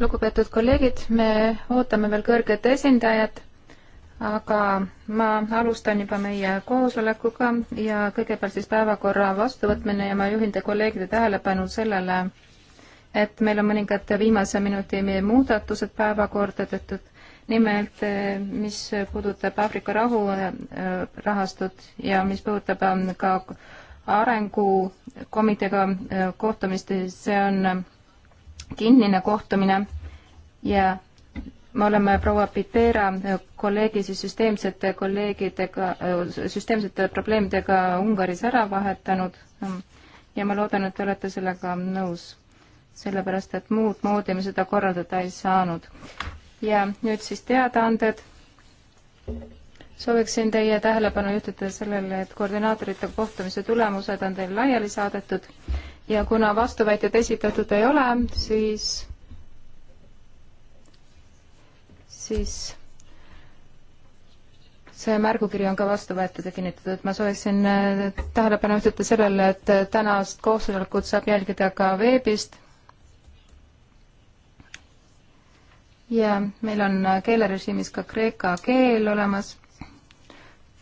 lugupeetud kolleegid, me ootame veel kõrget esindajat, aga ma alustan juba meie koosolekuga ja kõigepealt siis päevakorra vastuvõtmine ja ma juhin teie kolleegide tähelepanu sellele, et meil on mõningad viimase minuti muudatused päevakorda tehtud, nimelt mis puudutab Aafrika rahu äh, rahastut ja mis puudutab äh, ka arengukomiteega äh, kohtumist, see on äh, kinnine kohtumine ja me oleme proua Pipera äh, kolleegi siis süsteemsete kolleegidega, süsteemsete probleemidega Ungaris ära vahetanud ja ma loodan, et te olete sellega nõus, sellepärast et muud moodi me seda korraldada ei saanud. ja nüüd siis teadaanded sooviksin teie tähelepanu juhtida sellele, et koordinaatorite kohtumise tulemused on teil laiali saadetud ja kuna vastuväited esitatud ei ole, siis, siis see märgukiri on ka vastu võetud ja kinnitatud. ma sooviksin äh, tähelepanu juhtida sellele, et äh, tänast koosolekut saab jälgida ka veebist. ja meil on äh, keelerežiimis ka kreeka keel olemas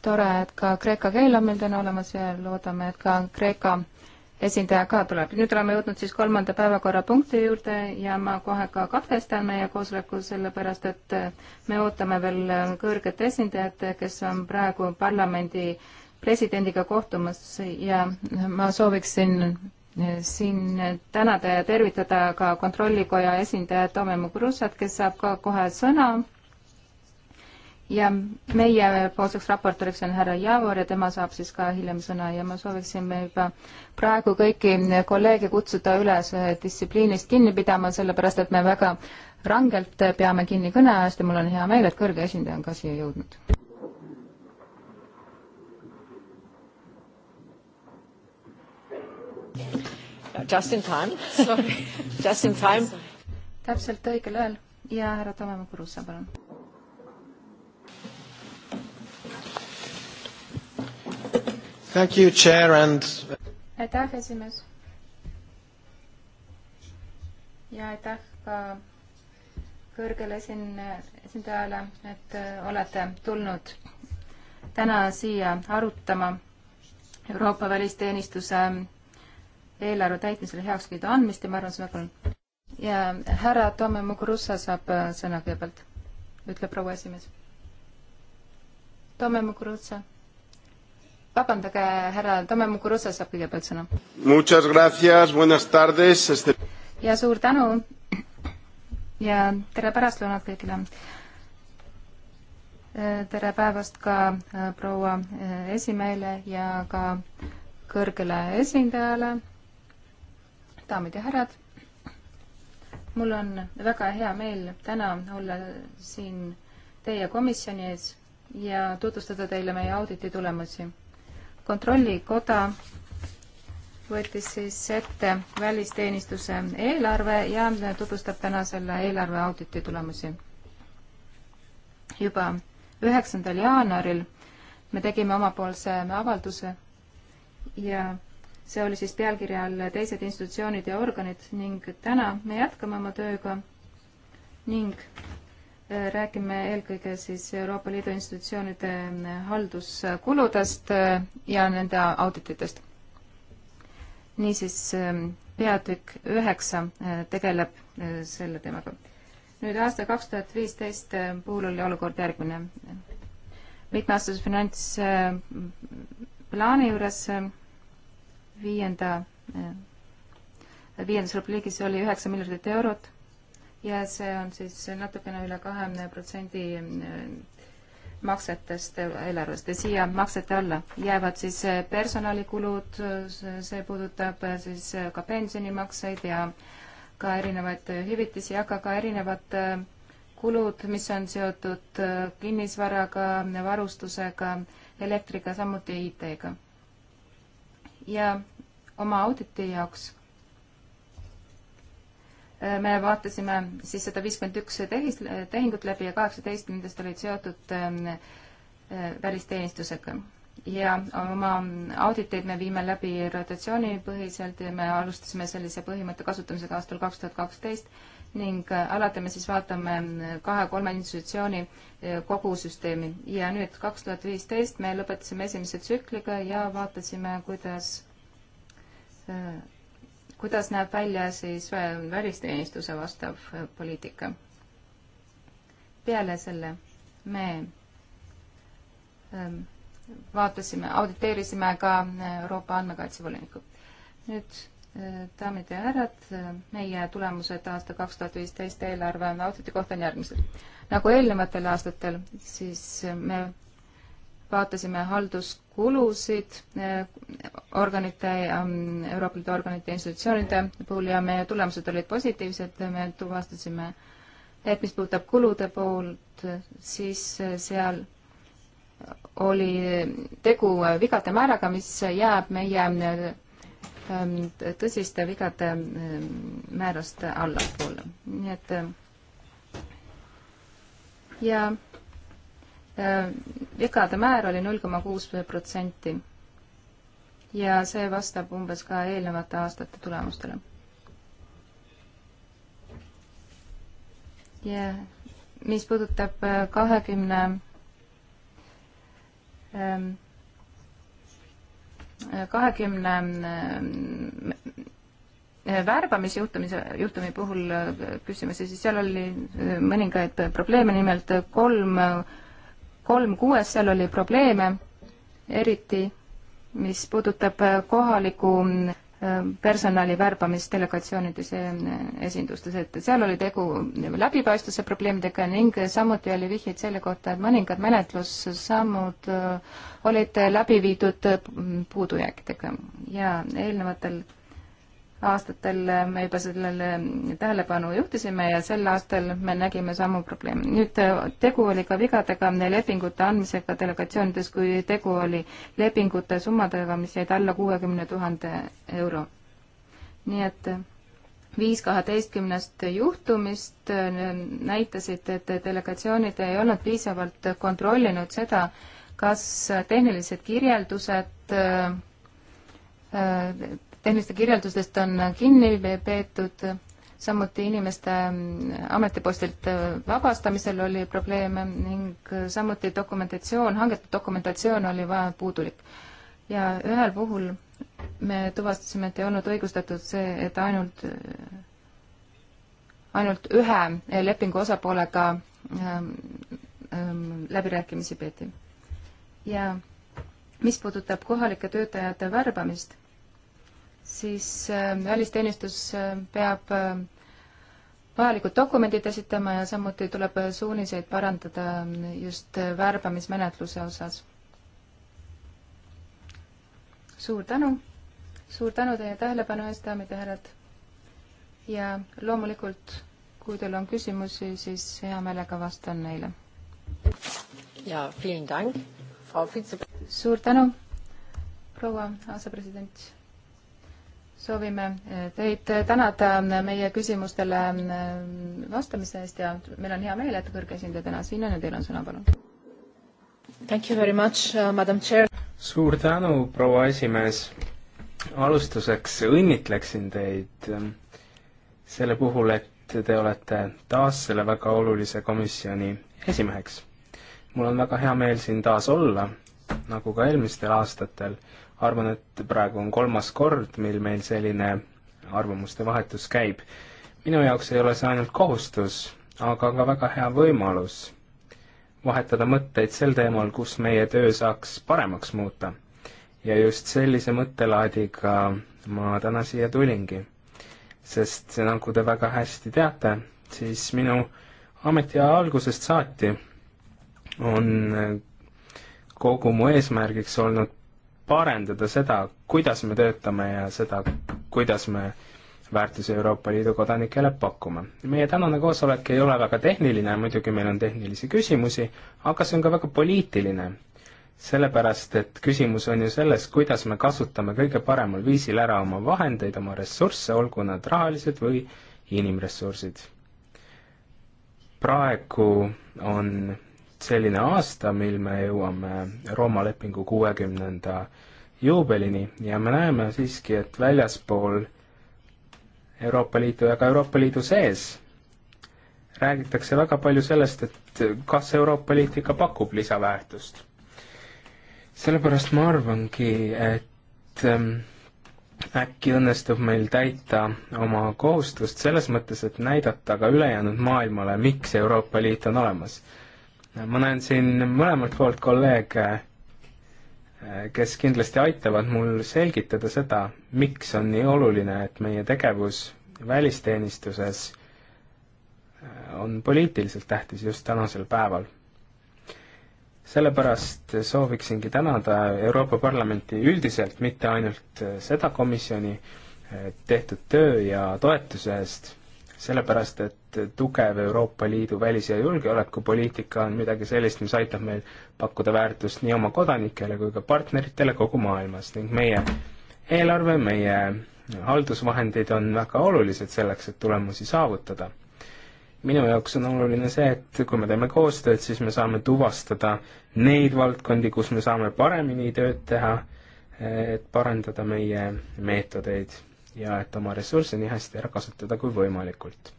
tore, et ka kreeka keel on meil täna olemas ja loodame, et ka Kreeka esindaja ka tuleb. nüüd oleme jõudnud siis kolmanda päevakorrapunkti juurde ja ma kohe ka katkestan meie koosoleku, sellepärast et me ootame veel kõrget esindajat, kes on praegu parlamendi presidendiga kohtumas ja ma sooviksin siin tänada ja tervitada ka Kontrollikoja esindajat Ome Mugrusat, kes saab ka kohe sõna ja meiepoolseks raportööriks on härra Javor ja tema saab siis ka hiljem sõna ja ma sooviksin juba praegu kõiki kolleege kutsuda üles distsipliinist kinni pidama, sellepärast et me väga rangelt peame kinni kõneajast ja mul on hea meel, et kõrge esindaja on ka siia jõudnud. Just in time Just in time. täpselt õigel ajal ja härra Toome Kurusa, palun Thank you, chair and aitäh, esimees. ja aitäh ka kõrgele esin-, esindajale, et äh, olete tulnud täna siia arutama Euroopa Välisteenistuse ähm, eelarve täitmisele heakskiidu andmist ja ma arvan, see on väga oluline. ja härra Tome Mugurussa saab äh, sõna kõigepealt, ütleb proua esimees. Tome Mugurussa vabandage, härra Tome Muguruza saab kõigepealt sõna. Muchas gracias, buenas tardes este.... ja suur tänu ja tere pärastlõunat kõigile. Äh, tere päevast ka äh, proua äh, esimehele ja ka kõrgele esindajale. daamid ja härrad, mul on väga hea meel täna olla siin teie komisjoni ees ja tutvustada teile meie auditi tulemusi kontrollikoda võttis siis ette välisteenistuse eelarve ja tutvustab täna selle eelarve auditi tulemusi. juba üheksandal jaanuaril me tegime omapoolse avalduse ja see oli siis pealkirja all Teised institutsioonid ja organid ning täna me jätkame oma tööga ning räägime eelkõige siis Euroopa Liidu institutsioonide halduskuludest äh, ja nende audititest. niisiis, ähm, peatükk üheksa äh, tegeleb äh, selle teemaga. nüüd aasta kaks tuhat viisteist puhul oli olukord järgmine. mitmeaastase finantsplaani juures viienda, viiendas rubriigis oli üheksa miljardit eurot ja see on siis natukene üle kahe protsendi äh, maksetest eelarvest ja siia maksete alla jäävad siis äh, personalikulud, see puudutab äh, siis ka pensionimakseid ja ka erinevaid hüvitisi, aga ka erinevad kulud, mis on seotud kinnisvaraga, varustusega, elektriga, samuti IT-ga. ja oma auditi jaoks me vaatasime siis seda viiskümmend üks tehis, tehingut läbi ja kaheksateist nendest olid seotud ähm, äh, välisteenistusega. ja oma auditeid me viime läbi rotatsioonipõhiselt ja me alustasime sellise põhimõtte kasutamisega aastal kaks tuhat kaksteist ning äh, alati me siis vaatame äh, kahe-kolme institutsiooni kogu süsteemi ja nüüd kaks tuhat viisteist me lõpetasime esimese tsükliga ja vaatasime, kuidas kuidas näeb välja siis äh, välisteenistuse vastav äh, poliitika? peale selle me ähm, vaatasime, auditeerisime ka äh, Euroopa andmekaitsevolinikku. nüüd daamid ja härrad, meie tulemused aasta kaks tuhat viisteist eelarve auditi kohta on järgmised. nagu eelnevatel aastatel, siis me vaatasime halduskulusid eh, organite, mm, Euroopa Liidu organite ja institutsioonide puhul ja meie tulemused olid positiivsed, me tuvastasime, et mis puudutab kulude poolt, siis seal oli tegu vigade määraga, mis jääb meie mm, tõsiste vigade mm, määrast allapoole, nii et ja Äh, vigade määr oli null koma kuus protsenti. ja see vastab umbes ka eelnevate aastate tulemustele. ja mis puudutab äh, kahekümne ähm, äh, kahekümne värbamisjuhtumise, juhtumi puhul küsimusi, siis seal oli mõningaid probleeme, nimelt kolm kolm kuues, seal oli probleeme, eriti mis puudutab äh, kohaliku äh, personali värbamist delegatsioonides ja äh, esindustes, et seal oli tegu läbipaistvuse probleemidega ning samuti oli vihjeid selle kohta, et mõningad menetlussammud olid läbi viidud puudujääkidega ja eelnevatel aastatel me juba sellele tähelepanu juhtisime ja sel aastal me nägime samu probleeme. nüüd äh, tegu oli ka vigadega lepingute andmisega delegatsioonides, kui tegu oli lepingute summadega, mis jäid alla kuuekümne tuhande euro. nii et äh, viis kaheteistkümnest juhtumist äh, näitasid, et delegatsioonid ei olnud piisavalt kontrollinud seda, kas tehnilised kirjeldused tehniliste kirjeldustest on kinni peetud, samuti inimeste mm, ametipostilt vabastamisel oli probleeme ning samuti dokumentatsioon, hangete dokumentatsioon oli vaja puudulik. ja ühel puhul me tuvastasime, et ei olnud õigustatud see, et ainult, ainult ühe lepingu osapoolega ähm, ähm, läbirääkimisi peeti. ja mis puudutab kohalike töötajate värbamist, siis ähm, välisteenistus ähm, peab ähm, vajalikud dokumendid esitama ja samuti tuleb suuniseid parandada just äh, värbamismenetluse osas. suur tänu, suur tänu teie tähelepanu eest, daamid ja härrad. ja loomulikult, kui teil on küsimusi, siis hea meelega vastan neile. ja, suur tänu, proua asepresident soovime eh, teid tänada eh, meie küsimustele eh, vastamise eest ja meil on hea meel, et kõrge esindaja täna siin on ja teil on sõna, palun. Uh, suur tänu, proua esimees. alustuseks õnnitleksin teid selle puhul, et te olete taas selle väga olulise komisjoni esimeheks. mul on väga hea meel siin taas olla, nagu ka eelmistel aastatel arvan, et praegu on kolmas kord, mil meil selline arvamuste vahetus käib. minu jaoks ei ole see ainult kohustus, aga ka väga hea võimalus vahetada mõtteid sel teemal, kus meie töö saaks paremaks muuta. ja just sellise mõttelaadiga ma täna siia tulingi. sest nagu te väga hästi teate, siis minu ametiaja algusest saati on kogu mu eesmärgiks olnud parendada seda, kuidas me töötame ja seda, kuidas me väärtusi Euroopa Liidu kodanikele pakkuma. meie tänane koosolek ei ole väga tehniline, muidugi meil on tehnilisi küsimusi, aga see on ka väga poliitiline. sellepärast, et küsimus on ju selles, kuidas me kasutame kõige paremal viisil ära oma vahendeid, oma ressursse, olgu nad rahalised või inimressursid. praegu on selline aasta, mil me jõuame Rooma lepingu kuuekümnenda juubelini ja me näeme siiski, et väljaspool Euroopa Liitu ja ka Euroopa Liidu sees räägitakse väga palju sellest, et kas Euroopa Liit ikka pakub lisaväärtust. sellepärast ma arvangi, et ähm, äkki õnnestub meil täita oma kohustust selles mõttes, et näidata ka ülejäänud maailmale, miks Euroopa Liit on olemas ma näen siin mõlemalt poolt kolleege, kes kindlasti aitavad mul selgitada seda, miks on nii oluline, et meie tegevus välisteenistuses äh, on poliitiliselt tähtis just tänasel päeval. sellepärast sooviksingi tänada Euroopa Parlamenti üldiselt, mitte ainult äh, seda komisjoni, äh, tehtud töö ja toetuse eest sellepärast et tugev Euroopa Liidu välis- ja julgeolekupoliitika on midagi sellist, mis aitab meil pakkuda väärtust nii oma kodanikele kui ka partneritele kogu maailmas ning meie eelarve, meie haldusvahendid on väga olulised selleks, et tulemusi saavutada. minu jaoks on oluline see, et kui me teeme koostööd, siis me saame tuvastada neid valdkondi, kus me saame paremini tööd teha, et parandada meie meetodeid ja et oma ressursse nii hästi ära kasutada kui võimalikult.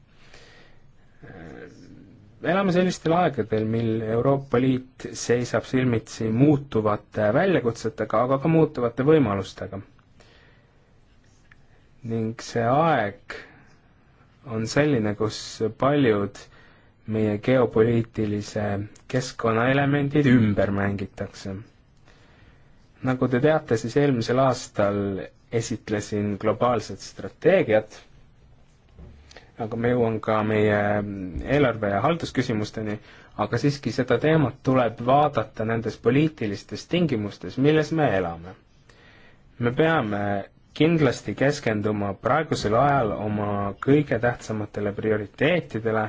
elame sellistel aegadel, mil Euroopa Liit seisab silmitsi muutuvate väljakutsetega, aga ka muutuvate võimalustega. ning see aeg on selline, kus paljud meie geopoliitilise keskkonna elemendid ümber mängitakse. nagu te teate, siis eelmisel aastal esitlesin globaalset strateegiat, aga ma jõuan ka meie eelarve ja haldusküsimusteni, aga siiski seda teemat tuleb vaadata nendes poliitilistes tingimustes, milles me elame. me peame kindlasti keskenduma praegusel ajal oma kõige tähtsamatele prioriteetidele,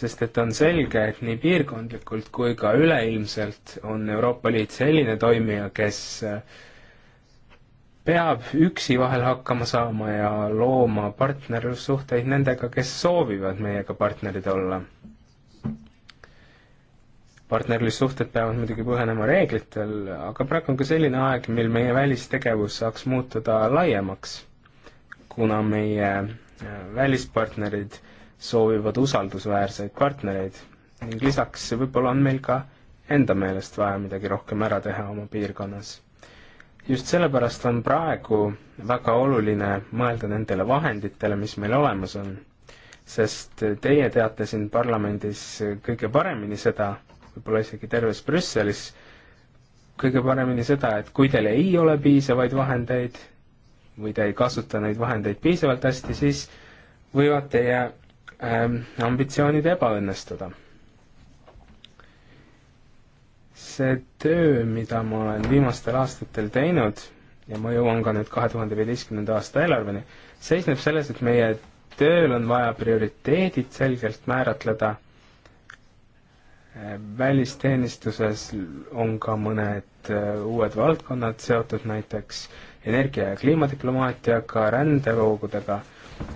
sest et on selge, et nii piirkondlikult kui ka üleilmselt on Euroopa Liit selline toimija, kes äh, peab üksi vahel hakkama saama ja looma partnerlussuhteid nendega, kes soovivad meiega partnerid olla. partnerlussuhted peavad muidugi põhenema reeglitel, aga praegu on ka selline aeg, mil meie välistegevus saaks muutuda laiemaks, kuna meie äh, välispartnerid soovivad usaldusväärseid partnereid ning lisaks võib-olla on meil ka enda meelest vaja midagi rohkem ära teha oma piirkonnas just sellepärast on praegu väga oluline mõelda nendele vahenditele, mis meil olemas on. sest teie teate siin parlamendis kõige paremini seda, võib-olla isegi terves Brüsselis, kõige paremini seda, et kui teil ei ole piisavaid vahendeid või te ei kasuta neid vahendeid piisavalt hästi, siis võivad teie ähm, ambitsioonid ebaõnnestuda see töö, mida ma olen viimastel aastatel teinud ja ma jõuan ka nüüd kahe tuhande viieteistkümnenda aasta eelarveni, seisneb selles, et meie tööl on vaja prioriteedid selgelt määratleda. Äh, välisteenistuses on ka mõned äh, uued valdkonnad seotud näiteks energia- ja kliimadiplomaatiaga, rändevoogudega,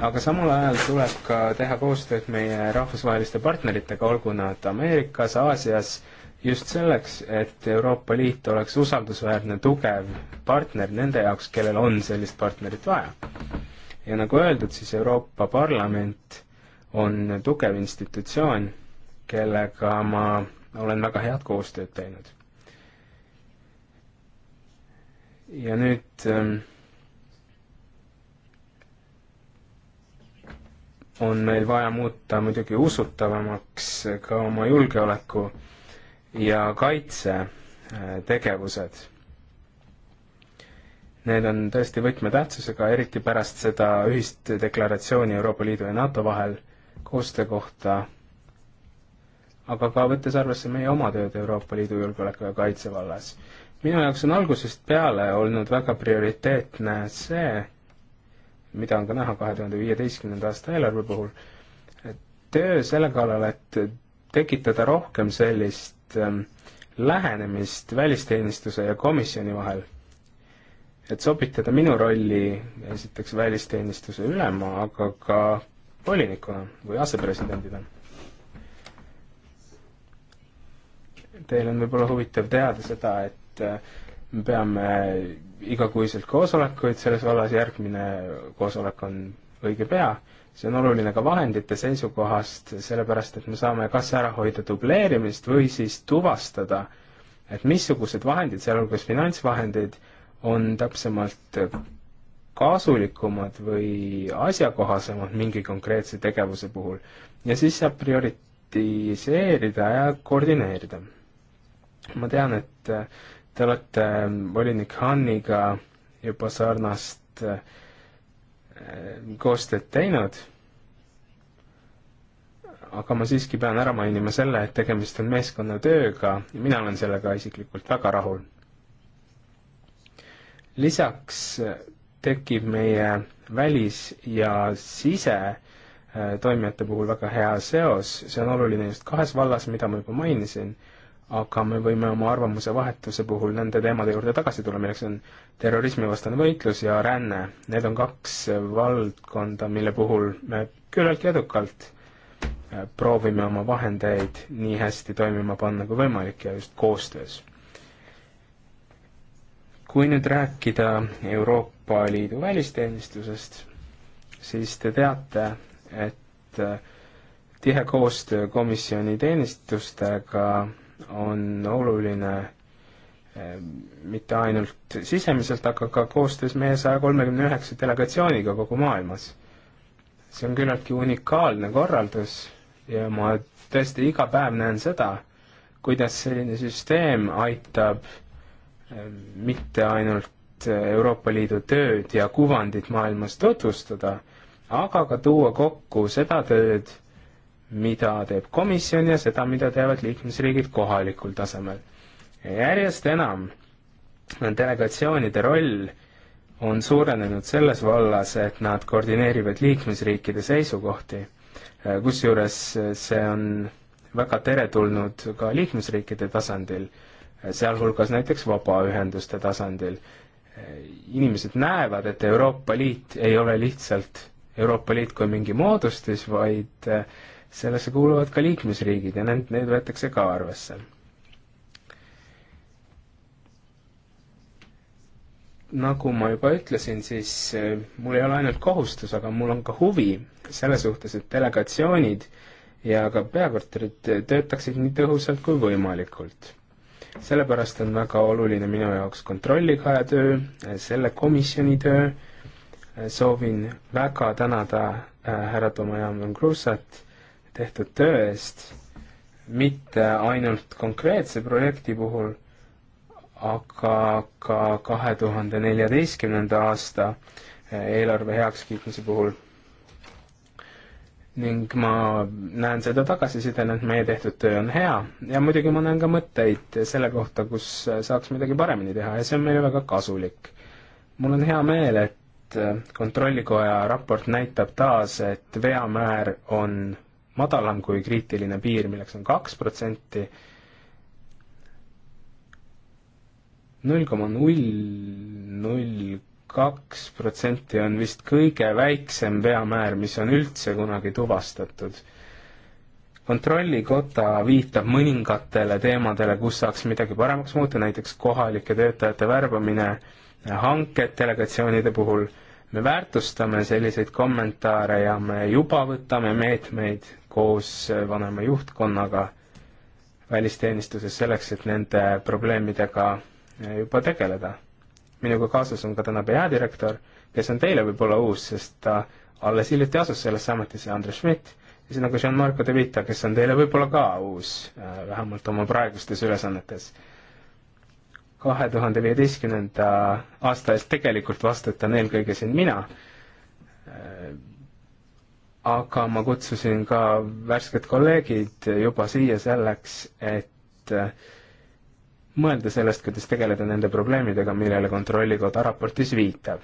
aga samal ajal tuleb ka teha koostööd meie rahvusvaheliste partneritega, olgu nad Ameerikas, Aasias just selleks, et Euroopa Liit oleks usaldusväärne, tugev partner nende jaoks, kellel on sellist partnerit vaja. ja nagu öeldud, siis Euroopa Parlament on tugev institutsioon, kellega ma olen väga head koostööd teinud. ja nüüd ähm, on meil vaja muuta muidugi usutavamaks ka oma julgeoleku äh, ja kaitsetegevused. Äh, Need on tõesti võtmetähtsusega, eriti pärast seda ühist deklaratsiooni Euroopa Liidu ja NATO vahel koostöö kohta, aga ka võttes arvesse meie oma tööd Euroopa Liidu julgeoleku ja kaitse vallas. minu jaoks on algusest peale olnud väga prioriteetne see, mida on ka näha kahe tuhande viieteistkümnenda aasta eelarve puhul, töö selle kallal, et tekitada rohkem sellist ühist ähm, lähenemist välisteenistuse ja komisjoni vahel. et sobitada minu rolli esiteks välisteenistuse ülema, aga ka volinikuna või asepresidendina. Teil on võib-olla huvitav teada seda, et äh, me peame igakuiselt koosolekuid selles vallas, järgmine koosolek on õige pea see on oluline ka vahendite seisukohast, sellepärast et me saame kas ära hoida dubleerimist või siis tuvastada, et missugused vahendid, sealhulgas finantsvahendid, on täpsemalt kasulikumad või asjakohasemad mingi konkreetse tegevuse puhul. ja siis saab prioritiseerida ja koordineerida. ma tean, et te olete volinik Hanniga juba sarnast äh, Äh, koostööd teinud, aga ma siiski pean ära mainima selle, et tegemist on meeskonnatööga ja mina olen sellega isiklikult väga rahul. lisaks äh, tekib meie välis- ja sisetoimijate äh, puhul väga hea seos, see on oluline just kahes vallas, mida ma juba mainisin aga me võime oma arvamuse vahetuse puhul nende teemade juurde tagasi tulla, milleks on terrorismivastane võitlus ja ränne. Need on kaks valdkonda, mille puhul me küllaltki edukalt äh, proovime oma vahendeid nii hästi toimima panna kui võimalik ja just koostöös. kui nüüd rääkida Euroopa Liidu välisteenistusest, siis te teate, et äh, tihe koostöö komisjoni teenistustega on oluline eh, mitte ainult sisemiselt, aga ka koostöös meie saja kolmekümne üheksa delegatsiooniga kogu maailmas. see on küllaltki unikaalne korraldus ja ma tõesti iga päev näen seda, kuidas selline süsteem aitab eh, mitte ainult eh, Euroopa Liidu tööd ja kuvandit maailmas tutvustada, aga ka tuua kokku seda tööd, mida teeb komisjon ja seda, mida teevad liikmesriigid kohalikul tasemel. järjest enam delegatsioonide roll on suurenenud selles vallas, et nad koordineerivad liikmesriikide seisukohti, kusjuures see on väga teretulnud ka liikmesriikide tasandil, sealhulgas näiteks vabaühenduste tasandil. inimesed näevad, et Euroopa Liit ei ole lihtsalt Euroopa Liit kui mingi moodustis, vaid äh, sellesse kuuluvad ka liikmesriigid ja need, neid võetakse ka arvesse. nagu ma juba ütlesin, siis äh, mul ei ole ainult kohustus, aga mul on ka huvi selle suhtes, et delegatsioonid ja ka peakorterid töötaksid nii tõhusalt kui võimalikult. sellepärast on väga oluline minu jaoks kontrollikaja töö, äh, selle komisjoni töö, äh, soovin väga tänada härra Tomajan Krusat tehtud töö eest, mitte ainult konkreetse projekti puhul, aga ka kahe tuhande neljateistkümnenda aasta eh, eelarve heakskiitmise puhul. ning ma näen seda tagasisidena, et meie tehtud töö on hea ja muidugi ma näen ka mõtteid selle kohta, kus saaks midagi paremini teha ja see on meile väga kasulik. mul on hea meel, et kontrollikoja raport näitab taas, et veamäär on madalam kui kriitiline piir, milleks on kaks protsenti, null koma null null kaks protsenti on vist kõige väiksem veamäär, mis on üldse kunagi tuvastatud. kontrollikoda viitab mõningatele teemadele, kus saaks midagi paremaks muuta, näiteks kohalike töötajate värbamine, hanked delegatsioonide puhul, me väärtustame selliseid kommentaare ja me juba võtame meetmeid koos vanema juhtkonnaga välisteenistuses selleks, et nende probleemidega eh, juba tegeleda. minuga kaasas on ka täna peadirektor, kes on teile võib-olla uus, sest ta alles hiljuti asus sellesse ametisse, Andres Schmidt, ühesõnaga Jean-Marco De Vita, kes on teile võib-olla ka uus, eh, vähemalt oma praegustes ülesannetes. kahe tuhande viieteistkümnenda aasta eest tegelikult vastutan eelkõige siin mina eh, aga ma kutsusin ka värsked kolleegid juba siia selleks, et äh, mõelda sellest, kuidas tegeleda nende probleemidega, millele Kontrollikoda raportis viitab.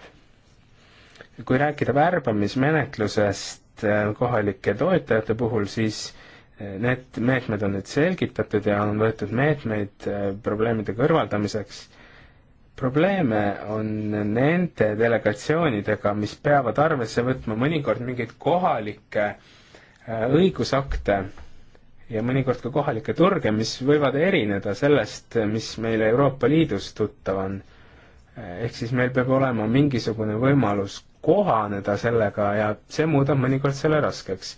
kui rääkida värbamismenetlusest äh, kohalike toetajate puhul, siis äh, need meetmed on nüüd selgitatud ja on võetud meetmeid probleemide kõrvaldamiseks probleeme on nende delegatsioonidega, mis peavad arvesse võtma mõnikord mingeid kohalikke äh, õigusakte ja mõnikord ka kohalikke turge, mis võivad erineda sellest, mis meile Euroopa Liidus tuttav on. Äh, ehk siis meil peab olema mingisugune võimalus kohaneda sellega ja see muudab mõnikord selle raskeks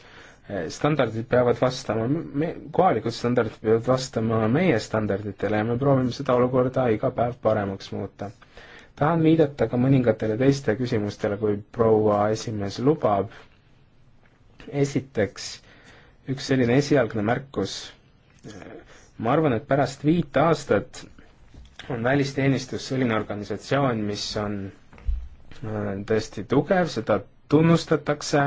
Eh, standardid peavad vastama, me, kohalikud standardid peavad vastama meie standarditele ja me proovime seda olukorda iga päev paremaks muuta. tahan viidata ka mõningatele teiste küsimustele, kui proua esimees lubab. esiteks, üks selline esialgne märkus. Eh, ma arvan, et pärast viit aastat on välisteenistus selline organisatsioon, mis on eh, tõesti tugev, seda tunnustatakse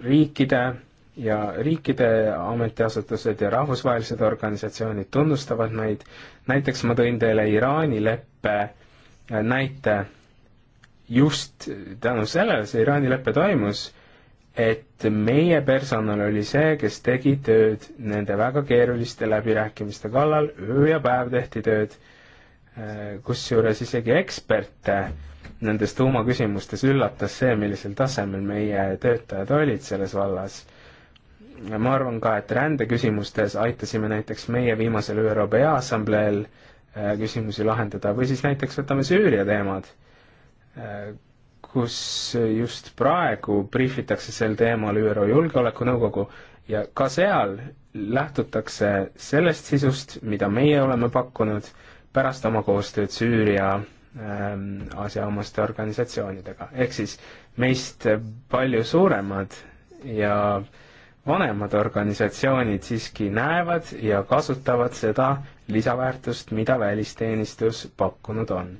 riikide ja riikide ametiasutused ja rahvusvahelised organisatsioonid tunnustavad neid. näiteks ma tõin teile Iraani leppe äh, näite just tänu sellele see Iraani lepe toimus, et meie personal oli see, kes tegi tööd nende väga keeruliste läbirääkimiste kallal, öö ja päev tehti tööd, äh, kusjuures isegi eksperte äh, nendes tuumaküsimustes üllatas see, millisel tasemel meie töötajad olid selles vallas. ma arvan ka, et rändeküsimustes aitasime näiteks meie viimasel ÜRO Peaassambleel äh, küsimusi lahendada või siis näiteks võtame Süüria teemad, äh, kus just praegu briifitakse sel teemal ÜRO Julgeolekunõukogu ja ka seal lähtutakse sellest sisust, mida meie oleme pakkunud pärast oma koostööd Süüria Ähm, asjaomaste organisatsioonidega, ehk siis meist palju suuremad ja vanemad organisatsioonid siiski näevad ja kasutavad seda lisaväärtust, mida välisteenistus pakkunud on.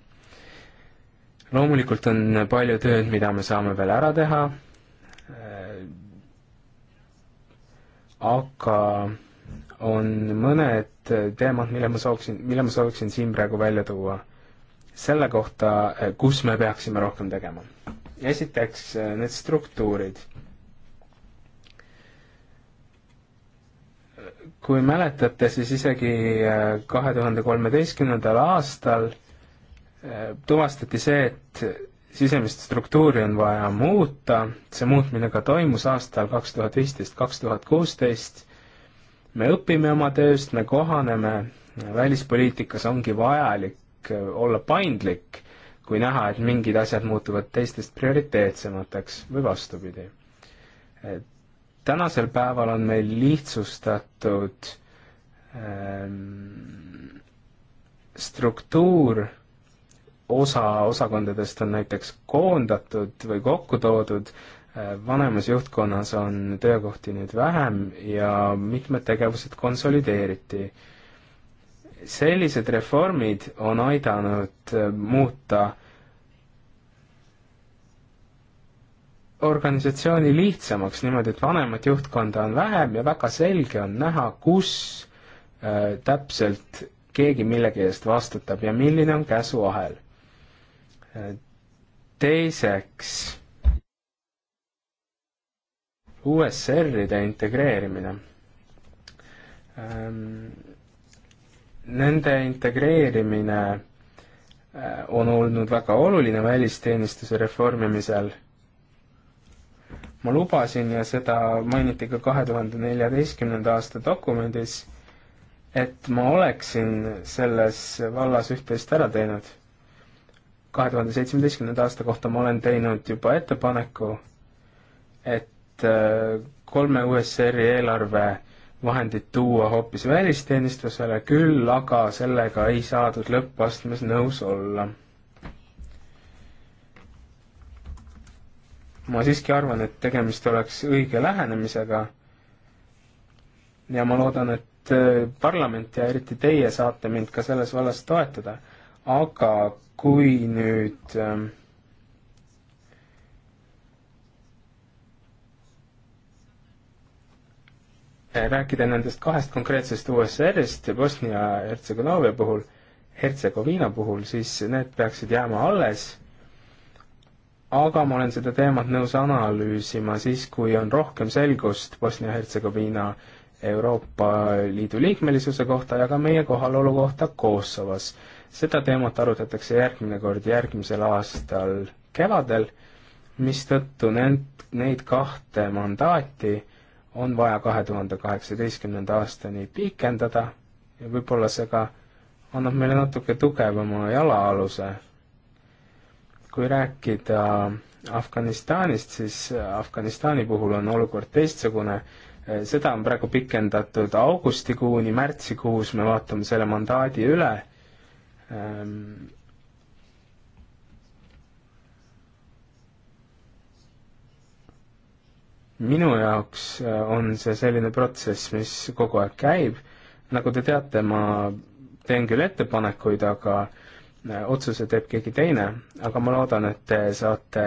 loomulikult on palju tööd, mida me saame veel ära teha, äh, aga on mõned teemad, mille ma sooviksin, mille ma sooviksin siin praegu välja tuua selle kohta, eh, kus me peaksime rohkem tegema. esiteks eh, need struktuurid. kui mäletate, siis isegi eh, kahe tuhande kolmeteistkümnendal aastal tuvastati see, et sisemist struktuuri on vaja muuta, see muutmine ka toimus aastal kaks tuhat viisteist, kaks tuhat kuusteist, me õpime oma tööst, me kohaneme, välispoliitikas ongi vajalik võimalik äh, olla paindlik, kui näha, et mingid asjad muutuvad teistest prioriteetsemateks või vastupidi. tänasel päeval on meil lihtsustatud ähm, struktuur, osa osakondadest on näiteks koondatud või kokku toodud, äh, vanemas juhtkonnas on töökohti nüüd vähem ja mitmed tegevused konsolideeriti sellised reformid on aidanud äh, muuta organisatsiooni lihtsamaks niimoodi, et vanemat juhtkonda on vähem ja väga selge on näha, kus äh, täpselt keegi millegi eest vastutab ja milline on käsuahel äh,. teiseks, USR-ide integreerimine ähm, nende integreerimine äh, on olnud väga oluline välisteenistuse reformimisel. ma lubasin ja seda mainiti ka kahe tuhande neljateistkümnenda aasta dokumendis, et ma oleksin selles vallas üht-teist ära teinud. kahe tuhande seitsmeteistkümnenda aasta kohta ma olen teinud juba ettepaneku, et äh, kolme USR-i eelarve vahendid tuua hoopis välisteenistusele, küll aga sellega ei saadud lõppastmes nõus olla. ma siiski arvan, et tegemist oleks õige lähenemisega ja ma loodan, et äh, parlament ja eriti teie saate mind ka selles vallas toetada, aga kui nüüd äh, Eh, rääkida nendest kahest konkreetsest USR-ist Bosnia-Hertsegonaavia puhul, Hertsegoviina puhul, siis need peaksid jääma alles, aga ma olen seda teemat nõus analüüsima siis, kui on rohkem selgust Bosnia-Hertsegoviina Euroopa Liidu liikmelisuse kohta ja ka meie kohalolu kohta Kosovos. seda teemat arutatakse järgmine kord järgmisel aastal kevadel, mistõttu nend-, neid kahte mandaati on vaja kahe tuhande kaheksateistkümnenda aastani pikendada ja võib-olla see ka annab meile natuke tugevama jalaaluse. kui rääkida Afganistanist, siis Afganistani puhul on olukord teistsugune, seda on praegu pikendatud augustikuuni, märtsikuus me vaatame selle mandaadi üle ehm, minu jaoks äh, on see selline protsess, mis kogu aeg käib, nagu te teate, ma teen küll ettepanekuid, aga äh, otsuse teeb keegi teine, aga ma loodan, et te saate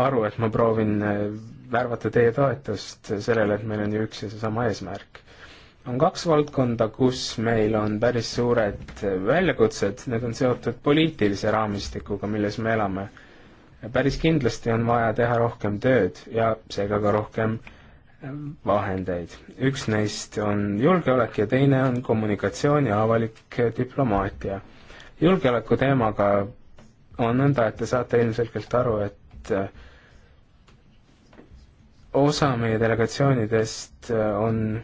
aru, et ma proovin äh, värvata teie toetust sellele, et meil on ju üks ja seesama eesmärk. on kaks valdkonda, kus meil on päris suured väljakutsed, need on seotud poliitilise raamistikuga, milles me elame päris kindlasti on vaja teha rohkem tööd ja seega ka rohkem ähm, vahendeid. üks neist on julgeolek ja teine on kommunikatsioon ja avalik äh, diplomaatia. julgeoleku teemaga on nõnda, et te saate ilmselgelt aru, et äh, osa meie delegatsioonidest äh, on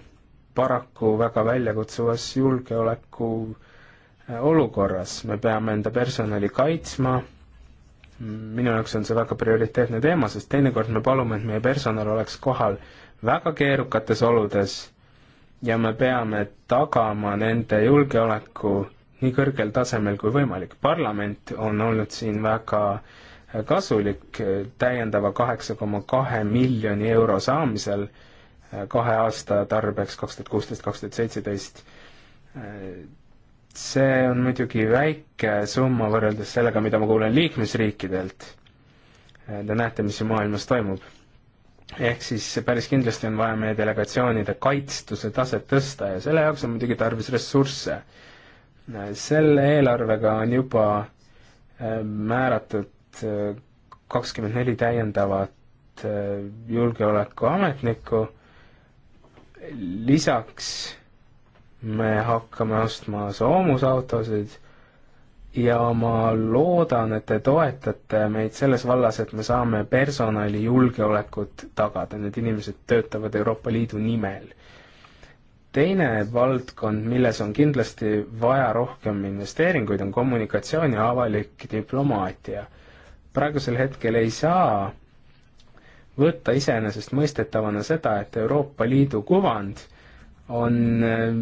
paraku väga väljakutsuvas julgeoleku olukorras, me peame enda personali kaitsma minu jaoks on see väga prioriteetne teema, sest teinekord me palume, et meie personal oleks kohal väga keerukates oludes ja me peame tagama nende julgeoleku nii kõrgel tasemel kui võimalik. parlament on olnud siin väga kasulik täiendava kaheksa koma kahe miljoni euro saamisel kahe aasta tarbeks kaks tuhat kuusteist, kaks tuhat seitseteist see on muidugi väike summa võrreldes sellega, mida ma kuulen liikmesriikidelt. Te näete, mis ju maailmas toimub. ehk siis päris kindlasti on vaja meie delegatsioonide kaitstuse taset tõsta ja selle jaoks on muidugi tarvis ressursse. selle eelarvega on juba äh, määratud äh, kakskümmend neli täiendavat äh, julgeolekuametnikku, lisaks me hakkame ostma soomusautosid ja ma loodan, et te toetate meid selles vallas, et me saame personali julgeolekut tagada, need inimesed töötavad Euroopa Liidu nimel. teine valdkond, milles on kindlasti vaja rohkem investeeringuid, on kommunikatsioon ja avalik diplomaatia. praegusel hetkel ei saa võtta iseenesestmõistetavana seda, et Euroopa Liidu kuvand on äh,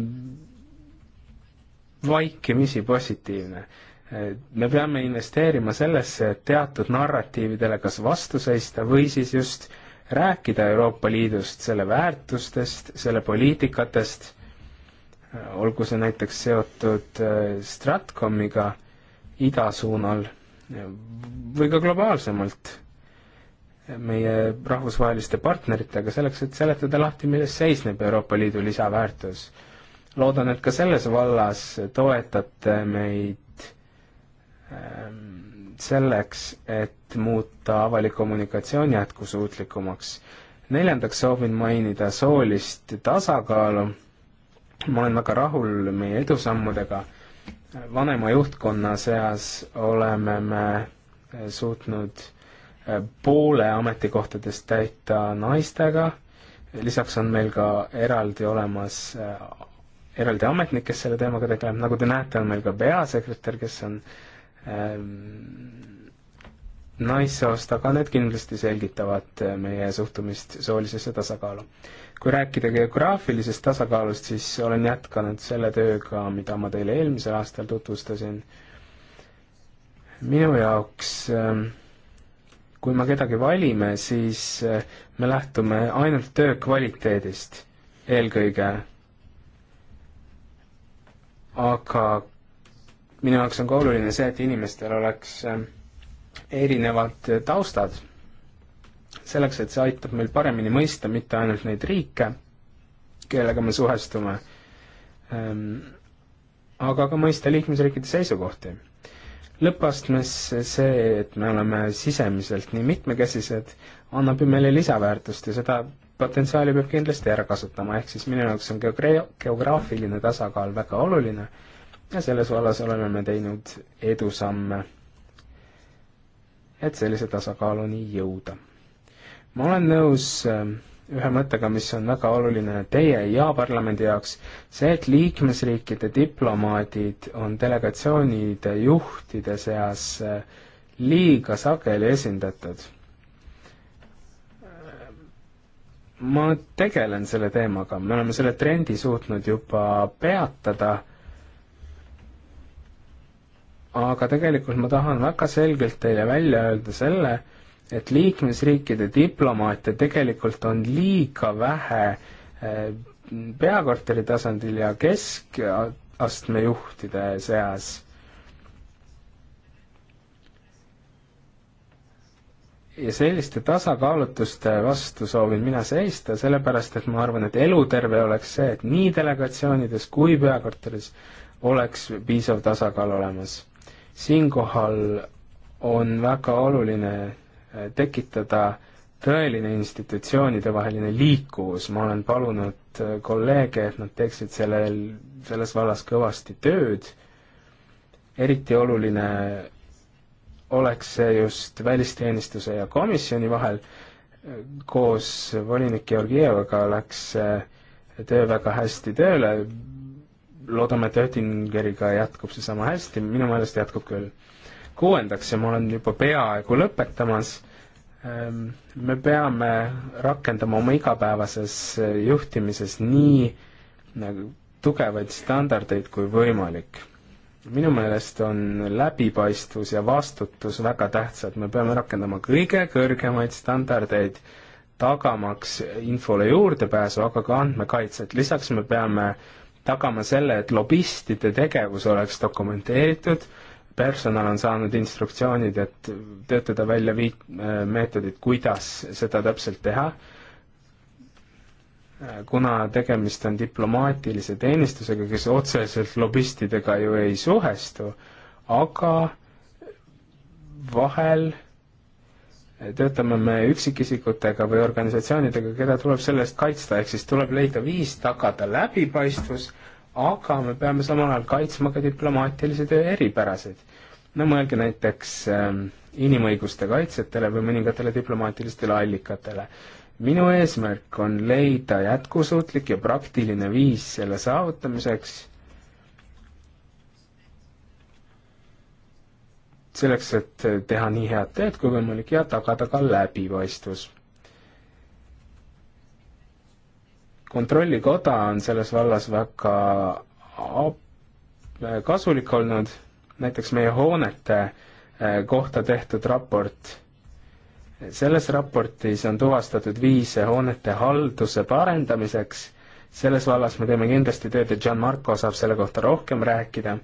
vaikimisi positiivne. Äh, me peame investeerima sellesse, et teatud narratiividele kas vastu seista või siis just rääkida Euroopa Liidust, selle väärtustest, selle poliitikatest, äh, olgu see näiteks seotud Stratkomiga ida suunal või ka globaalsemalt meie rahvusvaheliste partneritega, selleks et seletada lahti, milles seisneb Euroopa Liidu lisaväärtus. loodan, et ka selles vallas toetate meid ähm, selleks, et muuta avalik kommunikatsioon jätkusuutlikumaks. neljandaks soovin mainida soolist tasakaalu. ma olen väga rahul meie edusammudega. vanema juhtkonna seas oleme me suutnud poole ametikohtadest täita naistega, lisaks on meil ka eraldi olemas äh, eraldi ametnik, kes selle teemaga tegeleb, nagu te näete, on meil ka peasekretär, kes on ähm, naissoost, aga need kindlasti selgitavad äh, meie suhtumist soolisesse tasakaalu. kui rääkida geograafilisest tasakaalust, siis olen jätkanud selle tööga, mida ma teile eelmisel aastal tutvustasin. minu jaoks ähm, kui me kedagi valime, siis eh, me lähtume ainult töö kvaliteedist eelkõige. aga minu jaoks on ka oluline see, et inimestel oleks eh, erinevad taustad. selleks, et see aitab meil paremini mõista mitte ainult neid riike, kellega me suhestume, ehm, aga ka mõista liikmesriikide seisukohti lõppastmes see, et me oleme sisemiselt nii mitmekesised, annab ju meile lisaväärtust ja seda potentsiaali peab kindlasti ära kasutama, ehk siis minu jaoks on geogra-, geograafiline tasakaal väga oluline ja selles vallas oleme me teinud edusamme, et sellise tasakaaluni jõuda. ma olen nõus ähm, ühe mõttega, mis on väga oluline teie ja parlamendi jaoks, see, et liikmesriikide diplomaadid on delegatsioonide juhtide seas äh, liiga sageli esindatud. ma tegelen selle teemaga, me oleme selle trendi suutnud juba peatada, aga tegelikult ma tahan väga selgelt teile välja öelda selle, et liikmesriikide diplomaate tegelikult on liiga vähe eh, peakorteri tasandil ja keskastme juhtide seas. ja selliste tasakaalutuste vastu soovin mina seista, sellepärast et ma arvan, et eluterve oleks see, et nii delegatsioonides kui peakorteris oleks piisav tasakaal olemas. siinkohal on väga oluline Äh, tekitada tõeline institutsioonidevaheline liikuvus, ma olen palunud äh, kolleege, et nad teeksid sellel, selles vallas kõvasti tööd, eriti oluline oleks see just välisteenistuse ja komisjoni vahel, koos volinik Georgievaga läks see töö väga hästi tööle, loodame, et Oettingeriga jätkub see sama hästi, minu meelest jätkub küll kuuendaks ja ma olen juba peaaegu lõpetamas, ehm, me peame rakendama oma igapäevases eh, juhtimises nii nagu tugevaid standardeid kui võimalik. minu meelest on läbipaistvus ja vastutus väga tähtsad, me peame rakendama kõige kõrgemaid standardeid, tagamaks infole juurdepääsu, aga ka andmekaitset, lisaks me peame tagama selle, et lobistide tegevus oleks dokumenteeritud personal on saanud instruktsioonid, et töötada välja viit-, meetodid, kuidas seda täpselt teha, kuna tegemist on diplomaatilise teenistusega, kes otseselt lobistidega ju ei suhestu, aga vahel töötame me üksikisikutega või organisatsioonidega, keda tuleb selle eest kaitsta, ehk siis tuleb leida viis tagada läbipaistvus, aga me peame samal ajal kaitsma ka diplomaatilisi töö eripärasid. no mõelge näiteks ähm, inimõiguste kaitsjatele või mõningatele diplomaatilistele allikatele. minu eesmärk on leida jätkusuutlik ja praktiline viis selle saavutamiseks, selleks, et teha nii head tööd kui võimalik ja tagada ka läbipaistvus kontrollikoda on selles vallas väga äh, kasulik olnud, näiteks meie hoonete äh, kohta tehtud raport. selles raportis on tuvastatud viise hoonete halduse parendamiseks, selles vallas me teeme kindlasti tööd ja Gian Marco saab selle kohta rohkem rääkida,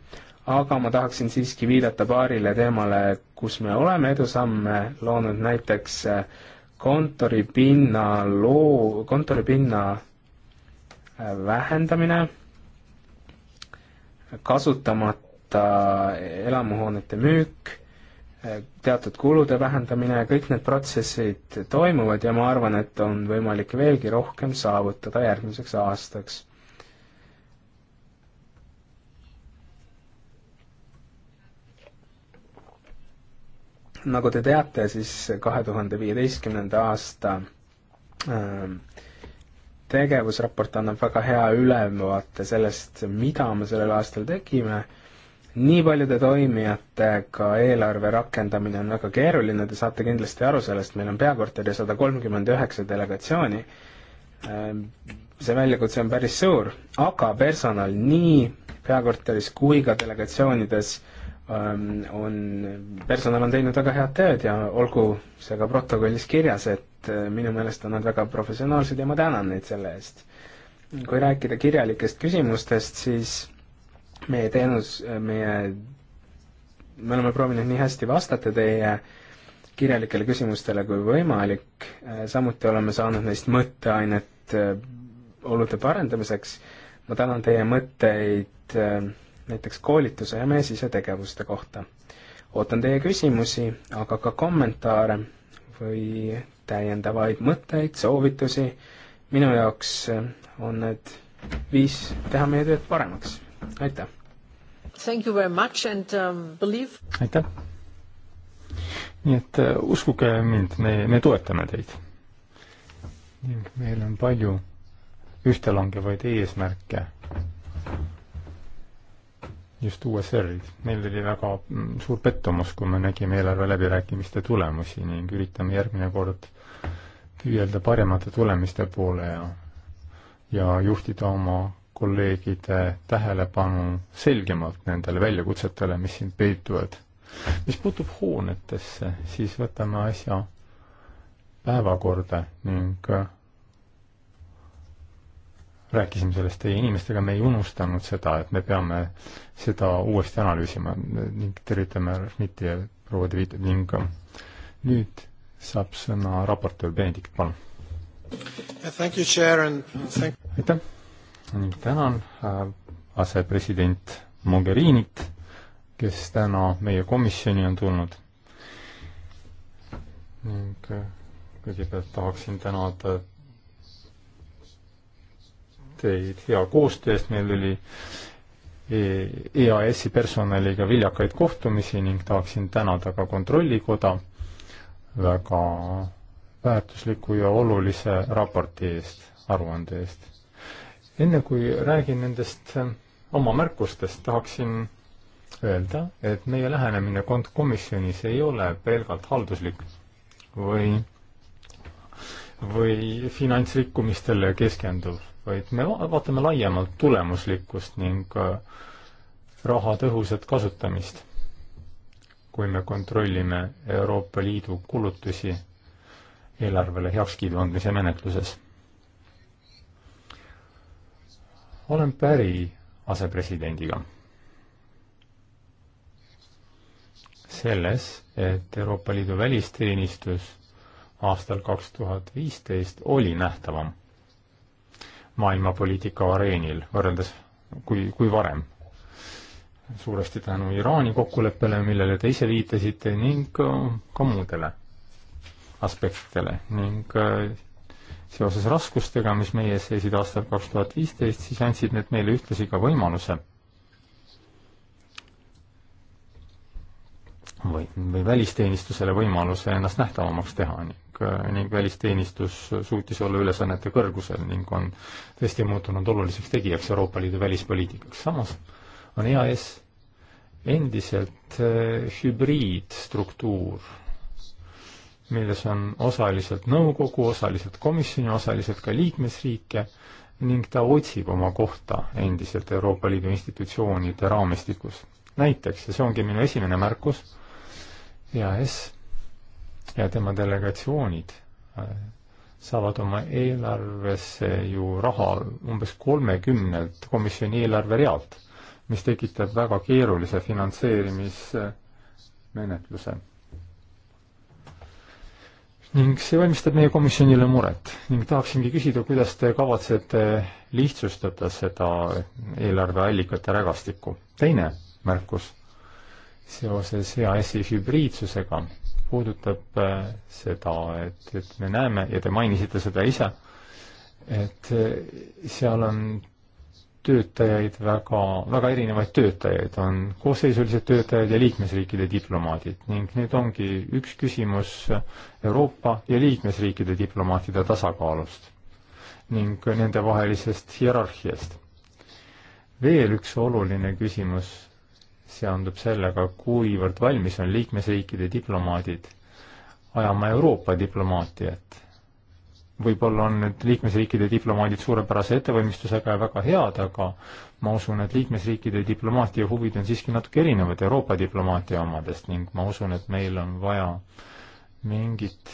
aga ma tahaksin siiski viidata paarile teemale, kus me oleme edusamme loonud, näiteks äh, kontoripinna loo, kontoripinna vähendamine, kasutamata elamuhoonete müük, teatud kulude vähendamine, kõik need protsessid toimuvad ja ma arvan, et on võimalik veelgi rohkem saavutada järgmiseks aastaks. nagu te teate, siis kahe tuhande viieteistkümnenda aasta äh, tegevusraport annab väga hea ülevaate sellest, mida me sellel aastal tegime. nii paljude toimijatega eelarve rakendamine on väga keeruline, te saate kindlasti aru sellest, meil on peakorteri sada kolmkümmend üheksa delegatsiooni. see väljakutse on päris suur, aga personal nii peakorteris kui ka delegatsioonides Ähm, on, personal on teinud väga head tööd ja olgu see ka protokollis kirjas, et äh, minu meelest on nad väga professionaalsed ja ma tänan neid selle eest. kui rääkida kirjalikest küsimustest, siis meie teenus, meie, me oleme proovinud nii hästi vastata teie kirjalikele küsimustele kui võimalik, äh, samuti oleme saanud neist mõtteainet äh, olude parendamiseks, ma tänan teie mõtteid äh, näiteks koolituse ja meie sisetegevuste kohta. ootan teie küsimusi, aga ka kommentaare või täiendavaid mõtteid, soovitusi. minu jaoks on need viis teha meie tööd paremaks. aitäh! Thank you very much and um, believe aitäh! nii et uh, uskuge mind, me, me toetame teid. ning meil on palju ühtelangevaid eesmärke just USL-id. meil oli väga mm, suur pettumus, kui me nägime eelarve läbirääkimiste tulemusi ning üritame järgmine kord püüelda paremate tulemiste poole ja, ja juhtida oma kolleegide tähelepanu selgemalt nendele väljakutsetele, mis siin peituvad. mis puutub hoonetesse, siis võtame asja päevakorda ning rääkisime sellest teie inimestega, me ei unustanud seda, et me peame seda uuesti analüüsima ning tervitame Schmidti ja proua De Vito ning äh, nüüd saab sõna raportöör Benedikt, palun. aitäh ning tänan äh, asepresident Mogherinit, kes täna meie komisjoni on tulnud. ning äh, kõigepealt tahaksin tänada teid hea koostöö eest, meil oli EAS-i e personaliga viljakaid kohtumisi ning tahaksin tänada ka Kontrollikoda väga väärtusliku ja olulise raporti eest, aruande eest. enne kui räägin nendest eh, oma märkustest, tahaksin öelda, et meie lähenemine kont-, komisjonis ei ole pelgalt halduslik või, või finantsrikkumistele keskenduv vaid me vaatame laiemalt tulemuslikkust ning äh, raha tõhusat kasutamist. kui me kontrollime Euroopa Liidu kulutusi eelarvele heakskiidu andmise menetluses. olen päri asepresidendiga selles, et Euroopa Liidu välisteenistus aastal kaks tuhat viisteist oli nähtavam maailmapoliitika areenil võrreldes kui, kui varem. suuresti tänu Iraani kokkuleppele, millele te ise viitasite, ning ka, äh, ka muudele aspektidele ning äh, seoses raskustega, mis meie ees seisid aastal kaks tuhat viisteist, siis andsid need meile ühtlasi ka võimaluse või, või välisteenistusele võimaluse ennast nähtavamaks teha, nii ning välisteenistus suutis olla ülesannete kõrgusel ning on tõesti muutunud oluliseks tegijaks Euroopa Liidu välispoliitikaks. samas on EAS endiselt eh, hübriidstruktuur, milles on osaliselt nõukogu, osaliselt komisjoni, osaliselt ka liikmesriike ning ta otsib oma kohta endiselt Euroopa Liidu institutsioonide raamistikus. näiteks, ja see ongi minu esimene märkus, EAS ja tema delegatsioonid äh, saavad oma eelarvesse ju raha umbes kolmekümnelt komisjoni eelarverealt, mis tekitab väga keerulise finantseerimismenetluse. ning see valmistab meie komisjonile muret ning tahaksingi küsida, kuidas te kavatsete lihtsustada seda eelarveallikate rägastikku. teine märkus seoses EAS-i hübriidsusega puudutab äh, seda, et, et me näeme ja te mainisite seda ise, et äh, seal on töötajaid väga, väga erinevaid töötajaid, on koosseisulised töötajad ja liikmesriikide diplomaadid ning nüüd ongi üks küsimus Euroopa ja liikmesriikide diplomaatide tasakaalust ning nendevahelisest hierarhiast. veel üks oluline küsimus seondub sellega, kuivõrd valmis on liikmesriikide diplomaadid ajama Euroopa diplomaatiat. võib-olla on need liikmesriikide diplomaadid suurepärase ettevalmistusega ja väga head, aga ma usun, et liikmesriikide diplomaatia huvid on siiski natuke erinevad Euroopa diplomaatia omadest ning ma usun, et meil on vaja mingit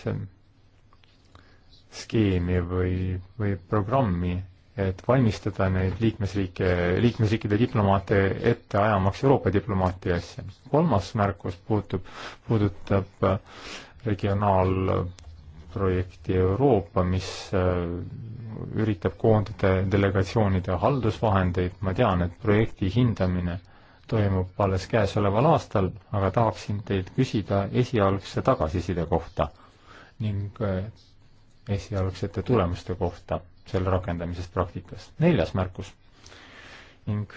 skeemi või, või programmi et valmistada neid liikmesriike, liikmesriikide diplomaate ette ajamaks Euroopa diplomaatia asja. kolmas märkus puutub, puudutab äh, regionaalprojekti Euroopa, mis äh, üritab koondada delegatsioonide haldusvahendeid, ma tean, et projekti hindamine toimub alles käesoleval aastal, aga tahaksin teilt küsida esialgse tagasiside kohta ning äh, esialgsete tulemuste kohta selle rakendamisest praktikas. neljas märkus ning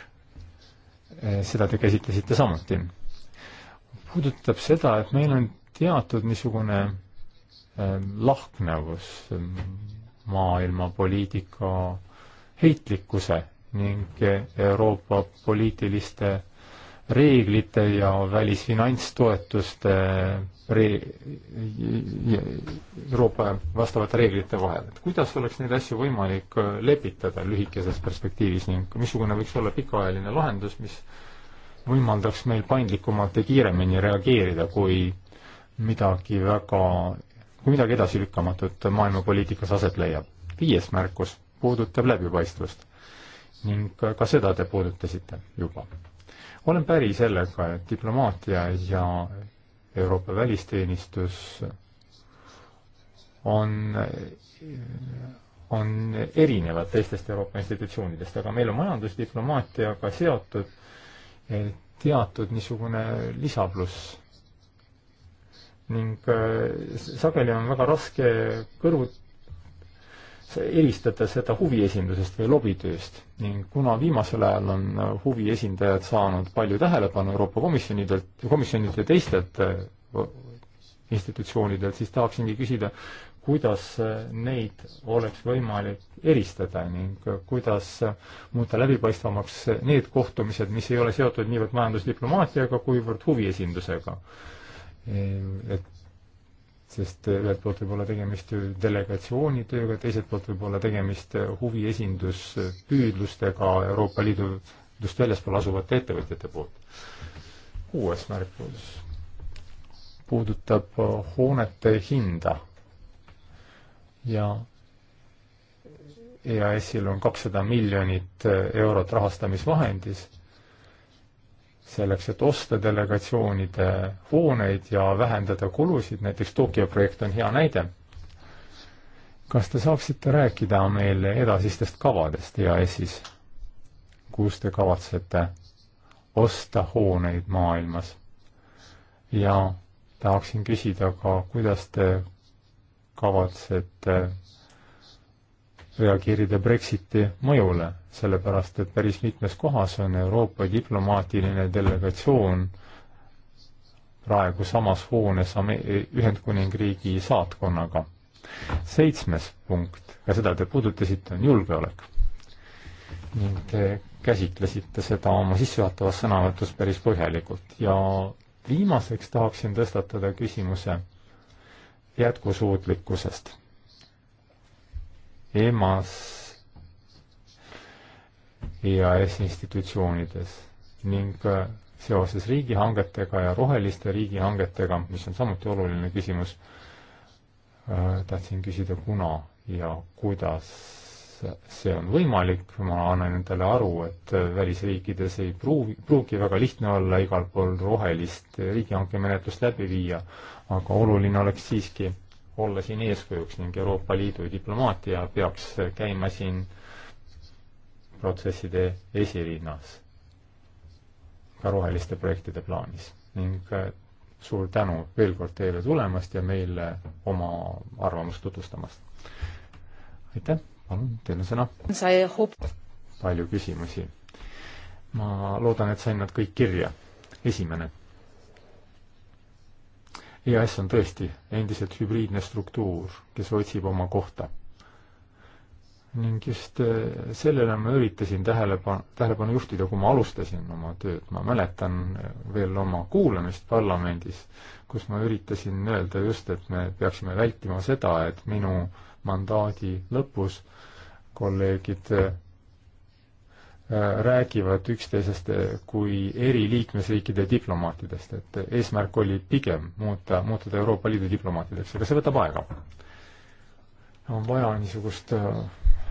eh, seda te käsitlesite samuti. puudutab seda, et meil on teatud niisugune eh, lahknevus eh, maailmapoliitika heitlikkuse ning Euroopa poliitiliste reeglite ja välisfinantstoetuste re-, Euroopa vastavate reeglite vahel, et kuidas oleks neid asju võimalik äh, lepitada lühikeses perspektiivis ning missugune võiks olla pikaajaline lahendus, mis võimaldaks meil paindlikumalt ja kiiremini reageerida, kui midagi väga, kui midagi edasilükkamatut maailmapoliitikas aset leiab. viies märkus puudutab läbipaistvust ning ka seda te puudutasite juba olen päri sellega, et diplomaatia ja Euroopa välisteenistus on, on erinevad teistest Euroopa institutsioonidest, aga meil on majandusdiplomaatiaga seotud eh, teatud niisugune lisapluss. ning eh, sageli on väga raske kõrvut-, eristada seda huviesindusest või lobitööst ning kuna viimasel ajal on huviesindajad saanud palju tähelepanu Euroopa Komisjonidelt, komisjonidelt ja teistelt äh, institutsioonidelt, siis tahaksingi küsida, kuidas äh, neid oleks võimalik eristada ning äh, kuidas muuta läbipaistvamaks need kohtumised, mis ei ole seotud niivõrd majandusdiplomaatiaga, kuivõrd huviesindusega. et sest ühelt poolt võib olla tegemist ju delegatsiooni tööga, teiselt poolt võib olla tegemist huviesinduspüüdlustega Euroopa Liidu just väljaspool asuvate ettevõtjate poolt. kuues märkus puudutab hoonete hinda ja EAS-il on kakssada miljonit eurot rahastamisvahendis selleks, et osta delegatsioonide hooneid ja vähendada kulusid, näiteks Tokyo projekt on hea näide. kas te saaksite rääkida meile edasistest kavadest EAS-is, kus te kavatsete osta hooneid maailmas? ja tahaksin küsida ka, kuidas te kavatsete reageerida Brexiti mõjule, sellepärast et päris mitmes kohas on Euroopa diplomaatiline delegatsioon praegu samas hoones Ühendkuningriigi saatkonnaga. seitsmes punkt, ka seda te puudutasite, on julgeolek. ning te käsitlesite seda oma sissejuhatavas sõnavõtus päris põhjalikult ja viimaseks tahaksin tõstatada küsimuse jätkusuutlikkusest EMAS, EAS institutsioonides ning äh, seoses riigihangetega ja roheliste riigihangetega, mis on samuti oluline küsimus, äh, tahtsin küsida, kuna ja kuidas see on võimalik, ma annan endale aru, et äh, välisriikides ei pruugi, pruugi väga lihtne olla igal pool rohelist riigihankemenetlust läbi viia, aga oluline oleks siiski olla siin eeskujuks ning Euroopa Liidu diplomaatia peaks käima siin protsesside esirinnas, ka roheliste projektide plaanis. ning äh, suur tänu veel kord teile tulemast ja meile oma arvamust tutvustamast. aitäh, palun, teil on sõna. palju küsimusi. ma loodan, et sain nad kõik kirja. esimene EAS on tõesti endiselt hübriidne struktuur, kes otsib oma kohta. ning just eh, sellele ma üritasin tähelepanu, tähelepanu juhtida, kui ma alustasin oma tööd. ma mäletan eh, veel oma kuulamist parlamendis, kus ma üritasin öelda just, et me peaksime vältima seda, et minu mandaadi lõpus kolleegid eh, Äh, räägivad üksteisest äh, kui eri liikmesriikide diplomaatidest, et eesmärk oli pigem muuta, muutuda Euroopa Liidu diplomaatideks, aga see võtab aega. on vaja niisugust äh,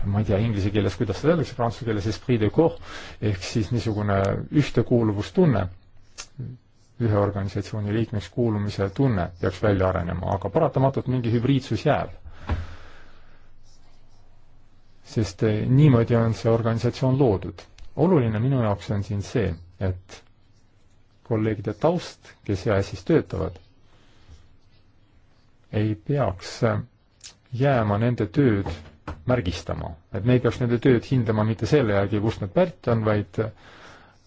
ma ei tea inglise keeles, kuidas seda öeldakse, prantsuse keeles esprit de corps, ehk siis niisugune ühtekuuluvustunne, ühe organisatsiooni liikmeks kuulumise tunne peaks välja arenema, aga paratamatult mingi hübriidsus jääb sest niimoodi on see organisatsioon loodud oluline minu jaoks on siin see, et kolleegide taust, kes EAS-is töötavad, ei peaks äh, jääma nende tööd märgistama. et me ei peaks nende tööd hindama mitte selle järgi, kust nad pärit on, vaid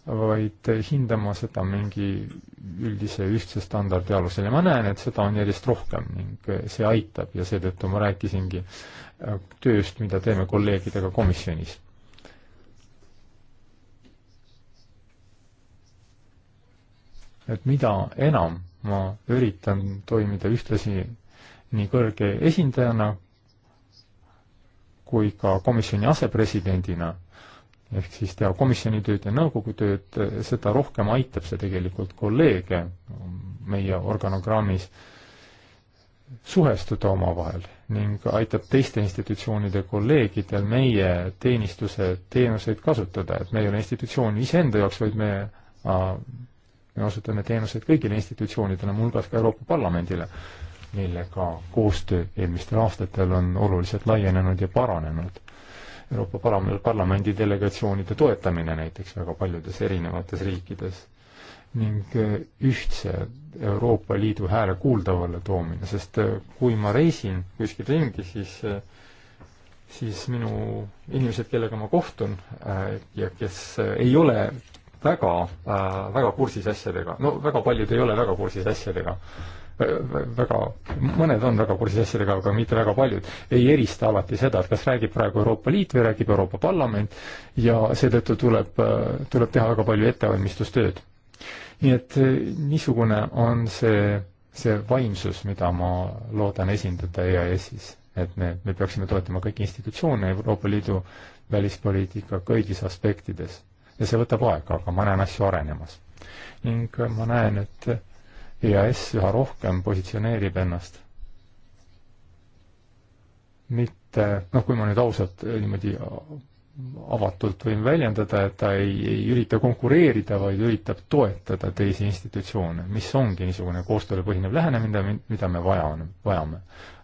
vaid hindama seda mingi üldise ühtse standardi alusel ja ma näen, et seda on järjest rohkem ning see aitab ja seetõttu ma rääkisingi äh, tööst, mida teeme kolleegidega komisjonis et mida enam ma üritan toimida ühtlasi nii kõrge esindajana kui ka komisjoni asepresidendina, ehk siis teha komisjoni tööd ja nõukogu tööd, seda rohkem aitab see tegelikult kolleege meie organogrammis suhestuda omavahel ning aitab teiste institutsioonide kolleegidel meie teenistuse teenuseid kasutada, et me ei ole institutsioon iseenda jaoks, vaid me me osutame teenuseid kõigile institutsioonidele, muuhulgas ka Euroopa Parlamendile, millega koostöö eelmistel aastatel on oluliselt laienenud ja paranenud. Euroopa Parlamendi delegatsioonide toetamine näiteks väga paljudes erinevates riikides ning eh, ühtse Euroopa Liidu hääle kuuldavale toomine, sest eh, kui ma reisin kuskil ringi, siis eh, siis minu inimesed, kellega ma kohtun ja kes ei ole väga äh,, väga kursis asjadega, no väga paljud ei ole väga kursis asjadega äh, väga, mõned on väga kursis asjadega, aga mitte väga paljud, ei erista alati seda, et kas räägib praegu Euroopa Liit või räägib Euroopa Parlament ja seetõttu tuleb, äh, tuleb teha väga palju ettevalmistustööd. nii et äh, niisugune on see, see vaimsus, mida ma loodan esindada EAS-is, et me, me peaksime toetama kõiki institutsioone Euroopa Liidu välispoliitika kõigis aspektides ja see võtab aega, aga ma näen asju arenemas. ning ma näen, et EAS üha rohkem positsioneerib ennast mitte, noh, kui ma nüüd ausalt eh, niimoodi avatult võin väljendada, et ta ei, ei ürita konkureerida, vaid üritab toetada teisi institutsioone, mis ongi niisugune koostööle põhinev lähenemine, mida me vaja, vajame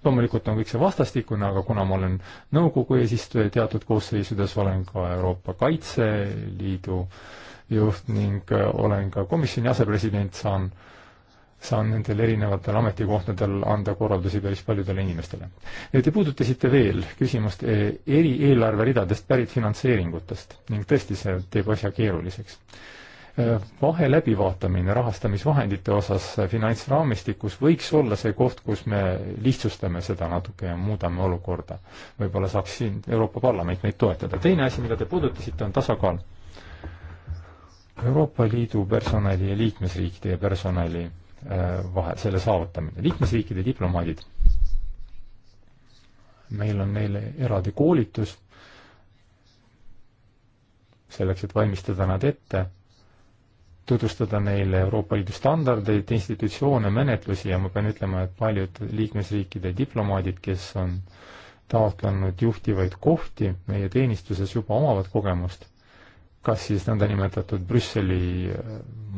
loomulikult on kõik see vastastikune, aga kuna ma olen nõukogu eesistuja teatud koosseisudes, olen ka Euroopa Kaitseliidu juht ning äh, olen ka komisjoni asepresident, saan saan nendel erinevatel ametikohtadel anda korraldusi päris paljudele inimestele. Te puudutasite veel küsimust äh, eri eelarveridadest pärit finantseeringutest ning tõesti, see teeb asja keeruliseks vahe läbivaatamine rahastamisvahendite osas finantsraamistikus võiks olla see koht, kus me lihtsustame seda natuke ja muudame olukorda. võib-olla saaks siin Euroopa Parlament meid toetada. teine asi, mida te puudutasite, on tasakaal. Euroopa Liidu personali ja liikmesriikide personali äh, vahe, selle saavutamine. liikmesriikide diplomaadid, meil on neile eraldi koolitus, selleks, et valmistada nad ette tutvustada neile Euroopa Liidu standardeid, institutsioone, menetlusi ja ma pean ütlema, et paljud liikmesriikide diplomaadid, kes on taotlenud juhtivaid kohti meie teenistuses, juba omavad kogemust. kas siis nõndanimetatud Brüsseli äh,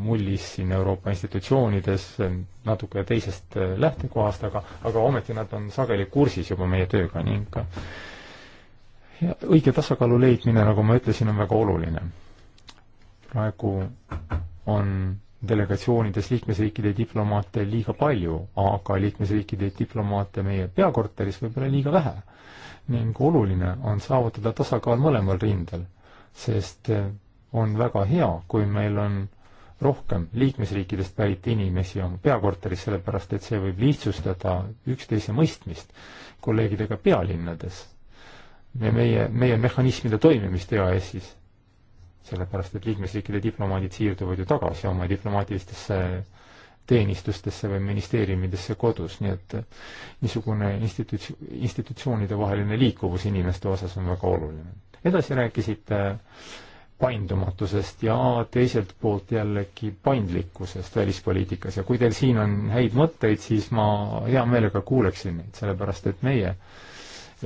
mullis siin Euroopa institutsioonides äh, natuke teisest äh, lähtekohast, aga, aga ometi nad on sageli kursis juba meie tööga ning ka ja õige tasakaalu leidmine, nagu ma ütlesin, on väga oluline. praegu on delegatsioonides liikmesriikide diplomaate liiga palju, aga liikmesriikide diplomaate meie peakorteris võib-olla liiga vähe. ning oluline on saavutada tasakaal mõlemal rindel, sest eh, on väga hea, kui meil on rohkem liikmesriikidest pärit inimesi oma peakorteris, sellepärast et see võib lihtsustada üksteise mõistmist kolleegidega pealinnades ja meie, meie mehhanismide toimimist EAS-is sellepärast et liikmesriikide diplomaadid siirduvad ju tagasi oma diplomaatilistesse teenistustesse või ministeeriumidesse kodus, nii et niisugune instituts-, institutsioonide vaheline liikuvus inimeste osas on väga oluline. edasi rääkisite paindumatusest ja teiselt poolt jällegi paindlikkusest välispoliitikas ja kui teil siin on häid mõtteid, siis ma hea meelega kuuleksin neid, sellepärast et meie äh,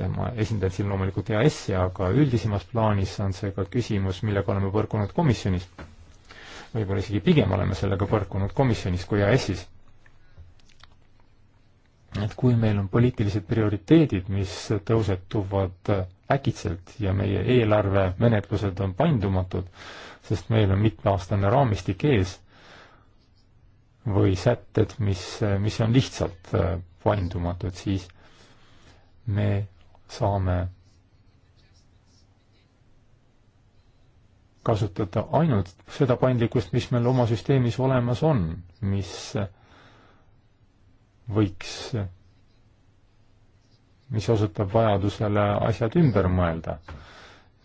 ma esindan siin loomulikult EAS-i, aga üldisemas plaanis on see ka küsimus, millega oleme põrkunud komisjonis. võib-olla isegi pigem oleme sellega põrkunud komisjonis kui EAS-is. et kui meil on poliitilised prioriteedid, mis tõusetuvad äkitselt ja meie eelarvemenetlused on paindumatud, sest meil on mitmeaastane raamistik ees, või sätted, mis, mis on lihtsalt paindumatud, siis me saame kasutada ainult seda paindlikkust, mis meil oma süsteemis olemas on, mis võiks, mis osutab vajadusele asjad ümber mõelda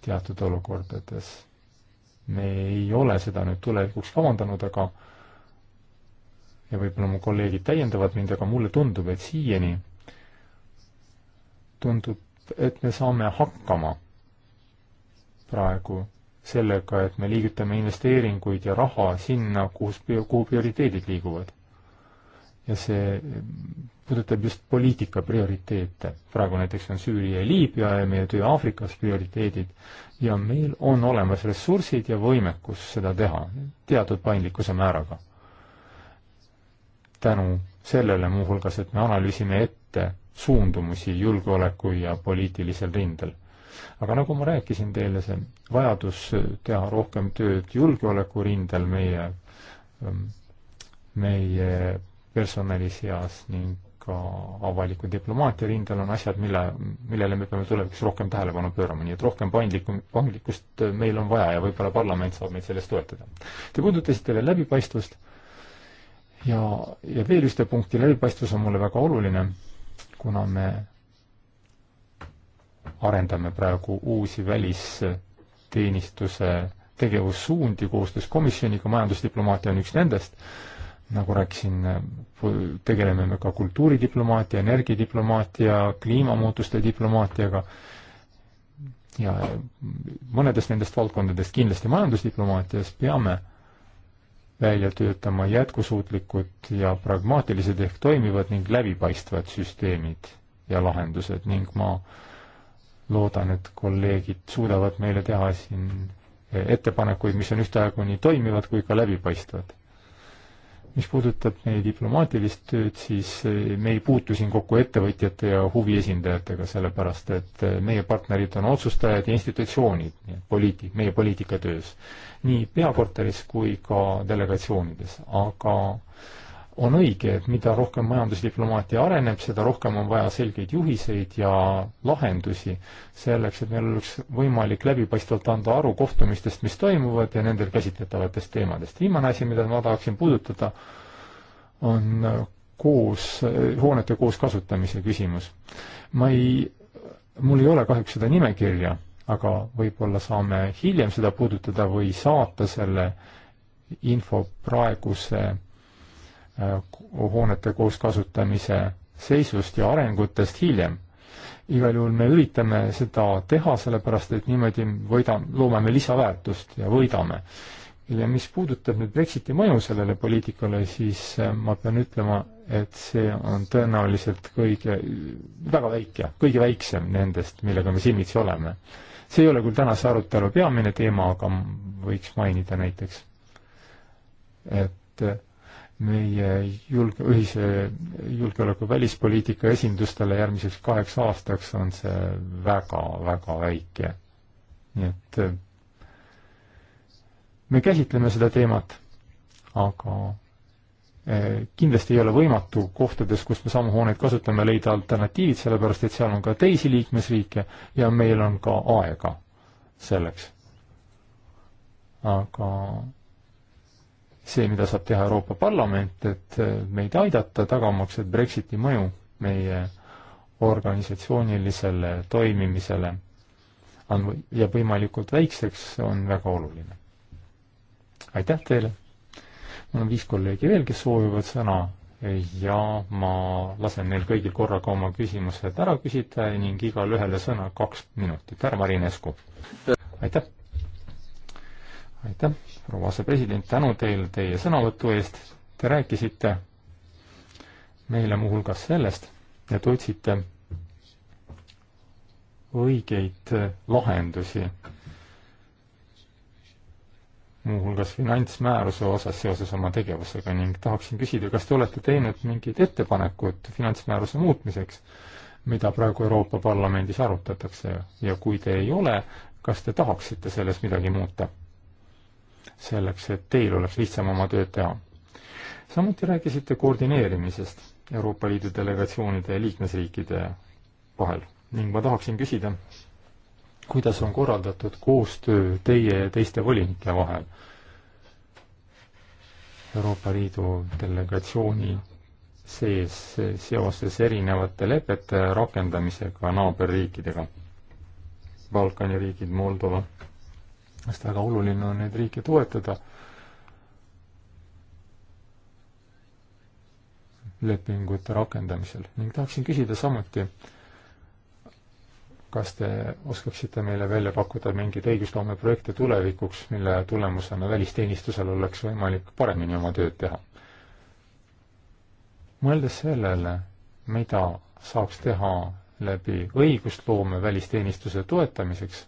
teatud olukordades. me ei ole seda nüüd tulevikuks kavandanud, aga ja võib-olla mu kolleegid täiendavad mind, aga mulle tundub, et siiani tundub et me saame hakkama praegu sellega, et me liigutame investeeringuid ja raha sinna, kus, kuhu prioriteedid liiguvad. ja see puudutab just poliitika prioriteete. praegu näiteks on Süüria ja Liibüa ja meie töö Aafrikas prioriteedid ja meil on olemas ressursid ja võimekus seda teha teatud paindlikkuse määraga. tänu sellele muuhulgas, et me analüüsime ette suundumusi julgeoleku ja poliitilisel rindel. aga nagu ma rääkisin teile, see vajadus teha rohkem tööd julgeoleku rindel meie, ähm, meie personali seas ning ka avaliku diplomaatia rindel on asjad, mille, millele me peame tulevikus rohkem tähelepanu pöörama, nii et rohkem paindlikku, paindlikkust meil on vaja ja võib-olla parlament saab meid selles toetada. Te puudutasite veel läbipaistvust ja, ja veel ühte punkti, läbipaistvus on mulle väga oluline kuna me arendame praegu uusi välisteenistuse tegevussuundi koostöös komisjoniga, majandusdiplomaatia on üks nendest, nagu rääkisin, tegeleme me ka kultuuridiplomaatia, energiadiplomaatia, kliimamuutuste diplomaatiaga ja mõnedest nendest valdkondadest kindlasti majandusdiplomaatias peame välja töötama jätkusuutlikud ja pragmaatilised ehk toimivad ning läbipaistvad süsteemid ja lahendused ning ma loodan, et kolleegid suudavad meile teha siin ettepanekuid, mis on ühtaegu nii toimivad kui ka läbipaistvad. mis puudutab meie diplomaatilist tööd, siis eh, me ei puutu siin kokku ettevõtjate ja huvi esindajatega, sellepärast et eh, meie partnerid on otsustajad ja institutsioonid, nii et poliitik, meie poliitikatöös nii peakorteris kui ka delegatsioonides, aga on õige, et mida rohkem majandusdiplomaatia areneb, seda rohkem on vaja selgeid juhiseid ja lahendusi selleks, et meil oleks võimalik läbipaistvalt anda aru kohtumistest, mis toimuvad ja nendel käsitletavatest teemadest. viimane asi, mida ma tahaksin puudutada, on koos, hoonete kooskasutamise küsimus. ma ei, mul ei ole kahjuks seda nimekirja aga võib-olla saame hiljem seda puudutada või saata selle info praeguse äh, hoonete kooskasutamise seisust ja arengutest hiljem. igal juhul me üritame seda teha, sellepärast et niimoodi võidame, loome me lisaväärtust ja võidame. ja mis puudutab nüüd Brexiti mõju sellele poliitikale, siis äh, ma pean ütlema, et see on tõenäoliselt kõige, väga väike, kõige väiksem nendest, millega me silmitsi oleme see ei ole küll tänase arutelu peamine teema, aga võiks mainida näiteks, et äh, meie julge, ühise julgeoleku välispoliitika esindustele järgmiseks kaheks aastaks on see väga, väga väike. nii et äh, me käsitleme seda teemat, aga Eh, kindlasti ei ole võimatu kohtades, kus me samu hooneid kasutame, leida alternatiivid, sellepärast et seal on ka teisi liikmesriike ja meil on ka aega selleks. aga see, mida saab teha Euroopa Parlament, et eh, meid aidata, tagamaks, et Brexiti mõju meie organisatsioonilisele toimimisele on, jääb võimalikult väikseks, on väga oluline. aitäh teile! mul on viis kolleegi veel, kes soovivad sõna ja ma lasen neil kõigil korraga oma küsimused ära küsida ning igale ühele sõna kaks minutit. härra Marinescu. aitäh! aitäh, proua asepresident, tänu teile teie sõnavõtu eest. Te rääkisite meile muuhulgas sellest, et otsite õigeid lahendusi muuhulgas finantsmääruse osas seoses oma tegevusega ning tahaksin küsida, kas te olete teinud mingeid ettepanekuid finantsmääruse muutmiseks, mida praegu Euroopa Parlamendis arutatakse ja kui te ei ole, kas te tahaksite selles midagi muuta? selleks, et teil oleks lihtsam oma tööd teha. samuti rääkisite koordineerimisest Euroopa Liidu delegatsioonide ja liikmesriikide vahel ning ma tahaksin küsida, kuidas on korraldatud koostöö teie ja teiste volinike vahel Euroopa Liidu delegatsiooni sees seoses erinevate lepete rakendamisega naaberriikidega? Balkani riigid, Moldova, sest väga oluline on neid riike toetada lepingute rakendamisel ning tahaksin küsida samuti äh, kas te oskaksite meile välja pakkuda mingeid õigusloomeprojekte tulevikuks, mille tulemusena välisteenistusel oleks võimalik paremini oma tööd teha? mõeldes sellele, mida saaks teha läbi õigusloome välisteenistuse toetamiseks,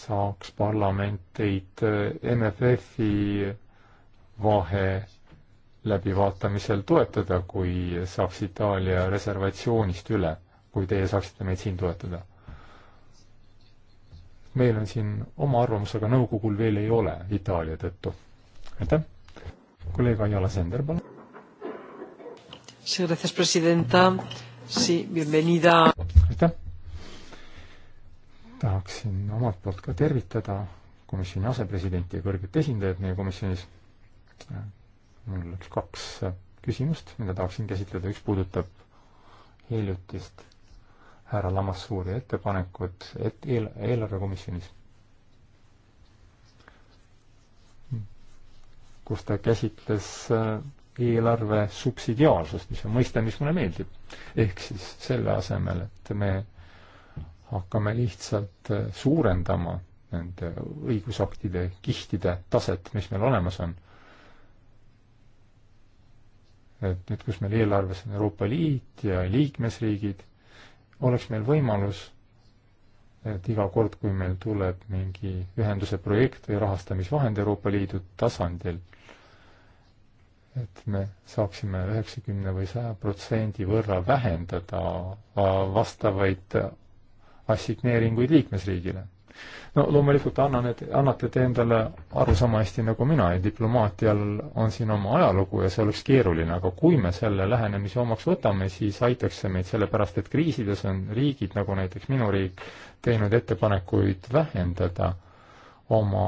saaks parlament teid MFF-i vahe läbivaatamisel toetada, kui saaks Itaalia reservatsioonist üle kui teie saaksite meid siin toetada. meil on siin oma arvamus, aga nõukogul veel ei ole Itaalia tõttu. aitäh. kolleeg Ayala Sender, palun. aitäh. tahaksin omalt poolt ka tervitada komisjoni asepresidenti ja kõrget esindajat meie komisjonis. mul oleks kaks küsimust, mida tahaksin käsitleda, üks puudutab hiljutist härra Lamassuuri ettepanekut et eel-, eelarvekomisjonis, kus ta käsitles äh, eelarve subsidiaarsust, mis on mõiste, mis mulle meeldib. ehk siis selle asemel, et me hakkame lihtsalt äh, suurendama nende õigusaktide kihtide taset, mis meil olemas on. et nüüd, kus meil eelarves on Euroopa Liit ja liikmesriigid oleks meil võimalus, et iga kord, kui meil tuleb mingi ühenduse projekt või rahastamisvahend Euroopa Liidu tasandil, et me saaksime üheksakümne või saja protsendi võrra vähendada äh, vastavaid assigneeringuid liikmesriigile no loomulikult annan, et annate te endale aru sama hästi nagu mina, et diplomaatial on siin oma ajalugu ja see oleks keeruline, aga kui me selle lähenemise omaks võtame, siis aitaks see meid, sellepärast et kriisides on riigid, nagu näiteks minu riik, teinud ettepanekuid vähendada oma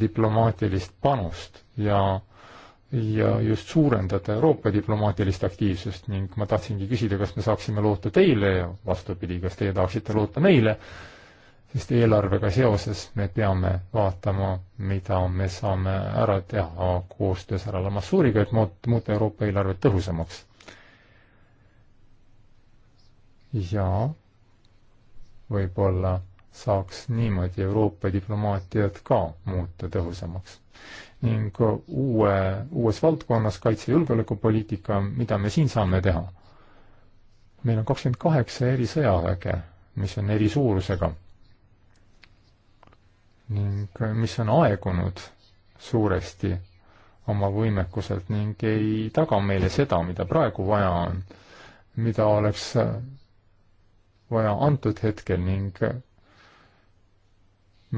diplomaatilist panust ja ja just suurendada Euroopa diplomaatilist aktiivsust ning ma tahtsingi küsida, kas me saaksime loota teile ja vastupidi, kas teie tahaksite loota meile sest eelarvega seoses me peame vaatama, mida me saame ära teha koostöös härra Lamassuuriga, et muut-, muuta Euroopa eelarvet tõhusamaks. ja võib-olla saaks niimoodi Euroopa diplomaatiat ka muuta tõhusamaks. ning uue, uues valdkonnas kaitse- ja julgeolekupoliitika, mida me siin saame teha? meil on kakskümmend kaheksa eri sõjaväge, mis on eri suurusega ning mis on aegunud suuresti oma võimekuselt ning ei taga meile seda, mida praegu vaja on, mida oleks vaja antud hetkel ning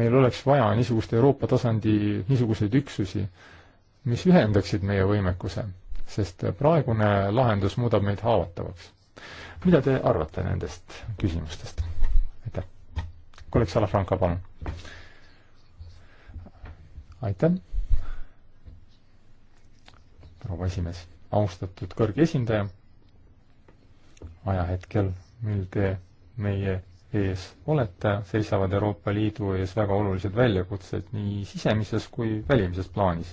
meil oleks vaja niisugust Euroopa tasandi niisuguseid üksusi, mis ühendaksid meie võimekuse, sest praegune lahendus muudab meid haavatavaks. mida te arvate nendest küsimustest? aitäh. kolleeg Salafranca, palun aitäh, proua esimees, austatud kõrge esindaja, ajahetkel, mil te meie ees olete, seisavad Euroopa Liidu ees väga olulised väljakutsed nii sisemises kui välimises plaanis.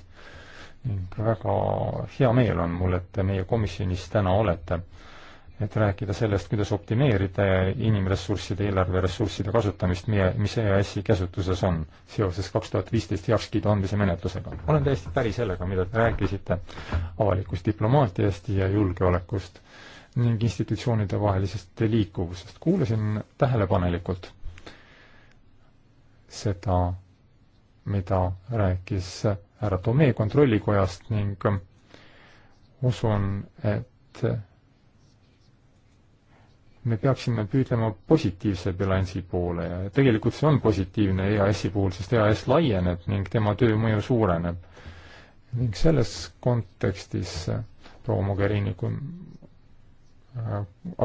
ning väga hea meel on mul, et te meie komisjonis täna olete et rääkida sellest, kuidas optimeerida inimressursside, eelarveressursside kasutamist, meie, mis EAS-i käsutuses on seoses kaks tuhat viisteist heakskiidu andmise menetlusega. olen täiesti päri sellega, mida te rääkisite avalikust diplomaatiast ja julgeolekust ning institutsioonide vahelisest liikuvusest. kuulasin tähelepanelikult seda, mida rääkis härra Tomee Kontrollikojast ning usun, et me peaksime püüdlema positiivse bilansi poole ja tegelikult see on positiivne EAS-i puhul, sest EAS laieneb ning tema töömõju suureneb. ning selles kontekstis äh, proua Mogherini, kui äh,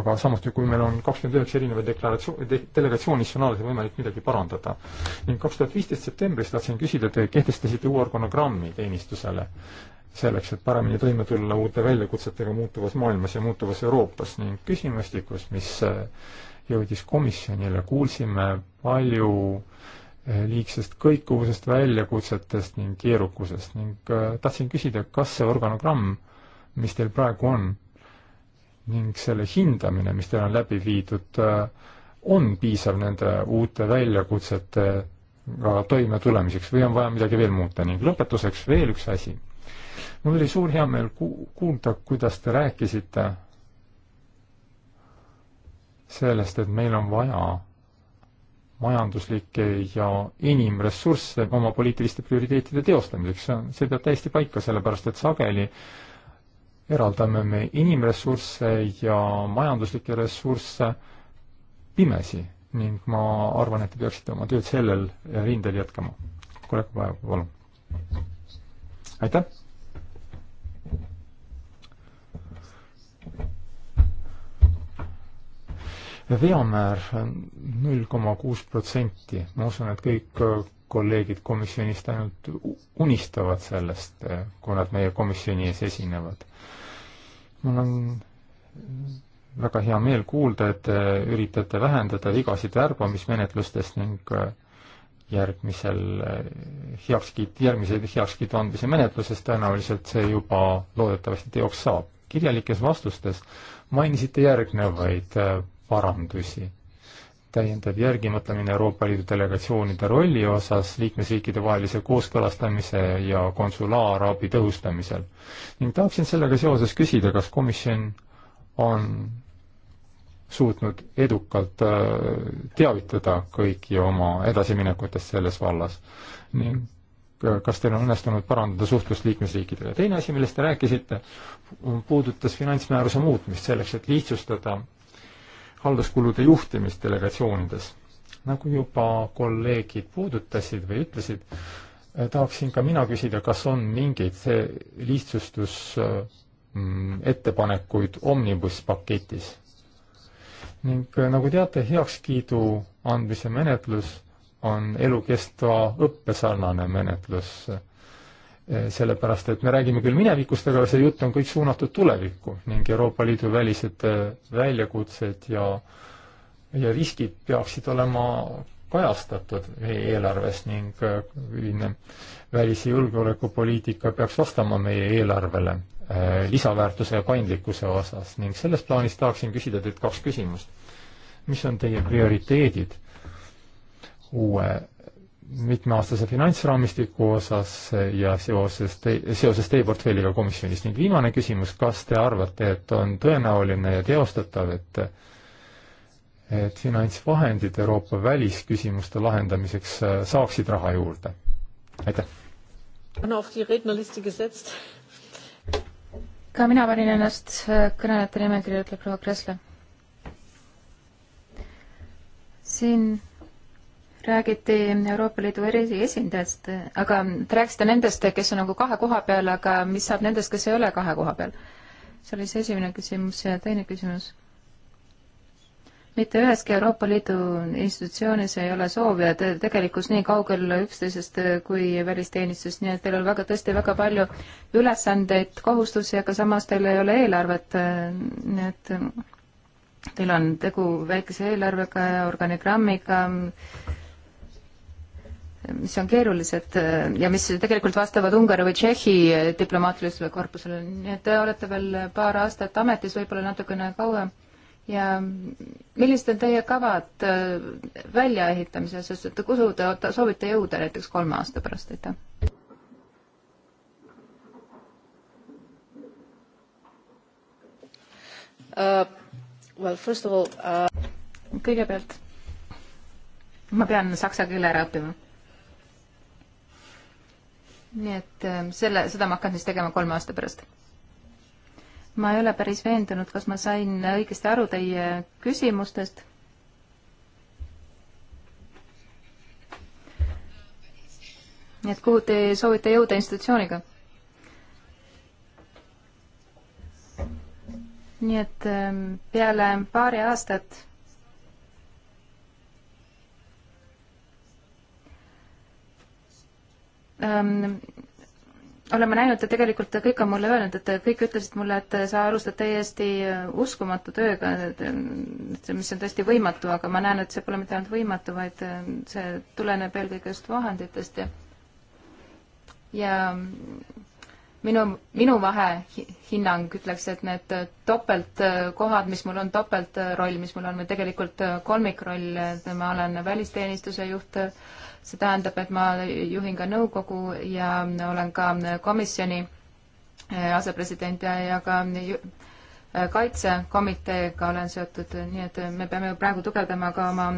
aga samuti, kui meil on kakskümmend üheksa erineva deklaratsioon de,, delegatsiooni, siis on alati võimalik midagi parandada. ning kaks tuhat viisteist septembris tahtsin küsida, te kehtestasite uue organogrammi teenistusele selleks, et paremini toime tulla uute väljakutsetega muutuvas maailmas ja muutuvas Euroopas ning küsimustikus, mis äh, jõudis komisjonile, kuulsime palju äh, liigsest kõikuvusest, väljakutsetest ning keerukusest ning äh, tahtsin küsida, kas see organogramm, mis teil praegu on, ning selle hindamine, mis teil on läbi viidud, on piisav nende uute väljakutsetega toimetulemiseks või on vaja midagi veel muuta ning lõpetuseks veel üks asi mul oli suur heameel ku-, kuulda, kuidas te rääkisite sellest, et meil on vaja majanduslikke ja inimressursse oma poliitiliste prioriteetide teostamiseks, see on, see peab täiesti paika, sellepärast et sageli eraldame me inimressursse ja majanduslikke ressursse pimesi ning ma arvan, et te peaksite oma tööd sellel rindel jätkama. kolleeg Vaev, palun. aitäh! veamäär null koma kuus protsenti, ma usun, et kõik äh, kolleegid komisjonist ainult unistavad sellest, äh, kui nad meie komisjoni ees esinevad. mul on väga hea meel kuulda, et te üritate vähendada vigasid värbamismenetlustes ning äh, järgmisel heakskiit, järgmise heakskiidu andmise menetluses tõenäoliselt see juba loodetavasti teoks saab. kirjalikes vastustes mainisite järgnevaid parandusi. täiendav järgimõtlemine Euroopa Liidu delegatsioonide rolli osas liikmesriikide vahelise kooskõlastamise ja konsulaarabi tõhustamisel. ning tahaksin sellega seoses küsida, kas komisjon on suutnud edukalt äh, teavitada kõiki oma edasiminekutest selles vallas ning äh, kas teil on õnnestunud parandada suhtlust liikmesriikidega. teine asi, millest te rääkisite, puudutas finantsmääruse muutmist selleks, et lihtsustada halduskulude juhtimist delegatsioonides. nagu juba kolleegid puudutasid või ütlesid, eh, tahaksin ka mina küsida, kas on mingeid lihtsustus eh, mm, ettepanekuid Omnibus paketis? ning eh, nagu teate, heakskiidu andmise menetlus on elukestva õppe sarnane menetlus Eh, sellepärast et me räägime küll minevikust, aga see jutt on kõik suunatud tulevikku ning Euroopa Liidu välised eh, väljakutsed ja, ja riskid peaksid olema kajastatud meie eelarves ning eh, ühine välis- ja julgeolekupoliitika peaks vastama meie eelarvele lisaväärtuse ja paindlikkuse osas ning selles plaanis tahaksin küsida teilt kaks küsimust. mis on teie prioriteedid uue mitmeaastase finantsraamistiku osas ja seoses te-, seoses teie portfelliga komisjonis. ning viimane küsimus, kas te arvate, et on tõenäoline ja teostatav, et et finantsvahendid Euroopa välisküsimuste lahendamiseks äh, saaksid raha juurde? aitäh! ka mina panin ennast äh, kõnelejate nimekirja, ütleb proua Kressle. siin räägiti Euroopa Liidu eriesindajast, aga te rääkisite nendest, kes on nagu kahe koha peal, aga mis saab nendest, kes ei ole kahe koha peal? see oli see esimene küsimus ja teine küsimus. mitte üheski Euroopa Liidu institutsioonis ei ole soovi ja te tegelikult nii kaugel üksteisest kui välisteenistusest, nii et teil on väga, tõesti väga palju ülesandeid, kohustusi, aga samas teil ei ole eelarvet, nii et teil on tegu väikese eelarvega ja organigrammiga, mis on keerulised äh, ja mis tegelikult vastavad Ungari või Tšehhi äh, diplomaatilisele korpusele, nii et te olete veel paar aastat ametis, võib-olla natukene kauem, ja millised on teie kavad äh, väljaehitamise osas, et kuhu te soovite jõuda näiteks kolme aasta pärast, aitäh? Uh, well, first of all uh... kõigepealt ma pean saksa keele ära õppima nii et ähm, selle, seda ma hakkan siis tegema kolme aasta pärast. ma ei ole päris veendunud, kas ma sain õigesti aru teie küsimustest. nii et kuhu te soovite jõuda institutsiooniga? nii et ähm, peale paari aastat ähm, oleme näinud, et tegelikult kõik on mulle öelnud, et kõik ütlesid mulle, et sa alustad täiesti äh, uskumatu tööga, äh, mis on tõesti võimatu, aga ma näen, et see pole mitte ainult võimatu, vaid äh, see tuleneb eelkõige just vahenditest ja ja minu, minu vahehinnang ütleks, et need äh, topeltkohad, äh, mis mul on, topeltroll, äh, mis mul on, või tegelikult kolmikroll, et ma olen välisteenistuse juht, see tähendab, et ma juhin ka nõukogu ja olen ka komisjoni asepresident ja, ja ka kaitsekomiteega olen seotud, nii et me peame ju praegu tugevdama ka oma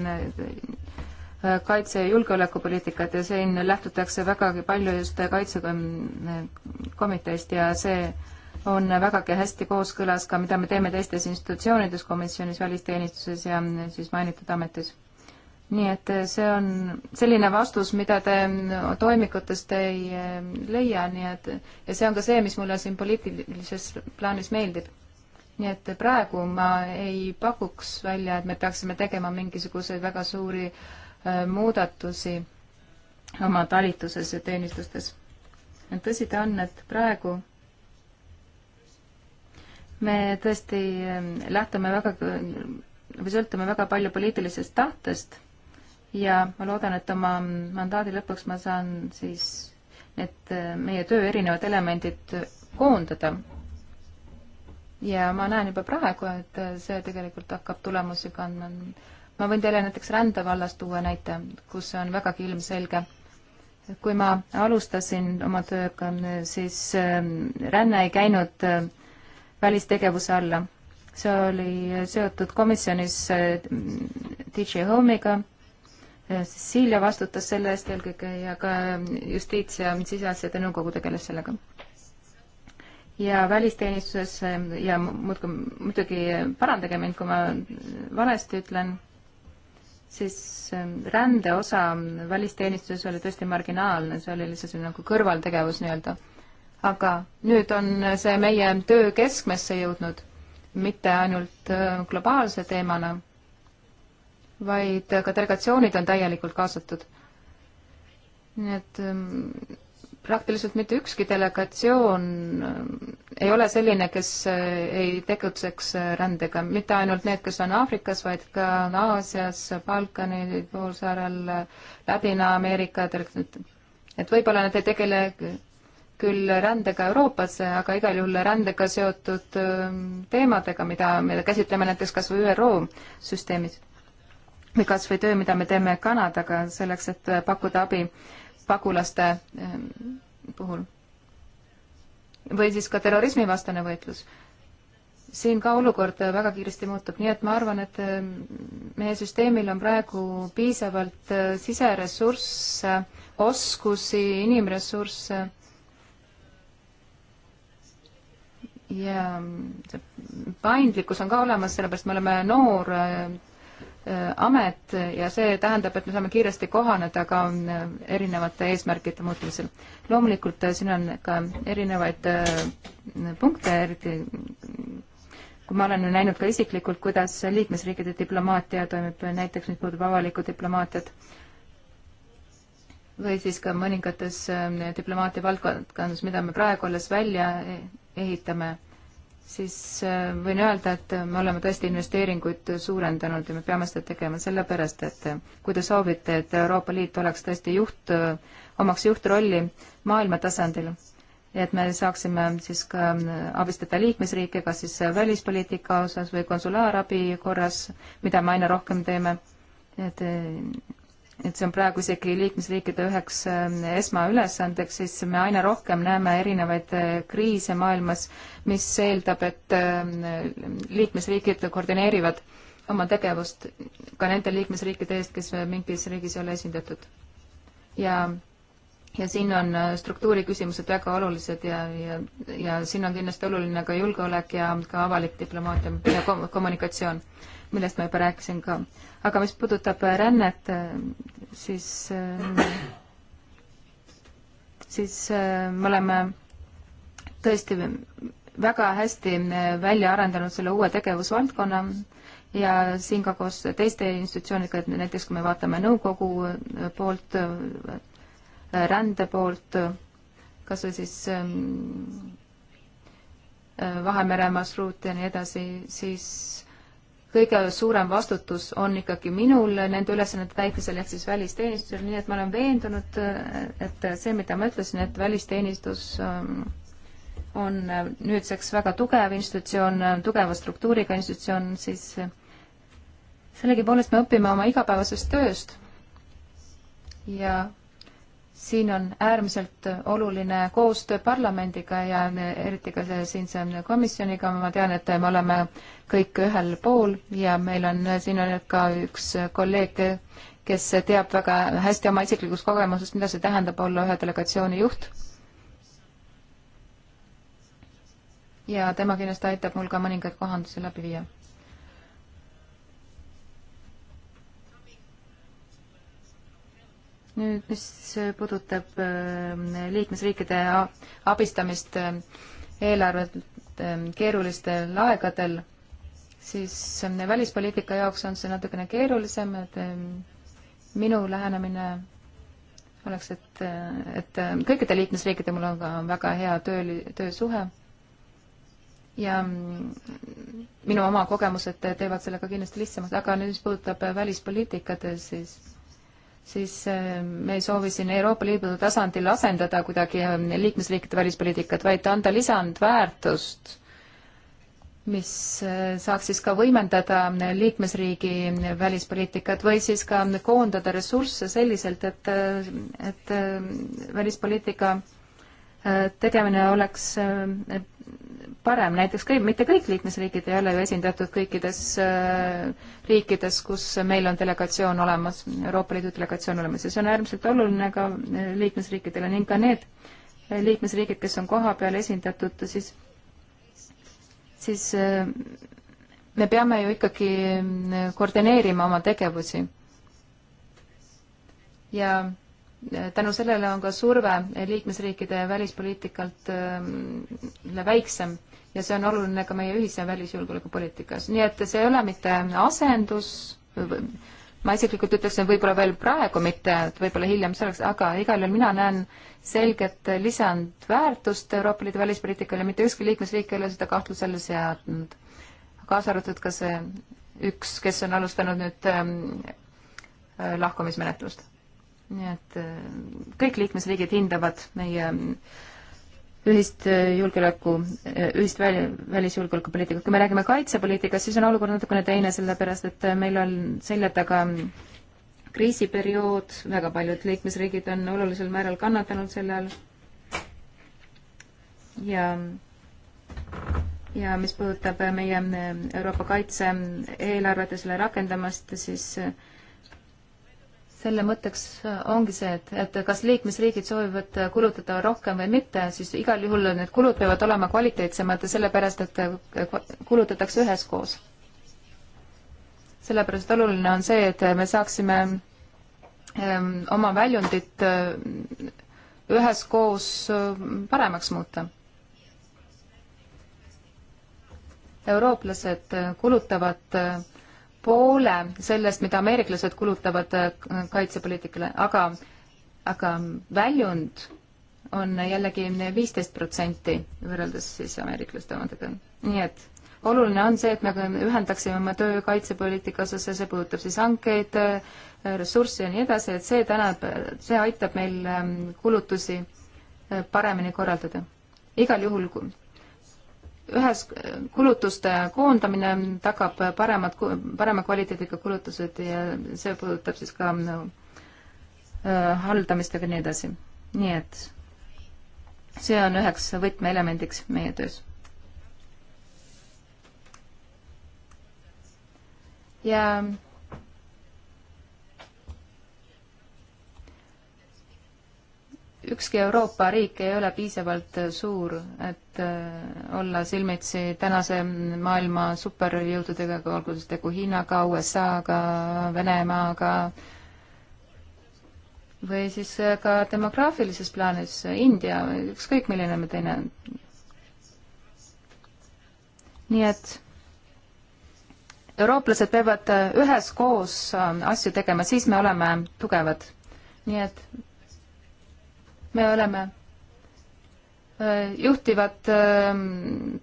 kaitse- ja julgeolekupoliitikat ja siin lähtutakse vägagi palju just kaitsekomiteest ja see on vägagi hästi kooskõlas ka, mida me teeme teistes institutsioonides, komisjonis, välisteenistuses ja siis mainitud ametis. nii et see on selline vastus, mida te toimikutest ei eh, leia, nii et ja see on ka see, mis mulle siin poliitilises plaanis meeldib nii et praegu ma ei pakuks välja, et me peaksime tegema mingisuguseid väga suuri äh, Äh, muudatusi oma talituses ja teenistustes. tõsi ta on, et praegu me tõesti ähm, lähtume väga või sõltume väga palju poliitilisest tahtest ja ma loodan, et oma mandaadi lõpuks ma saan siis need äh, meie töö erinevad elemendid koondada. ja ma näen juba praegu, et äh, see tegelikult hakkab tulemusi kandma ma võin teile näiteks rändevallas tuua näite, kus see on vägagi ilmselge. kui ma alustasin oma tööga, siis äh, ränne ei käinud äh, välistegevuse alla. see oli seotud komisjonis äh, DJ Home'iga, Cecilia vastutas selle eest eelkõige ja ka justiits- ja siseasjade nõukogu tegeles sellega ja välisteenistuses ja muudkui, muidugi parandage mind, kui ma valesti ütlen, siis ähm, rände osa välisteenistuses oli tõesti marginaalne, see oli lihtsalt nagu kõrvaltegevus nii-öelda. aga nüüd on see meie töö keskmesse jõudnud, mitte ainult äh, globaalse teemana, vaid ka delegatsioonid on täielikult kaasatud. nii et ähm, praktiliselt mitte ükski delegatsioon äh, ei ole selline, kes äh, ei tegutseks äh, rändega, mitte ainult need, kes on Aafrikas, vaid ka Aasias, Balkani poolsaarel, Ladina-Ameerika, et võib-olla nad ei tegele küll rändega Euroopasse, aga igal juhul rändega seotud ähm, teemadega, mida me käsitleme näiteks kas või ÜRO süsteemis või kas või töö, mida me teeme Kanadaga selleks, et pakkuda abi pagulaste ehm, puhul. või siis ka terrorismivastane võitlus. siin ka olukord väga kiiresti muutub, nii et ma arvan, et ehm, meie süsteemil on praegu piisavalt eh, siseressursse, oskusi, inimressursse ja ehm, see paindlikkus on ka olemas, sellepärast me oleme noor Äh, amet ja see tähendab, et me saame kiiresti kohaneda ka äh, erinevate eesmärkide muutmisel. loomulikult äh, siin on ka erinevaid punkte, eriti kui ma olen näinud ka isiklikult, kuidas liikmesriikide diplomaatia toimib, näiteks mis puudutab avalikku diplomaatiat, või siis ka mõningates diplomaatia valdkondades, mida me praegu alles välja ehitame siis äh, võin öelda, et me oleme tõesti investeeringuid suurendanud ja me peame seda tegema sellepärast, et äh, kui te soovite, et Euroopa Liit oleks tõesti juht, äh, omaks juhtrolli maailma tasandil, et me saaksime siis ka abistada liikmesriike, kas siis välispoliitika osas või konsulaarabi korras, mida me aina rohkem teeme, et et see on praegu isegi liikmesriikide üheks ähm, esmaülesandeks, siis me aina rohkem näeme erinevaid äh, kriise maailmas, mis eeldab, et ähm, liikmesriigid koordineerivad oma tegevust ka nende liikmesriikide eest, kes äh, mingis riigis ei ole esindatud. ja, ja siin on äh, struktuuri küsimused väga olulised ja, ja, ja siin on kindlasti oluline ka julgeolek ja ka avalik diplomaatia ja kommunikatsioon millest ma juba rääkisin ka. aga mis puudutab äh, rännet, äh, siis, äh, siis me oleme tõesti väga hästi välja arendanud selle uue tegevusvaldkonna ja siin ka koos teiste institutsioonidega, et näiteks kui me vaatame nõukogu poolt, rände poolt, kas või siis ähm, Vahemere marsruut ja nii edasi, siis kõige suurem vastutus on ikkagi minul nende ülesannete täitmisel ehk siis välisteenistusel, nii et ma olen veendunud, et see, mida ma ütlesin, et välisteenistus ähm, on nüüdseks väga tugev institutsioon, tugeva struktuuriga institutsioon, siis sellegipoolest me õpime oma igapäevasest tööst ja siin on äärmiselt oluline koostöö parlamendiga ja eriti ka siinse komisjoniga, ma tean, et me oleme kõik ühel pool ja meil on, siin on ka üks kolleeg, kes teab väga hästi oma isiklikust kogemusest, mida see tähendab olla ühe delegatsiooni juht. ja tema kindlasti aitab mul ka mõningaid kohandusi läbi viia nüüd, mis puudutab ähm, liikmesriikide abistamist ähm, eelarvet ähm, keerulistel aegadel, siis välispoliitika jaoks on see natukene keerulisem, et minu lähenemine oleks, et, äh, et kõikide liikmesriikide mul on ka väga hea töö, töösuhe ja mm, minu oma kogemused teevad selle ka kindlasti lihtsamaks, aga nüüd, mis puudutab välispoliitikat, siis siis eh, me ei soovi siin Euroopa Liidu tasandil asendada kuidagi eh, liikmesriikide välispoliitikat, vaid anda lisandväärtust, mis eh, saaks siis ka võimendada liikmesriigi välispoliitikat või siis ka koondada ressursse selliselt, et, et välispoliitika tegemine oleks parem, näiteks kõik, mitte kõik liikmesriigid ei ole ju esindatud kõikides äh, riikides, kus meil on delegatsioon olemas, Euroopa Liidu delegatsioon olemas ja see on äärmiselt oluline ka äh, liikmesriikidele ning ka need äh, liikmesriigid, kes on kohapeal esindatud, siis, siis me peame ju ikkagi koordineerima oma tegevusi. ja tänu sellele on ka surve liikmesriikide välispoliitikalt ähm, väiksem ja see on oluline ka meie ühise välisjulgeolekupoliitikas. nii et see ei ole mitte asendus, ma isiklikult ütleksin, võib-olla veel praegu mitte, et võib-olla hiljem see oleks, aga igal juhul mina näen selget lisandväärtust Euroopa Liidu välispoliitikale, mitte ükski liikmesriik ei ole seda kahtluse alla seadnud. kaasa arvatud ka see üks, kes on alustanud nüüd ähm, äh, lahkumismenetlust nii et äh, kõik liikmesriigid hindavad meie äh, ühist äh, julgeoleku, ühist väli, välisjulgeolekupoliitikat. kui me räägime kaitsepoliitikast, siis on olukord natukene teine, sellepärast et meil on selja taga kriisiperiood, väga paljud liikmesriigid on olulisel määral kannatanud selle all. ja, ja mis puudutab meie Euroopa kaitse-eelarvet ja selle rakendamist, siis äh, selle mõtteks ongi see, et, et kas liikmesriigid soovivad kulutada rohkem või mitte, siis igal juhul need kulud peavad olema kvaliteetsemad, sellepärast et kulutatakse üheskoos. sellepärast oluline on see, et me saaksime ehm, oma väljundit ehm, üheskoos ehm, paremaks muuta. eurooplased kulutavad poole sellest, mida ameeriklased kulutavad äh, kaitsepoliitikale, aga, aga väljund on jällegi viisteist protsenti võrreldes siis ameeriklaste omadega. nii et oluline on see, et me ühendaksime oma töö kaitsepoliitika osas ja see puudutab siis hankeid, äh, ressursse ja nii edasi, et see tänab, see aitab meil ähm, kulutusi äh, paremini korraldada. igal juhul ühes kulutuste koondamine tagab paremad, parema kvaliteediga kulutused ja see puudutab siis ka äh, haldamist ja nii edasi. nii et see on üheks võtmeelemendiks meie töös. ja ükski Euroopa riik ei ole piisavalt suur, et äh, olla silmitsi tänase maailma superjõududega, olgu siis tegu Hiinaga, USA-ga, Venemaaga või siis äh, ka demograafilises plaanis äh, India, ükskõik milline me teine. nii et eurooplased peavad üheskoos asju tegema, siis me oleme tugevad. nii et me oleme äh, juhtivad ähm,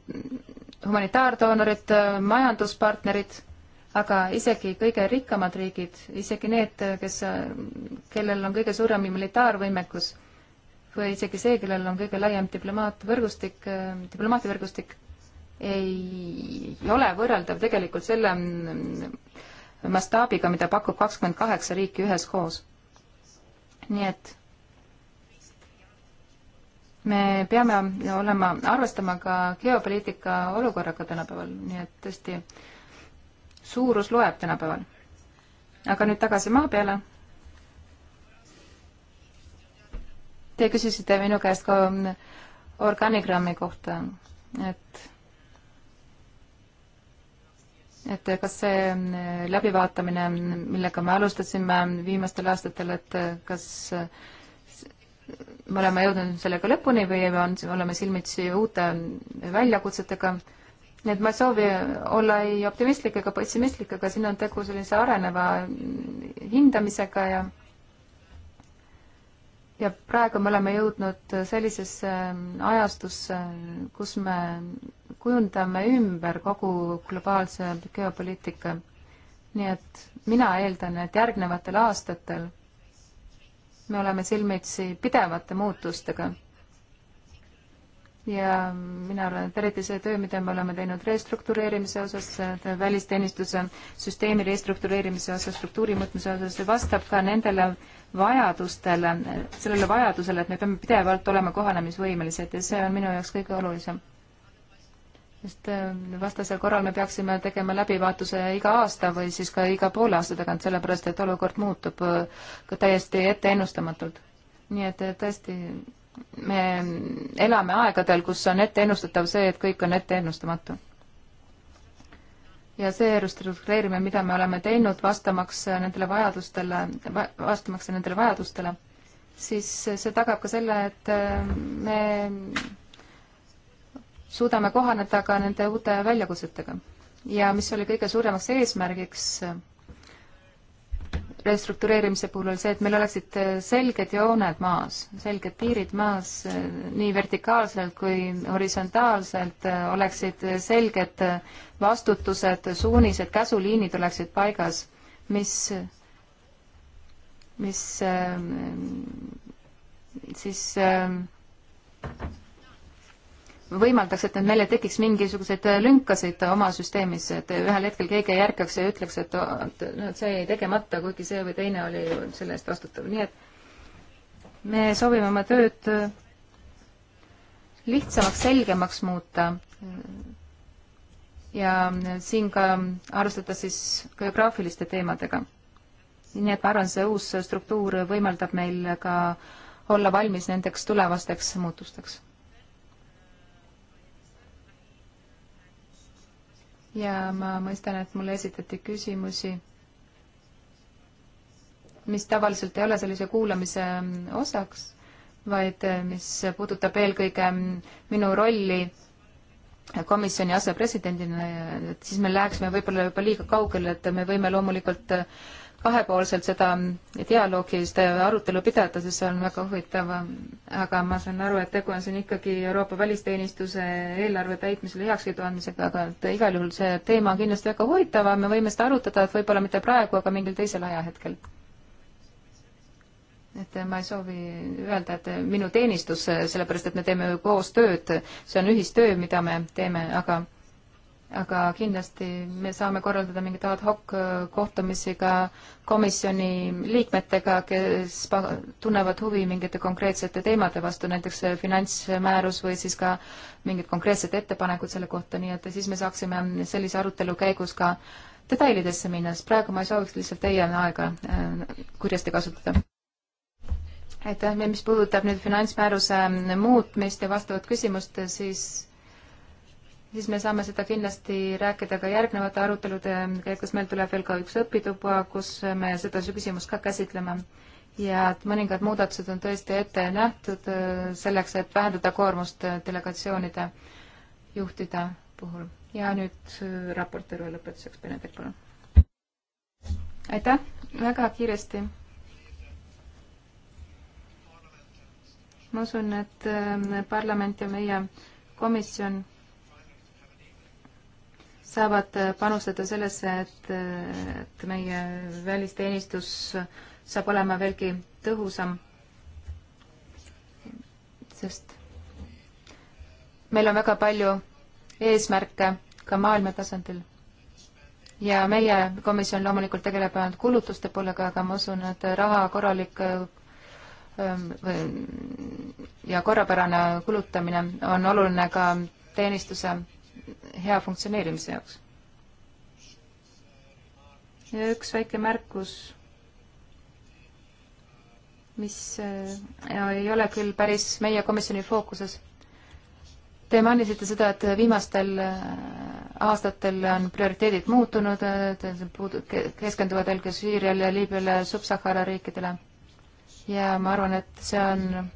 humanitaardoonorid, äh, majanduspartnerid, aga isegi kõige rikkamad riigid, isegi need, äh, kes, kellel on kõige suurem militaarvõimekus või isegi see, kellel on kõige laiem diplomaatvõrgustik, diplomaativõrgustik, ei ole võrreldav tegelikult selle mm, mastaabiga, mida pakub kakskümmend kaheksa riiki üheskoos. nii et me peame olema, arvestama ka geopoliitika olukorraga tänapäeval, nii et tõesti suurus loeb tänapäeval. aga nüüd tagasi maa peale. Te küsisite minu käest ka organigrammi kohta, et et kas see läbivaatamine, millega me alustasime viimastel aastatel, et kas äh, me oleme jõudnud sellega lõpuni või on, oleme silmitsi uute väljakutsetega. nii et ma ei soovi olla ei optimistlik ega pessimistlik, aga siin on tegu sellise areneva hindamisega ja ja praegu me oleme jõudnud sellisesse ajastusse, kus me kujundame ümber kogu globaalse geopoliitika. nii et mina eeldan, et järgnevatel aastatel me oleme silmitsi pidevate muutustega. ja mina arvan, et eriti see töö, mida me oleme teinud restruktureerimise osas, välisteenistuse süsteemi restruktureerimise osas, struktuuri muutmise osas, see vastab ka nendele vajadustele, sellele vajadusele, et me peame pidevalt olema kohanemisvõimelised ja see on minu jaoks kõige olulisem sest äh, vastasel korral me peaksime tegema läbivaatuse iga aasta või siis ka iga poole aasta tagant, sellepärast et olukord muutub äh, ka täiesti etteennustamatult. nii et äh, tõesti, me elame aegadel, kus on etteennustatav see, et kõik on etteennustamatu. ja see restruktureerimine, mida me oleme teinud, vastamaks nendele vajadustele, vastamaks nendele vajadustele, siis see tagab ka selle, et me suudame kohaneda ka nende uute väljakutsetega. ja mis oli kõige suuremaks eesmärgiks äh, restruktureerimise puhul, oli see, et meil oleksid äh, selged jooned maas, selged piirid maas, äh, nii vertikaalselt kui horisontaalselt oleksid selged vastutused, suunised, käsuliinid oleksid paigas, mis, mis ähm, siis ähm, võimaldaks, et neile tekiks mingisuguseid lünkasid oma süsteemis, et ühel hetkel keegi ei ärkaks ja ütleks, et oh, no see jäi tegemata, kuigi see või teine oli ju selle eest vastutav, nii et me soovime oma tööd lihtsamaks, selgemaks muuta. ja siin ka arvestada siis geograafiliste teemadega. nii et ma arvan, see uus struktuur võimaldab meil ka olla valmis nendeks tulevasteks muutusteks ja ma mõistan, et mulle esitati küsimusi, mis tavaliselt ei ole sellise kuulamise mm, osaks, vaid eh, mis puudutab eelkõige mm, minu rolli komisjoni asepresidendina, et siis me läheksime võib-olla juba liiga kaugele, et me võime loomulikult äh, kahepoolselt seda dialoogi, seda arutelu pidada, sest see on väga huvitav, aga ma saan aru, et tegu on siin ikkagi Euroopa Välisteenistuse eelarve täitmisele heakskiidu andmisega, aga igal juhul see teema on kindlasti väga huvitav, me võime seda arutada, et võib-olla mitte praegu, aga mingil teisel ajahetkel. et ma ei soovi öelda, et minu teenistus, sellepärast et me teeme ju koos tööd, see on ühistöö, mida me teeme, aga aga kindlasti me saame korraldada mingeid ad hoc äh, kohtumisi ka komisjoni liikmetega, kes tunnevad huvi mingite konkreetsete teemade vastu, näiteks äh, finantsmäärus või siis ka mingid konkreetsed ettepanekud selle kohta, nii et siis me saaksime sellise arutelu käigus ka detailidesse minna, sest praegu ma ei sooviks lihtsalt teie aega äh, kurjasti kasutada. aitäh, mis puudutab nüüd finantsmääruse muutmist ja vastavat küsimust, siis siis me saame seda kindlasti rääkida ka järgnevate arutelude käigus, meil tuleb veel ka üks õpituba, kus me seda küsimust ka käsitleme. ja et mõningad muudatused on tõesti ette nähtud äh, selleks, et vähendada koormust äh, delegatsioonide juhtide puhul. ja nüüd äh, raportööri lõpetuseks, Benedikt, palun. aitäh, väga kiiresti. ma usun, et parlament ja meie komisjon saavad panustada sellesse, et, et meie välisteenistus saab olema veelgi tõhusam. sest meil on väga palju eesmärke ka maailma tasandil. ja meie komisjon loomulikult tegeleb ainult kulutuste poolega, aga ma usun, et raha korralik ähm, ja korrapärane kulutamine on oluline ka teenistuse hea funktsioneerimise jaoks. ja üks väike märkus, mis äh, ei ole küll päris meie komisjoni fookuses. Te mainisite seda, et viimastel äh, aastatel on prioriteedid muutunud, äh, keskenduvad eelkõige Süüriale, Liibüale, Sub-Sahara riikidele. ja ma arvan, et see on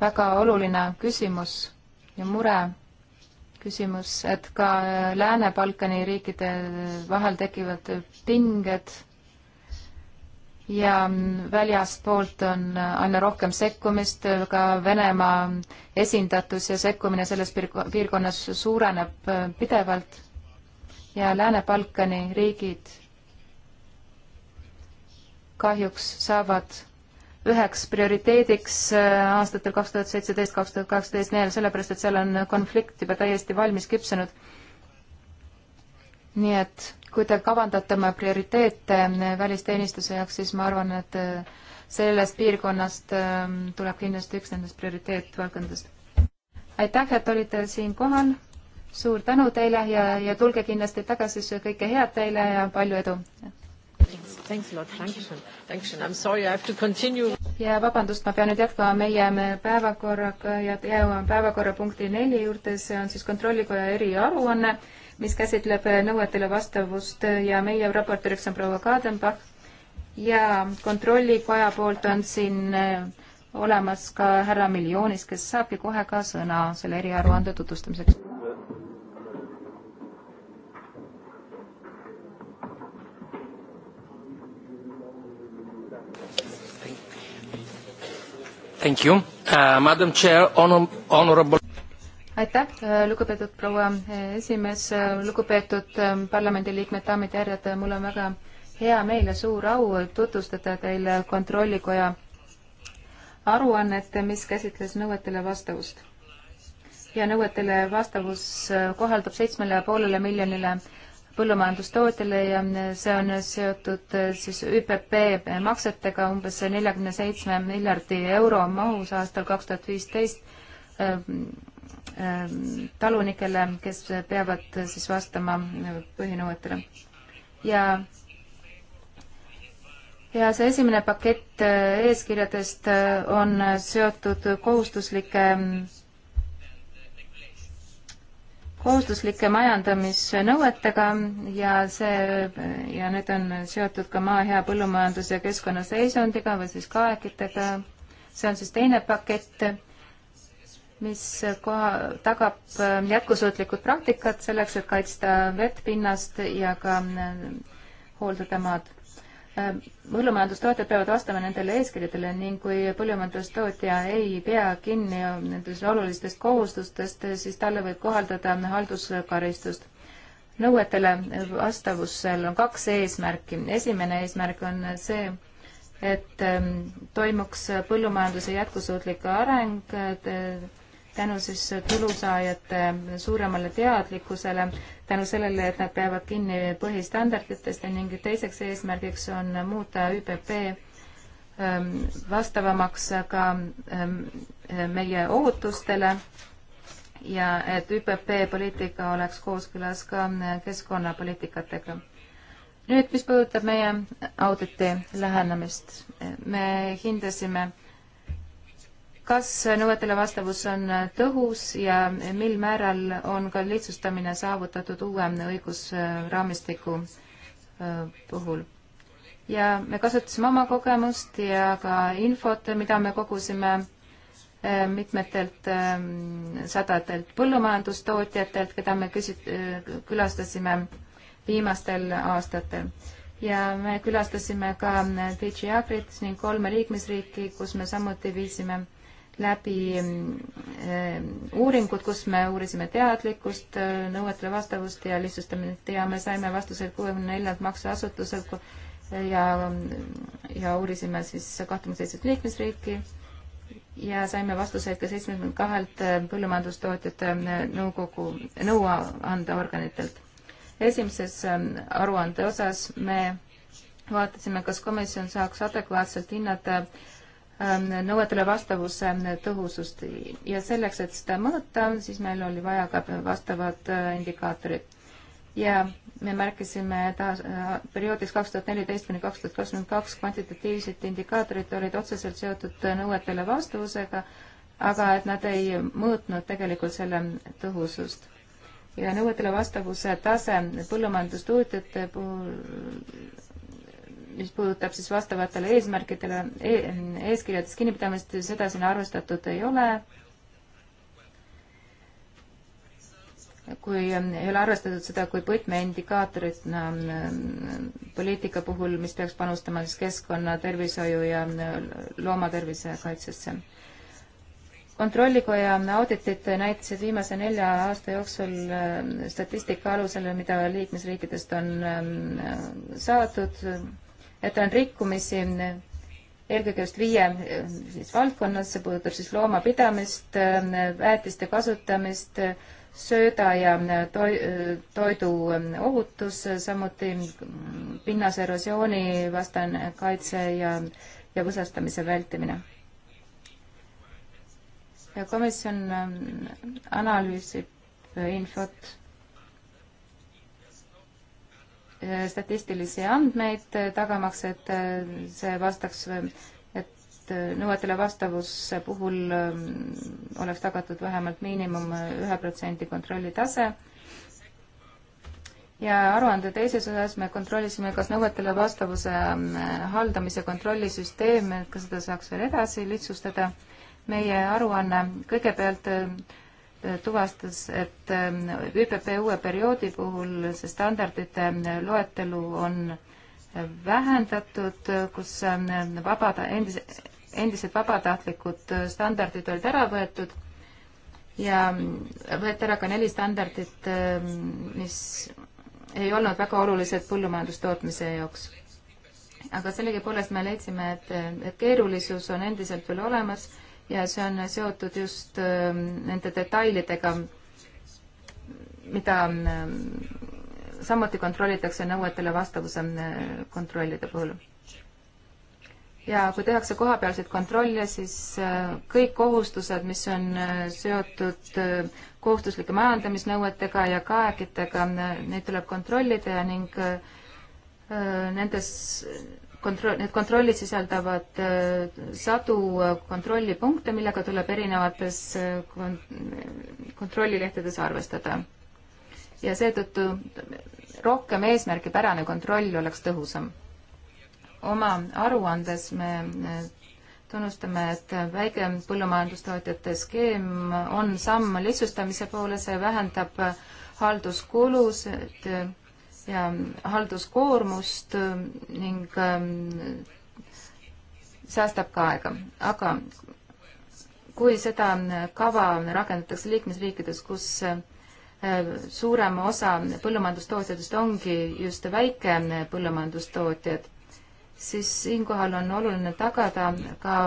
väga oluline küsimus ja mure küsimus, et ka Lääne-Balkani riikide vahel tekivad pinged ja väljastpoolt on aina rohkem sekkumist, ka Venemaa esindatus ja sekkumine selles piirkonnas suureneb pidevalt ja Lääne-Balkani riigid kahjuks saavad üheks prioriteediks äh, aastatel kaks tuhat seitseteist, kaks tuhat kaheksateist neil, sellepärast et seal on konflikt juba täiesti valmis küpsenud. nii et kui te kavandate oma prioriteete äh, välisteenistuse jaoks, siis ma arvan, et äh, sellest piirkonnast ähm, tuleb kindlasti üks nendest prioriteetvaldkondadest. aitäh, et olite siin kohal, suur tänu teile ja, ja tulge kindlasti tagasi, kõike head teile ja palju edu! Thanks a lot. Dankeschön. Dankeschön. I am sorry, I have to continue. ja vabandust, ma pean nüüd jätkama meie päevakorraga ja jõuame päevakorrapunkti neli juurde, see on siis Kontrollikoja eriaruanne, mis käsitleb nõuetele vastavust ja meie raportööriks on proua Kadenbach ja Kontrollikoja poolt on siin eh, olemas ka härra Miljonis, kes saabki kohe ka sõna selle eriaruande tutvustamiseks Thank you uh,. Madam Chair, honorable. aitäh, äh, lugupeetud proua äh, esimees, äh, lugupeetud ähm, parlamendiliikmed, daamid ja härrad, mul on väga hea meel ja suur au tutvustada teile Kontrollikoja aruannet, mis käsitles nõuetele vastavust. ja nõuetele vastavus kohaldub seitsmele poolele miljonile põllumajandustootjale ja see on seotud äh, siis ÜPP maksetega umbes neljakümne seitsme miljardi euro mahus aastal kaks tuhat viisteist äh, äh, talunikele, kes peavad siis vastama põhinõuetele. ja ja see esimene pakett eeskirjadest on seotud kohustuslike kohustuslike majandamisnõuetega ja see, ja need on seotud ka maa hea põllumajanduse ja keskkonnaseisundiga või siis kaekitega. see on siis teine pakett, mis koha, tagab jätkusuutlikud praktikad selleks, et kaitsta vett, pinnast ja ka hooldada maad põllumajandustootjad peavad vastama nendele eeskirjadele ning kui põllumajandustootja ei pea kinni nendest olulistest kohustustest, siis talle võib kohaldada halduskaristust. nõuetele vastavusel on kaks eesmärki. esimene eesmärk on see, et ähm, toimuks põllumajanduse jätkusuutlik areng äh, tänu siis tulusaajate suuremale teadlikkusele tänu sellele, et nad peavad kinni põhistandarditest ning teiseks eesmärgiks on muuta ÜPP ähm, vastavamaks ka ähm, meie ootustele ja et ÜPP poliitika oleks kooskõlas ka äh, keskkonnapoliitikatega. nüüd, mis puudutab meie auditi lähenemist, me hindasime kas nõuetele vastavus on tõhus ja mil määral on ka lihtsustamine saavutatud uue õigusraamistiku puhul? ja me kasutasime oma kogemust ja ka infot, mida me kogusime mitmetelt sadadelt põllumajandustootjatelt, keda me küsit-, külastasime viimastel aastatel. ja me külastasime ka Fidži Agrit ning kolme liikmesriiki, kus me samuti viisime läbi ähm, uuringud, kus me uurisime teadlikkust, äh, nõuetele vastavust ja lihtsustamine ja me saime vastuseid kuuekümne neljalt maksuasutuselt ja, ja uurisime siis kahtekümmet seitset liikmesriiki ja saime vastuseid ka seitsmekümne kahelt äh, põllumajandustootjate äh, nõukogu, nõuandeorganitelt. esimeses ähm, aruande osas me vaatasime, kas komisjon saaks adekvaatselt hinnata äh, Ähm, nõuetele vastavuse ähm, tõhusust ja selleks, et seda mõõta, siis meil oli vaja ka vastavad äh, indikaatorid. ja me märkisime, et äh, perioodis kaks tuhat neliteist kuni kaks tuhat kakskümmend kaks kvantitatiivsed indikaatorid olid otseselt seotud äh, nõuetele vastavusega, aga et nad ei mõõtnud tegelikult selle tõhusust. ja nõuetele vastavuse tase põllumajandustootjate puhul mis puudutab siis vastavatele eesmärkidele e eeskirjades kinnipidamist, seda siin arvestatud ei ole. kui ähm, ei ole arvestatud seda kui võtmeindikaatoritna no, ähm, poliitika puhul, mis peaks panustama siis keskkonna, tervishoiu ja äh, loomatervise kaitsesse. kontrollikoja auditid näitasid viimase nelja aasta jooksul äh, statistika alusel, mida liikmesriikidest on ähm, saadud et on rikkumisi eelkõige just viie siis valdkonnas, see puudutab siis loomapidamist, väetiste kasutamist, sööda ja toi-, toidu ohutus, samuti pinnase erosiooni vastane kaitse ja, ja võsastamise vältimine. ja komisjon ähm, analüüsib infot statistilisi andmeid, tagamaks, et äh, see vastaks, et äh, nõuetele vastavuse puhul ähm, oleks tagatud vähemalt miinimum äh, ühe protsendi kontrolli tase. ja aruande teises osas me kontrollisime, kas nõuetele vastavuse haldamise kontrollisüsteem, et ka seda saaks veel edasi lihtsustada. meie aruanne kõigepealt tuvastas, et ähm, ÜPP uue perioodi puhul see standardite loetelu on vähendatud, kus ähm, vabada-, endis-, endised vabatahtlikud standardid olid ära võetud ja võeti ära ka neli standardit, ähm, mis ei olnud väga olulised põllumajandustootmise jaoks. aga sellegipoolest me leidsime, et, et keerulisus on endiselt veel olemas ja see on seotud just ähm, nende detailidega, mida ähm, samuti kontrollitakse nõuetele vastavuse äh, kontrollide puhul. ja kui tehakse kohapealseid kontrolle, siis äh, kõik kohustused, mis on äh, seotud kohustuslike majandamisnõuetega ja kaegitega, neid tuleb kontrollida ja ning nendes kontroll, need kontrollid sisaldavad äh, sadu äh, kontrollipunkte, millega tuleb erinevates äh, kontrollilehtedes arvestada. ja seetõttu rohkem eesmärgipärane kontroll oleks tõhusam. oma aruandes me tunnustame, et väike põllumajandustootjate skeem on samm lihtsustamise poole, see vähendab halduskulusid ja halduskoormust ähm, ning ähm, säästab ka aega, aga kui seda kava rakendatakse liikmesriikides, kus äh, suurem osa põllumajandustootjatest ongi just väike põllumajandustootjad, siis siinkohal on oluline tagada ka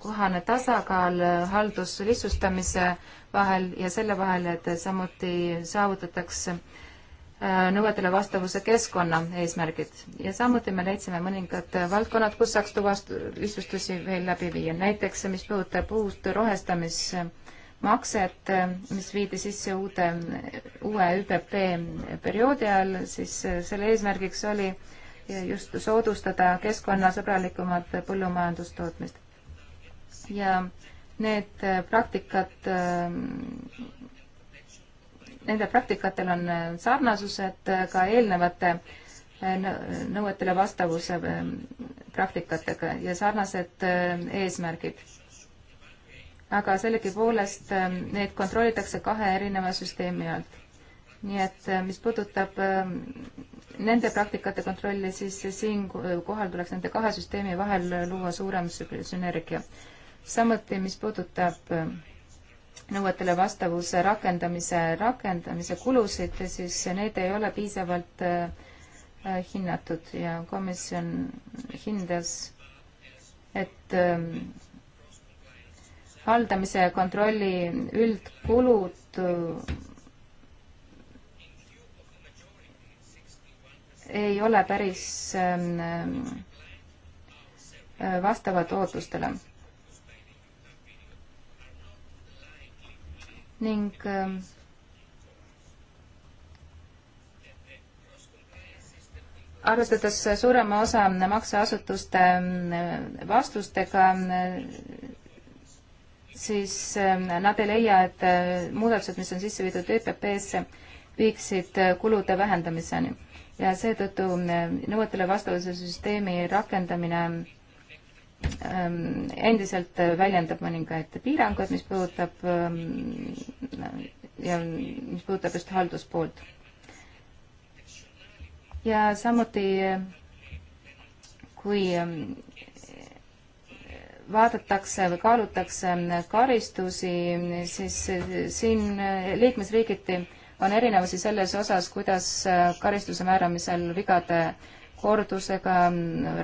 kohane tasakaal halduslihtsustamise vahel ja selle vahel, et samuti saavutatakse äh, Äh, nõuetele vastavuse keskkonna eesmärgid ja samuti me leidsime mõningad valdkonnad, kus saaks tuvastustlistusi veel läbi viia, näiteks mis puudutab uut rohestamismakset, mis viidi sisse uude, uue ÜPP perioodi ajal, siis äh, selle eesmärgiks oli just soodustada keskkonnasõbralikumat põllumajandustootmist. ja need praktikad äh, nendel praktikatel on äh, sarnasused äh, ka eelnevate äh, nõuetele vastavuse ähm, praktikatega ja sarnased ähm, eesmärgid. aga sellegipoolest ähm, neid kontrollitakse kahe erineva süsteemi alt. nii et mis puudutab nende praktikate kontrolli, siis siinkohal tuleks nende kahe süsteemi vahel luua suurem sünergia. samuti, mis puudutab nõuetele vastavuse rakendamise, rakendamise kulusid, siis need ei ole piisavalt äh, hinnatud ja komisjon hindas, et ähm, haldamise ja kontrolli üldkulud äh, ei ole päris ähm, äh, vastavad ootustele ning ähm, arvestades suurema osa makseasutuste ähm, vastustega, äh, siis ähm, nad ei leia, et äh, muudatused, mis on sisse viidud ÜPP-sse, e viiksid äh, kulude vähendamiseni ja seetõttu nõuetele vastavuse süsteemi rakendamine Ähm, endiselt väljendab mõningaid piiranguid, mis puudutab ähm, ja mis puudutab just halduspoolt. ja samuti kui ähm, vaadatakse või kaalutakse karistusi, siis siin liikmesriigiti on erinevusi selles osas, kuidas karistuse määramisel vigade kordusega,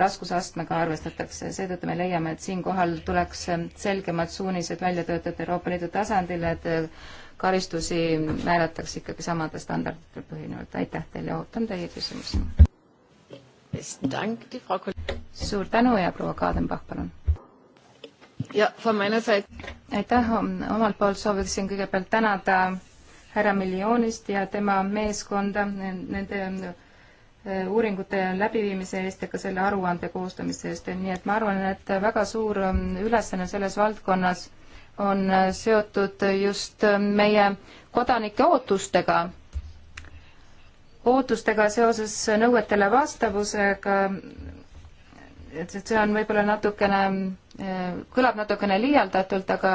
raskusastmega arvestatakse, seetõttu me leiame, et siinkohal tuleks selgemad suunised välja töötada Euroopa Liidu tasandil, et karistusi määratakse ikkagi samade standardite põhinevalt. aitäh teile ja ootan teie küsimusi. suur tänu ja proua Kadenbach, palun. aitäh, omalt poolt sooviksin kõigepealt tänada härra Miljonist ja tema meeskonda nende Äh, uuringute läbiviimise eest ja ka selle aruande koostamise eest, nii et ma arvan, et väga suur ähm, ülesanne selles valdkonnas on äh, seotud just äh, meie kodanike ootustega, ootustega seoses nõuetele vastavusega, et see on võib-olla natukene, kõlab natukene liialdatult, aga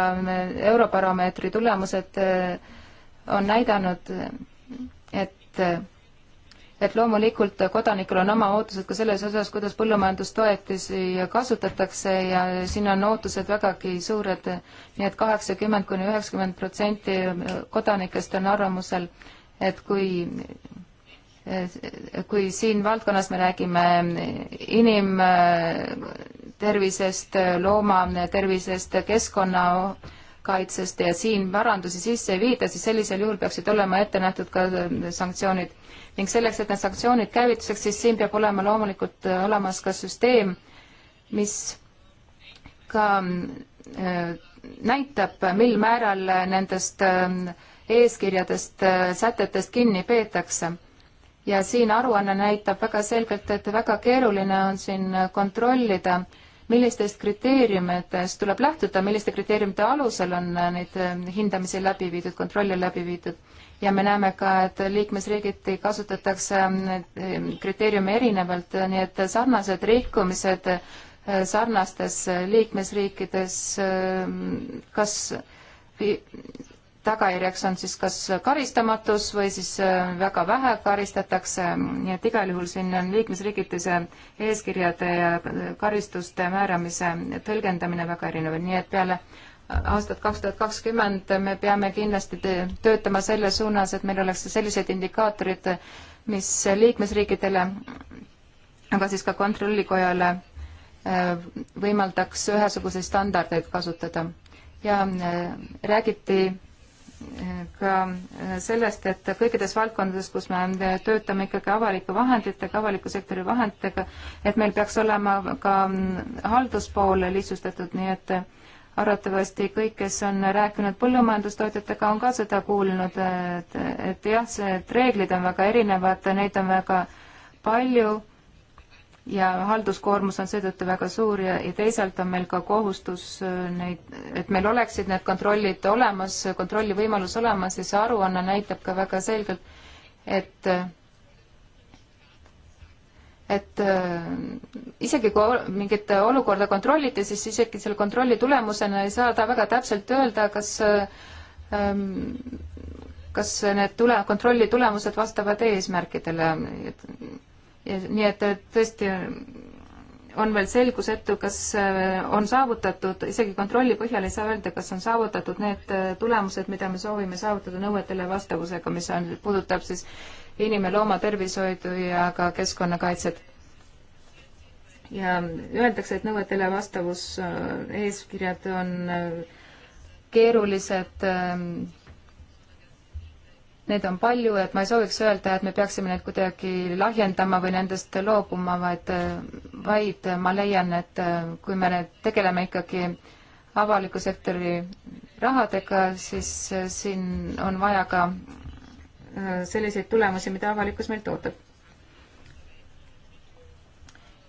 Eurobaromeetri tulemused on näidanud, et et loomulikult kodanikul on oma ootused ka selles osas, kuidas põllumajandustoetusi kasutatakse ja siin on ootused vägagi suured, nii et kaheksakümmend kuni üheksakümmend protsenti kodanikest on arvamusel, et kui kui siin valdkonnas me räägime inimtervisest, loomatervisest, keskkonnakaitsest ja siin parandusi sisse ei viida, siis sellisel juhul peaksid olema ette nähtud ka sanktsioonid ning selleks, et need sanktsioonid käivituseks, siis siin peab olema loomulikult äh, olemas ka süsteem, mis ka äh, näitab, mil määral nendest äh, eeskirjadest, sätetest kinni peetakse. ja siin aruanne näitab väga selgelt, et väga keeruline on siin kontrollida, millistest kriteeriumitest tuleb lähtuda, milliste kriteeriumite alusel on neid hindamisi läbi viidud, kontrolle läbi viidud ja me näeme ka, et liikmesriigiti kasutatakse mm, eh, kriteeriume erinevalt, nii et sarnased rikkumised eh, sarnastes liikmesriikides, eh, kas tagajärjeks on siis kas karistamatus või siis väga vähe karistatakse, nii et igal juhul siin on liikmesriigiti see eeskirjade ja karistuste määramise tõlgendamine väga erinev, nii et peale aastat kaks tuhat kakskümmend me peame kindlasti töötama selle suunas, et meil oleks sellised indikaatorid, mis liikmesriikidele, aga siis ka kontrollikojale äh, võimaldaks ühesuguseid standardeid kasutada. ja äh, räägiti äh, ka sellest, et kõikides valdkondades, kus me töötame ikkagi avalike vahenditega, avaliku sektori vahenditega, et meil peaks olema ka mm, halduspool lihtsustatud, nii et arvatavasti kõik, kes on rääkinud põllumajandustootjatega, on ka seda kuulnud, et, et jah, see, et reeglid on väga erinevad, neid on väga palju ja halduskoormus on seetõttu väga suur ja, ja teisalt on meil ka kohustus neid, et meil oleksid need kontrollid olemas, kontrolli võimalus olemas ja see aruanne näitab ka väga selgelt, et äh, et äh, isegi kui mingit olukorda kontrolliti, siis isegi selle kontrolli tulemusena ei saa ta väga täpselt öelda, kas äh, ähm, kas need tule, kontrolli tulemused vastavad eesmärkidele. nii et tõesti on veel selgusetu, kas äh, on saavutatud, isegi kontrolli põhjal ei saa öelda, kas on saavutatud need tulemused, mida me soovime saavutada nõuetele vastavusega, mis on, puudutab siis inim- ja loomatervishoidu ja ka keskkonnakaitset. ja öeldakse, et nõuetele vastavus äh, eeskirjad on äh, keerulised, ähm, neid on palju, et ma ei sooviks öelda, et me peaksime neid kuidagi lahjendama või nendest loobuma, vaid, äh, vaid ma leian, et kui me tegeleme ikkagi avaliku sektori rahadega, siis siin on vaja ka Äh, selliseid tulemusi, mida avalikkus meilt ootab.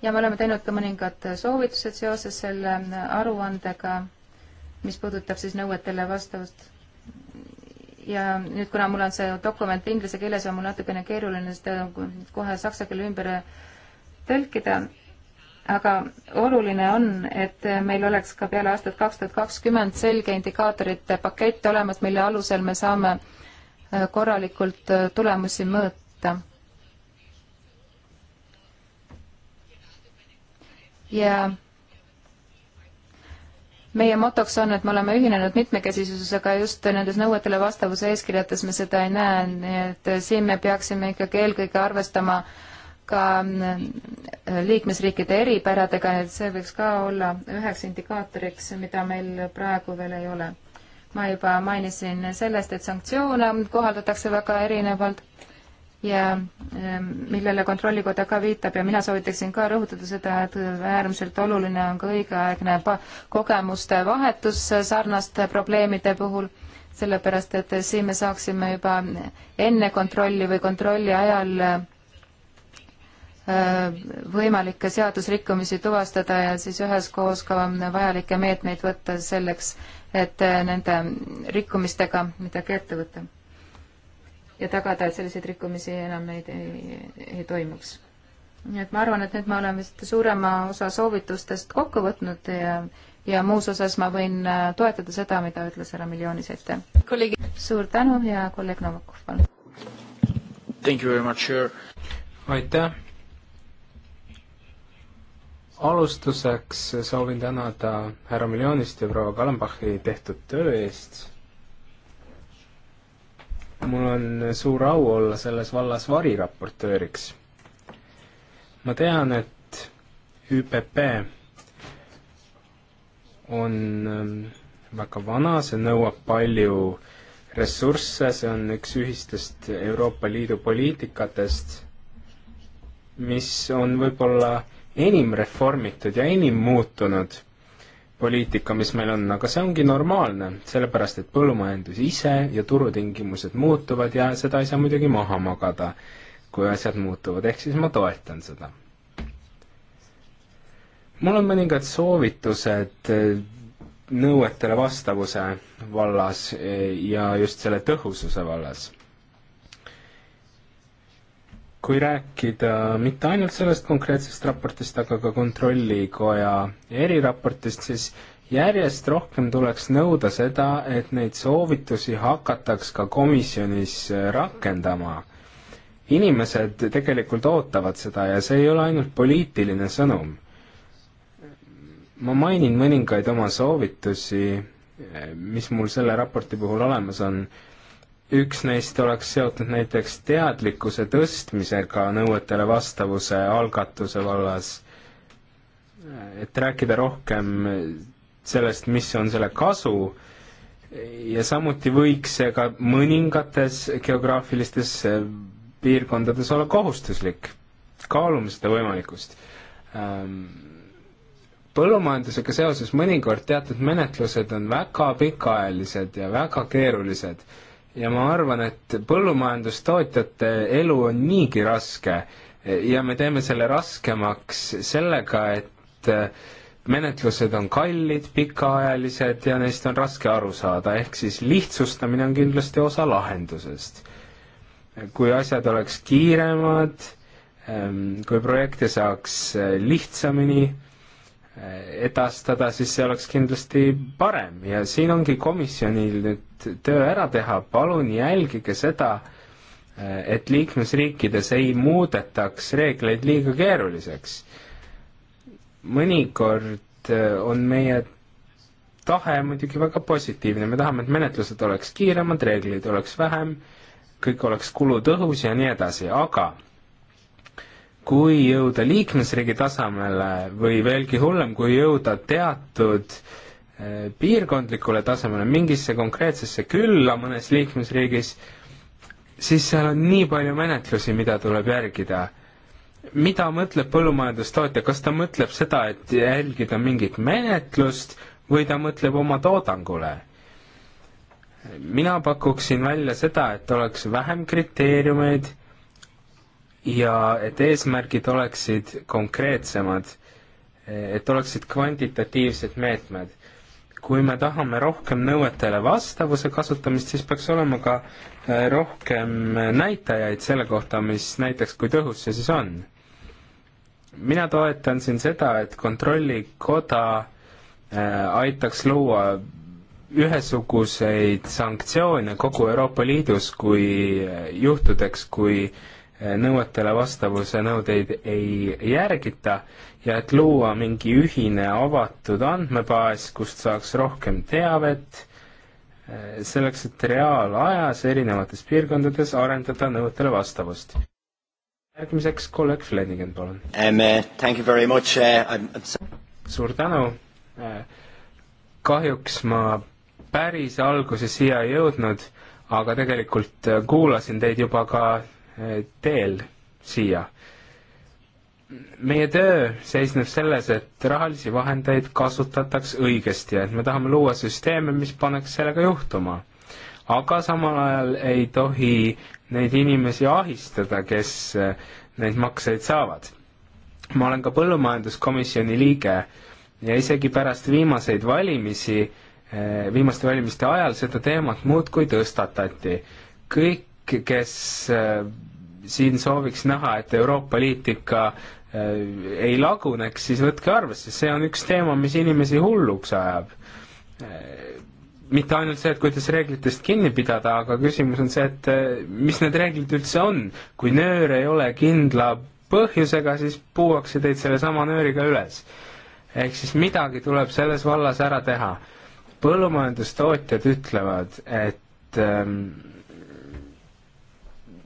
ja me oleme teinud ka mõningad soovitused seoses selle aruandega, mis puudutab siis nõuetele vastavust. ja nüüd, kuna mul on see dokument inglise keeles, on mul natukene keeruline seda kohe saksa keele ümber tõlkida, aga oluline on, et meil oleks ka peale aastat kaks tuhat kakskümmend selge indikaatorite pakett olemas, mille alusel me saame äh, Äh, korralikult äh, tulemusi mõõta. ja meie motoks on, et me oleme ühinenud mitmekesisusega just nendes nõuetele vastavuse eeskirjates me seda ei näe, nii et äh, siin me peaksime ikkagi eelkõige arvestama ka liikmesriikide eripäradega, et see võiks ka olla üheks indikaatoriks, mida meil praegu veel ei ole ma juba mainisin sellest, et sanktsioone kohaldatakse väga erinevalt ja ehm, millele Kontrollikoda ka viitab ja mina soovitaksin ka rõhutada seda, et äärmiselt oluline on ka õigeaegne kogemuste vahetus sarnaste probleemide puhul, sellepärast et siin me saaksime juba enne kontrolli või kontrolli ajal ehm, võimalikke seadusrikkumisi tuvastada ja siis üheskoos ka vajalikke meetmeid võtta selleks, et äh, nende rikkumistega midagi ette võtta. ja tagada, et selliseid rikkumisi enam ei, ei, ei toimuks. nii et ma arvan, et nüüd ma olen vist suurema osa soovitustest kokku võtnud ja ja muus osas ma võin äh, toetada seda, mida ütles härra Miljonis ette. suur tänu ja kolleeg Novakov, palun! aitäh! alustuseks soovin tänada härra Miljonist ja proua Kalambachi tehtud töö eest. mul on suur au olla selles vallas variraportööriks. ma tean, et ÜPP on ähm, väga vana, see nõuab palju ressursse, see on üks ühistest Euroopa Liidu poliitikatest, mis on võib-olla enim reformitud ja enim muutunud poliitika, mis meil on, aga see ongi normaalne, sellepärast et põllumajandus ise ja turutingimused muutuvad ja seda ei saa muidugi maha magada, kui asjad muutuvad, ehk siis ma toetan seda. mul on mõningad soovitused eh, nõuetele vastavuse vallas eh, ja just selle tõhususe vallas kui rääkida mitte ainult sellest konkreetsest raportist, aga ka Kontrollikoja eriraportist, siis järjest rohkem tuleks nõuda seda, et neid soovitusi hakataks ka komisjonis rakendama. inimesed tegelikult ootavad seda ja see ei ole ainult poliitiline sõnum. ma mainin mõningaid oma soovitusi, mis mul selle raporti puhul olemas on üks neist oleks seotud näiteks teadlikkuse tõstmisega nõuetele vastavuse algatuse vallas, et rääkida rohkem sellest, mis on selle kasu ja samuti võiks see ka mõningates geograafilistes äh, piirkondades olla kohustuslik. kaalume seda võimalikkust. Ähm, põllumajandusega seoses mõnikord teatud menetlused on väga pikaajalised ja väga keerulised ja ma arvan, et põllumajandustootjate elu on niigi raske ja me teeme selle raskemaks sellega, et menetlused on kallid, pikaajalised ja neist on raske aru saada, ehk siis lihtsustamine on kindlasti osa lahendusest. kui asjad oleks kiiremad, ehm, kui projekte saaks lihtsamini edastada, siis see oleks kindlasti parem ja siin ongi komisjonil nüüd töö ära teha, palun jälgige seda, et liikmesriikides ei muudetaks reegleid liiga keeruliseks. mõnikord eh, on meie tahe muidugi väga positiivne, me tahame, et menetlused oleks kiiremad, reegleid oleks vähem, kõik oleks kulutõhus ja nii edasi, aga kui jõuda liikmesriigi tasemele või veelgi hullem, kui jõuda teatud eh, piirkondlikule tasemele, mingisse konkreetsesse külla mõnes liikmesriigis, siis seal on nii palju menetlusi, mida tuleb järgida. mida mõtleb põllumajandustootja, kas ta mõtleb seda, et jälgida mingit menetlust või ta mõtleb oma toodangule? mina pakuksin välja seda, et oleks vähem kriteeriumeid ja et eesmärgid oleksid konkreetsemad, et oleksid kvantitatiivsed meetmed. kui me tahame rohkem nõuetele vastavuse kasutamist, siis peaks olema ka äh, rohkem näitajaid selle kohta, mis näiteks, kui tõhus see siis on. mina toetan siin seda, et Kontrollikoda äh, aitaks luua ühesuguseid sanktsioone kogu Euroopa Liidus, kui äh, juhtudeks, kui äh, nõuetele vastavuse nõudeid ei järgita ja et luua mingi ühine avatud andmebaas, kust saaks rohkem teavet, eh, selleks, et reaalajas erinevates piirkondades arendada nõuetele vastavust. järgmiseks kolleeg Flanagan, palun um,. Uh, thank you very much uh,. I'm... suur tänu uh,. kahjuks ma päris alguses siia ei jõudnud, aga tegelikult eh, kuulasin teid juba ka Eh, teel siia. meie töö seisneb selles, et rahalisi vahendeid kasutataks õigesti, et me tahame luua süsteeme, mis paneks sellega juhtuma. aga samal ajal ei tohi neid inimesi ahistada, kes eh, neid makseid saavad. ma olen ka põllumajanduskomisjoni liige ja isegi pärast viimaseid valimisi, eh, viimaste valimiste ajal seda teemat muudkui tõstatati. kõik kes äh, siin sooviks näha, et Euroopa Liit ikka äh, ei laguneks, siis võtke arvesse, see on üks teema, mis inimesi hulluks ajab. Äh, mitte ainult see, et kuidas reeglitest kinni pidada, aga küsimus on see, et mis need reeglid üldse on. kui nöör ei ole kindla põhjusega, siis puuakse teid sellesama nööriga üles. ehk siis midagi tuleb selles vallas ära teha. põllumajandustootjad ütlevad, et ähm,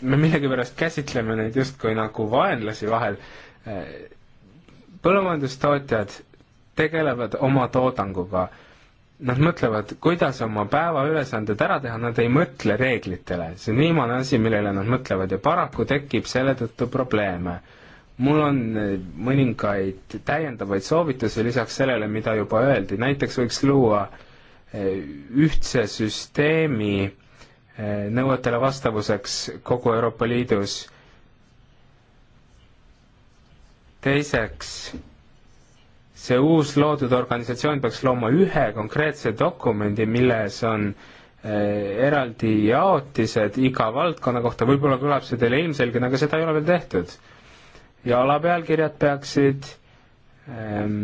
me millegipärast käsitleme neid justkui nagu vaenlasi vahel. põllumajandustootjad tegelevad oma toodanguga. Nad mõtlevad, kuidas oma päevaülesanded ära teha, nad ei mõtle reeglitele, see on viimane asi, millele nad mõtlevad ja paraku tekib selle tõttu probleeme. mul on mõningaid täiendavaid soovitusi lisaks sellele, mida juba öeldi, näiteks võiks luua ühtse süsteemi Eh, nõuetele vastavuseks kogu Euroopa Liidus. teiseks, see uus loodud organisatsioon peaks looma ühe konkreetse dokumendi, milles on eh, eraldi jaotised iga valdkonna kohta, võib-olla kõlab see teile ilmselgena, aga seda ei ole veel tehtud. ja alapealkirjad peaksid ähm,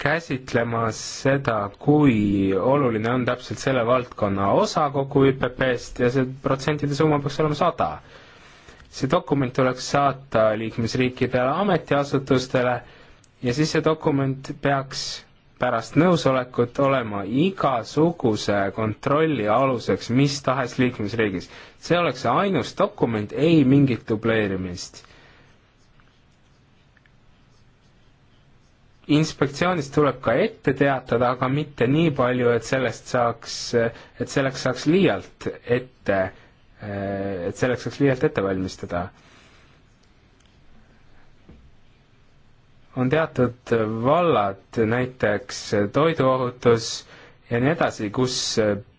käsitlemas seda, kui oluline on täpselt selle valdkonna osa kogu ÜPP-st ja see protsentide summa peaks olema sada. see dokument tuleks saata liikmesriikidele ametiasutustele ja siis see dokument peaks pärast nõusolekut olema igasuguse kontrolli aluseks mis tahes liikmesriigis. see oleks ainus dokument, ei mingit dubleerimist inspektsioonist tuleb ka ette teatada, aga mitte nii palju, et sellest saaks, et selleks saaks liialt ette, et selleks saaks liialt ette valmistada. on teatud vallad, näiteks toiduohutus ja nii edasi, kus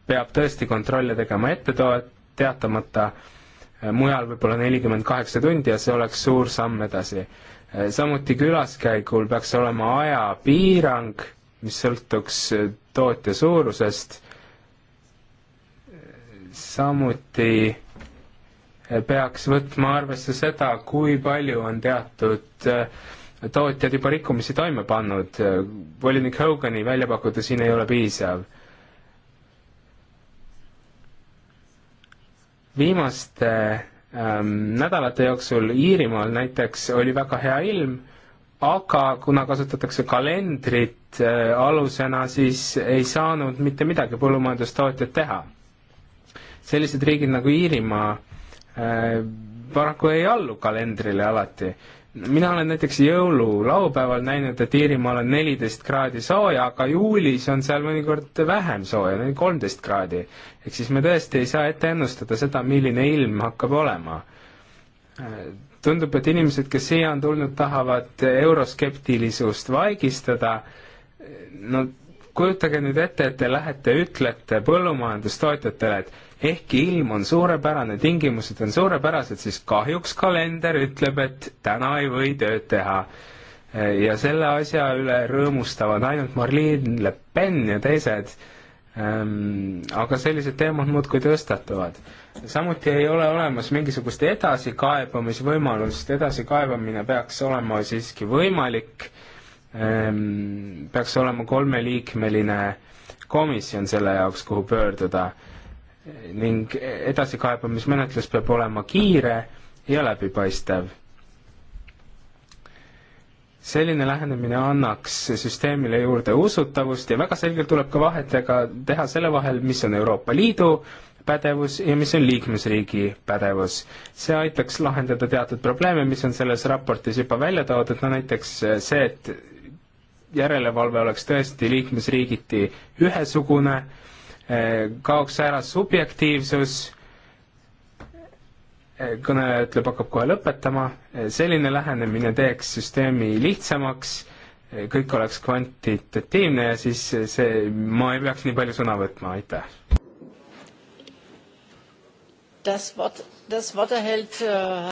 peab tõesti kontrolle tegema ette teatamata, mujal võib-olla nelikümmend kaheksa tundi ja see oleks suur samm edasi Äh, samuti külaskäigul peaks olema ajapiirang, mis sõltuks äh, tootja suurusest, samuti äh, peaks võtma arvesse seda, kui palju on teatud tootjad juba rikkumisi toime pannud, volinik Hogani välja pakkuda siin ei ole piisav. viimaste Ähm, nädalate jooksul Iirimaal näiteks oli väga hea ilm, aga kuna kasutatakse kalendrit äh, alusena, siis ei saanud mitte midagi põllumajandustootjad teha. sellised riigid nagu Iirimaa äh, paraku ei allu kalendrile alati mina olen näiteks jõululaupäeval näinud, et Iirimaal on neliteist kraadi sooja, aga juulis on seal mõnikord vähem sooja, kolmteist kraadi. ehk siis me tõesti ei saa ette ennustada seda, milline ilm hakkab olema. tundub, et inimesed, kes siia on tulnud, tahavad euroskeptilisust vaigistada, no kujutage nüüd ette, et te lähete, ütlete põllumajandustootjatele, et ehkki ilm on suurepärane, tingimused on suurepärased, siis kahjuks kalender ütleb, et täna ei või tööd teha. ja selle asja üle rõõmustavad ainult Marlene Le Pen ja teised. Ehm, aga sellised teemad muudkui tõstatuvad. samuti ei ole olemas mingisugust edasikaebamisvõimalust, edasikaebamine peaks olema siiski võimalik. Ehm, peaks olema kolmeliikmeline komisjon selle jaoks, kuhu pöörduda ning edasikaebamismenetlus peab olema kiire ja läbipaistev. selline lähenemine annaks süsteemile juurde usutavust ja väga selgelt tuleb ka vahet teha selle vahel, mis on Euroopa Liidu pädevus ja mis on liikmesriigi pädevus. see aitaks lahendada teatud probleeme, mis on selles raportis juba välja toodud, no näiteks see, et järelevalve oleks tõesti liikmesriigiti ühesugune Eh, kaoks ära subjektiivsus, eh, kõneleja ütleb, hakkab kohe lõpetama, eh, selline lähenemine teeks süsteemi lihtsamaks, kõik oleks kvantitatiivne ja siis see, ma ei peaks nii palju sõna võtma, aitäh. Das Wort, das Wort erhält äh...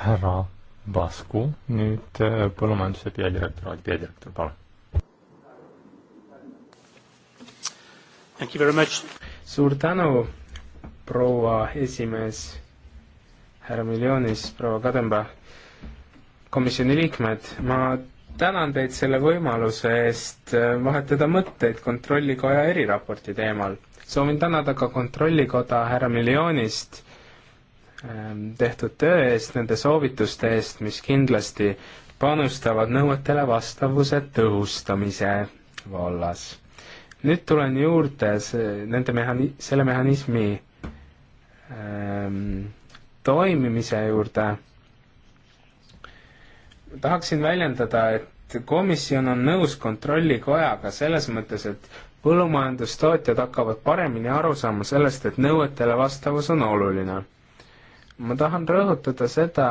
härra Vasku, nüüd äh, põllumajanduse peadirektor, peadirektor, palun suur tänu, proua esimees, härra Miljonis, proua Kadamba, komisjoni liikmed, ma tänan teid selle võimaluse eest äh, vahetada mõtteid Kontrollikoja eriraporti teemal. soovin tänada ka Kontrollikoda härra Miljonist ähm, tehtud töö eest, nende soovituste eest, mis kindlasti panustavad nõuetele vastavuse tõhustamise vallas nüüd tulen juurde see, nende mehhani-, selle mehhanismi ähm, toimimise juurde. tahaksin väljendada, et komisjon on nõus kontrollikojaga selles mõttes, et põllumajandustootjad hakkavad paremini aru saama sellest, et nõuetele vastavus on oluline. ma tahan rõhutada seda,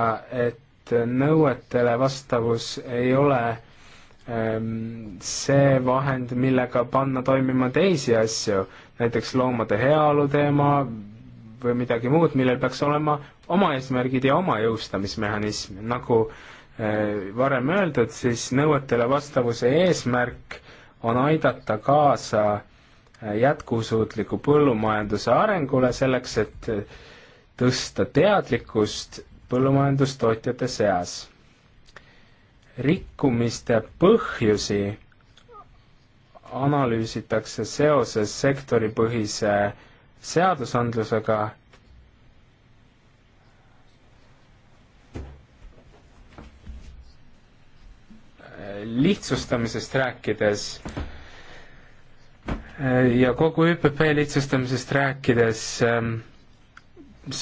et nõuetele vastavus ei ole Ehm, see vahend, millega panna toimima teisi asju, näiteks loomade heaolu teema või midagi muud, millel peaks olema oma eesmärgid ja oma jõustamismehhanism, nagu eh, varem öeldud, siis nõuetele vastavuse eesmärk on aidata kaasa eh, jätkusuutliku põllumajanduse arengule selleks, et eh, tõsta teadlikkust põllumajandustootjate seas rikkumiste põhjusi analüüsitakse seoses sektoripõhise seadusandlusega lihtsustamisest rääkides ja kogu ÜPP lihtsustamisest rääkides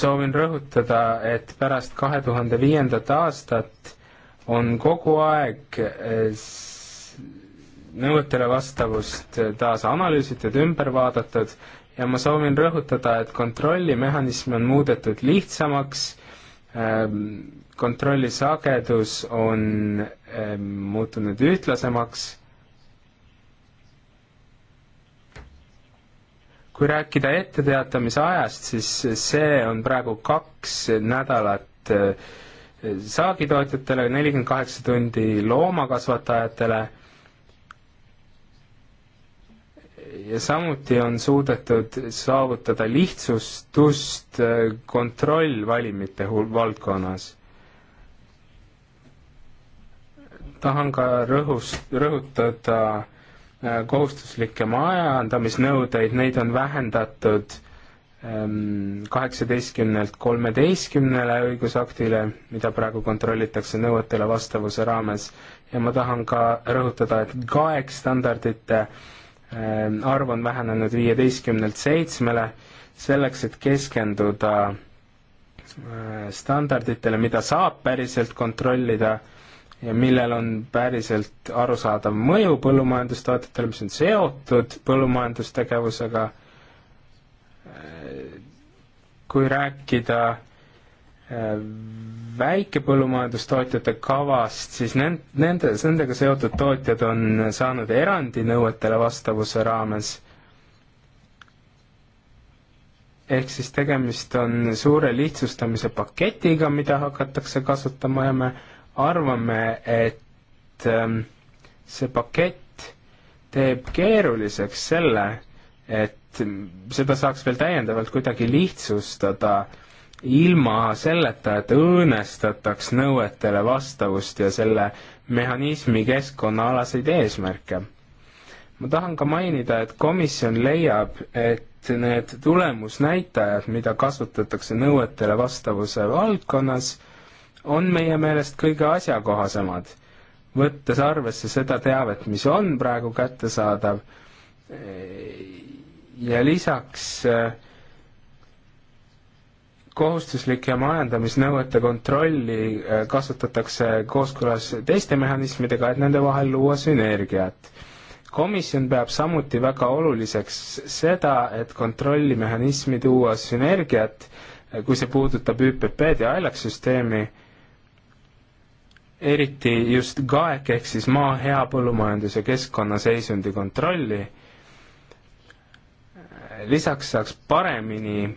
soovin rõhutada, et pärast kahe tuhande viiendat aastat on kogu aeg eh, nõuetele vastavust eh, taas analüüsitud, ümber vaadatud ja ma soovin rõhutada, et kontrollimehhanism on muudetud lihtsamaks, ehm, kontrolli sagedus on ehm, muutunud ühtlasemaks. kui rääkida etteteatamise ajast, siis see on praegu kaks nädalat äh, saagitootjatele, nelikümmend kaheksa tundi loomakasvatajatele ja samuti on suudetud saavutada lihtsustust äh, kontrollvalimite valdkonnas. tahan ka rõhust, rõhutada äh, kohustuslike majandamisnõudeid, neid on vähendatud Ehm, kaheksateistkümnelt kolmeteistkümnele õigusaktile, mida praegu kontrollitakse nõuetele vastavuse raames ja ma tahan ka rõhutada, et GAEX standardite ehm, arv on vähenenud viieteistkümnelt seitsmele, selleks, et keskenduda ehm, standarditele, mida saab päriselt kontrollida ja millel on päriselt arusaadav mõju põllumajandustootjatele, mis on seotud põllumajandustegevusega kui rääkida äh, väikepõllumajandustootjate kavast, siis nend-, nende, nendega seotud tootjad on saanud erandi nõuetele vastavuse raames. ehk siis tegemist on suure lihtsustamise paketiga, mida hakatakse kasutama ja me arvame, et ähm, see pakett teeb keeruliseks selle, et seda saaks veel täiendavalt kuidagi lihtsustada, ilma selleta, et õõnestataks nõuetele vastavust ja selle mehhanismi keskkonnaalaseid eesmärke. ma tahan ka mainida, et komisjon leiab, et need tulemusnäitajad, mida kasutatakse nõuetele vastavuse valdkonnas, on meie meelest kõige asjakohasemad, võttes arvesse seda teavet, mis on praegu kättesaadav Eh, ja lisaks eh, kohustuslike majandamisnõuete kontrolli eh, kasutatakse kooskõlas teiste mehhanismidega, et nende vahel luua sünergiat. komisjon peab samuti väga oluliseks seda, et kontrollimehhanismi tuua sünergiat, kui see puudutab ÜPP-d ja ILAC süsteemi, eriti just GAEK ehk siis maa hea põllumajanduse keskkonnaseisundi kontrolli lisaks saaks paremini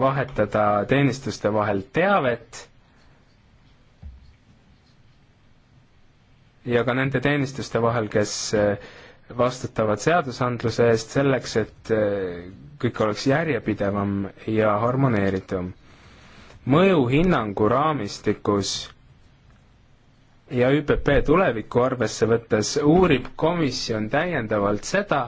vahetada teenistuste vahel teavet ja ka nende teenistuste vahel, kes eh, vastutavad seadusandluse eest selleks, et eh, kõik oleks järjepidevam ja harmoneeritum. mõjuhinnangu raamistikus ja ÜPP tulevikku arvesse võttes uurib komisjon täiendavalt seda,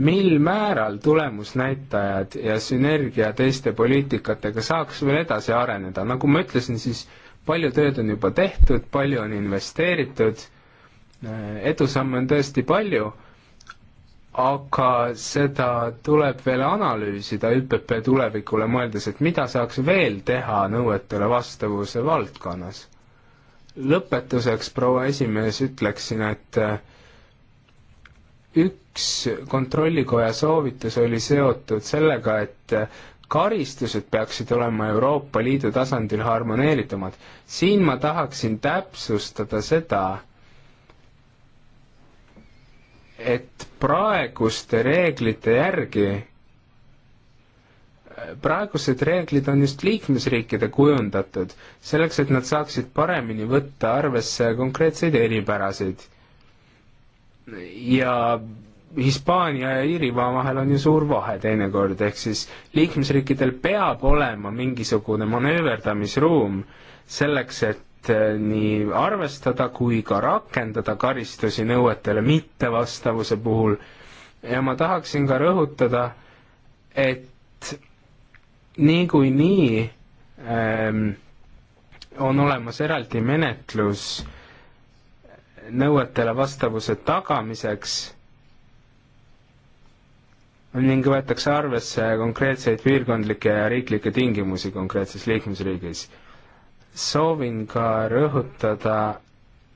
mil määral tulemusnäitajad ja sünergia teiste poliitikatega saaks veel edasi areneda, nagu ma ütlesin, siis palju tööd on juba tehtud, palju on investeeritud, edusamme on tõesti palju, aga seda tuleb veel analüüsida ÜPP tulevikule mõeldes, et mida saaks veel teha nõuetele vastavuse valdkonnas. lõpetuseks, proua esimees, ütleksin, et äh, üks kontrollikoja soovitus oli seotud sellega, et karistused peaksid olema Euroopa Liidu tasandil harmoneeritumad. siin ma tahaksin täpsustada seda, et praeguste reeglite järgi, praegused reeglid on just liikmesriikide kujundatud, selleks et nad saaksid paremini võtta arvesse konkreetseid eripärasid ja Hispaania ja Iirimaa vahel on ju suur vahe teinekord, ehk siis liikmesriikidel peab olema mingisugune manööverdamisruum selleks, et eh, nii arvestada kui ka rakendada karistusi nõuetele mittevastavuse puhul. ja ma tahaksin ka rõhutada, et niikuinii nii, ähm, on olemas eraldi menetlus äh, nõuetele vastavuse tagamiseks ning võetakse arvesse konkreetseid piirkondlikke ja riiklikke tingimusi konkreetses liikmesriigis. soovin ka rõhutada,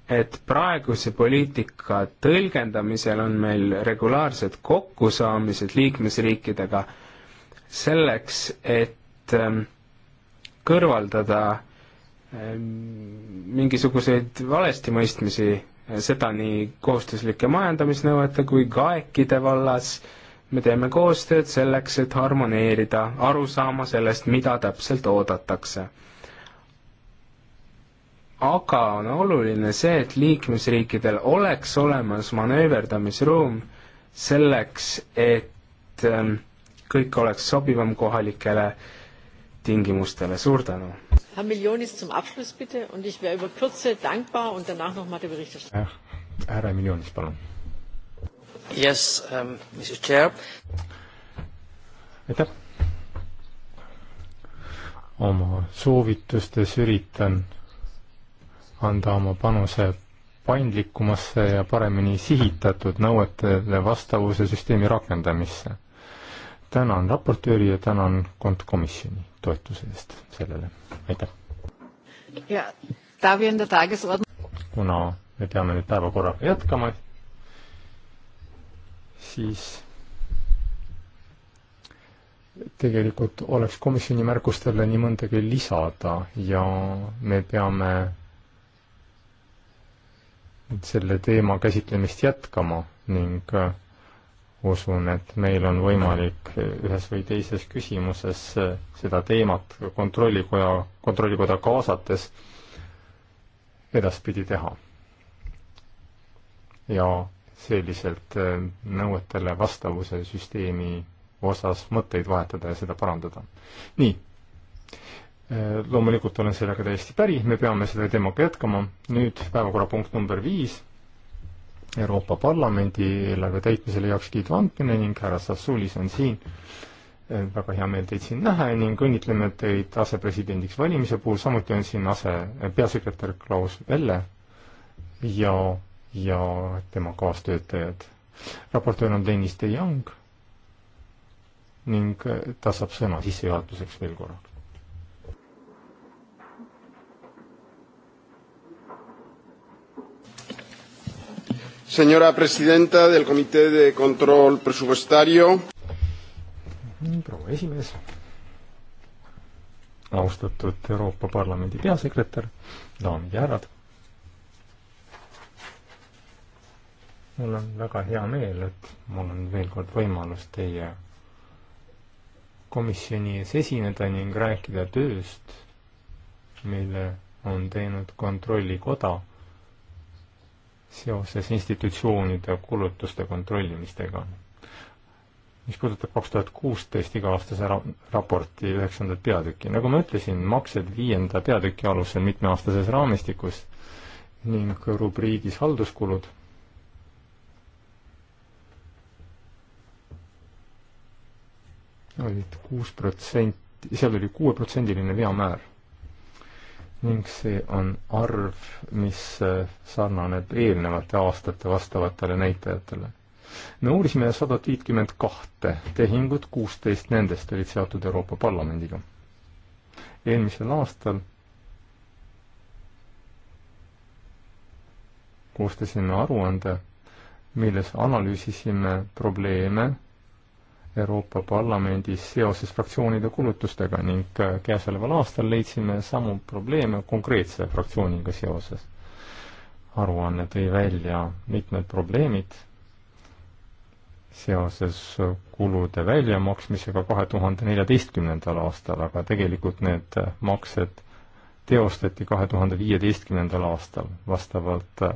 et praeguse poliitika tõlgendamisel on meil regulaarsed kokkusaamised liikmesriikidega selleks, et ähm, kõrvaldada ähm, mingisuguseid valestimõistmisi seda nii kohustuslike majandamisnõuete kui ka äkide vallas. me teeme koostööd selleks, et harmoneerida, aru saama sellest, mida täpselt oodatakse. aga on oluline see, et liikmesriikidel oleks olemas manööverdamisruum selleks, et ähm, kõik oleks sobivam kohalikele äh, tingimustele, suur tänu! härra Miljonis, palun! Yes um,, Mrs Chair. aitäh! oma soovitustes üritan anda oma panuse paindlikumasse ja paremini sihitatud nõuetele vastavuse süsteemi rakendamisse. tänan raportööri ja tänan kontkomisjoni toetuse eest sellele, aitäh! kuna me peame nüüd päevakorraga jätkama, siis tegelikult oleks komisjoni märkustele nii mõndagi lisada ja me peame selle teema käsitlemist jätkama ning usun, et meil on võimalik ühes või teises küsimuses seda teemat kontrollikoja, kontrollikoda kaasates edaspidi teha. ja selliselt äh, nõuetele vastavuse süsteemi osas mõtteid vahetada ja seda parandada. nii. Äh, loomulikult olen sellega täiesti päri, me peame seda teemaga jätkama. nüüd päevakorrapunkt number viis Euroopa Parlamendi eelarve täitmisele heakskiidu andmine ning härra Sassulis on siin. Äh, väga hea meel teid siin näha ning õnnitleme teid asepresidendiks valimise puhul, samuti on siin ase, äh, peasekretär Klaus Velle ja, ja tema kaastöötajad. raportöör on Deniss De Young ning äh, ta saab sõna sissejuhatuseks veel korra. Señora presidenta del Comité de Control Presupuestario. Mm, proua esimees, austatud Euroopa Parlamendi peasekretär, daamid ja härrad. mul on väga hea meel, et mul on veel kord võimalus teie komisjoni ees esineda ning rääkida tööst, mille on teinud Kontrollikoda seoses institutsioonide kulutuste kontrollimistega. mis puudutab kaks tuhat kuusteist iga-aastase ra-, raporti üheksandat peatükki, nagu ma ütlesin, maksed viienda peatüki alusel mitmeaastases raamistikus ning rubriigis halduskulud olid kuus protsenti, seal oli kuueprotsendiline veamäär ning see on arv, mis äh, sarnaneb eelnevate aastate vastavatele näitajatele. me uurisime sadat viitkümmend kahte tehingut, kuusteist nendest olid seotud Euroopa Parlamendiga. eelmisel aastal koostasime aruande, milles analüüsisime probleeme Euroopa Parlamendis seoses fraktsioonide kulutustega ning äh, käesoleval aastal leidsime samu probleeme konkreetse fraktsiooniga seoses. aruanne tõi välja mitmed probleemid seoses kulude väljamaksmisega kahe tuhande neljateistkümnendal aastal, aga tegelikult need äh, maksed teostati kahe tuhande viieteistkümnendal aastal vastavalt äh,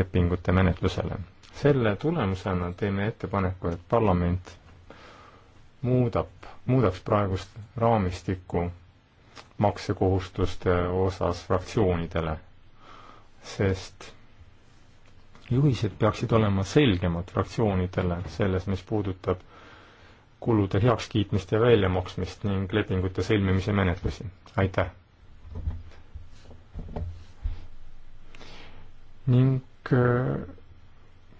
lepingute menetlusele selle tulemusena teeme ettepaneku, et parlament muudab, muudaks praegust raamistikku maksekohustuste osas fraktsioonidele, sest juhised peaksid olema selgemad fraktsioonidele selles, mis puudutab kulude heakskiitmist ja väljamaksmist ning lepingute sõlmimise menetlusi. aitäh! ning äh,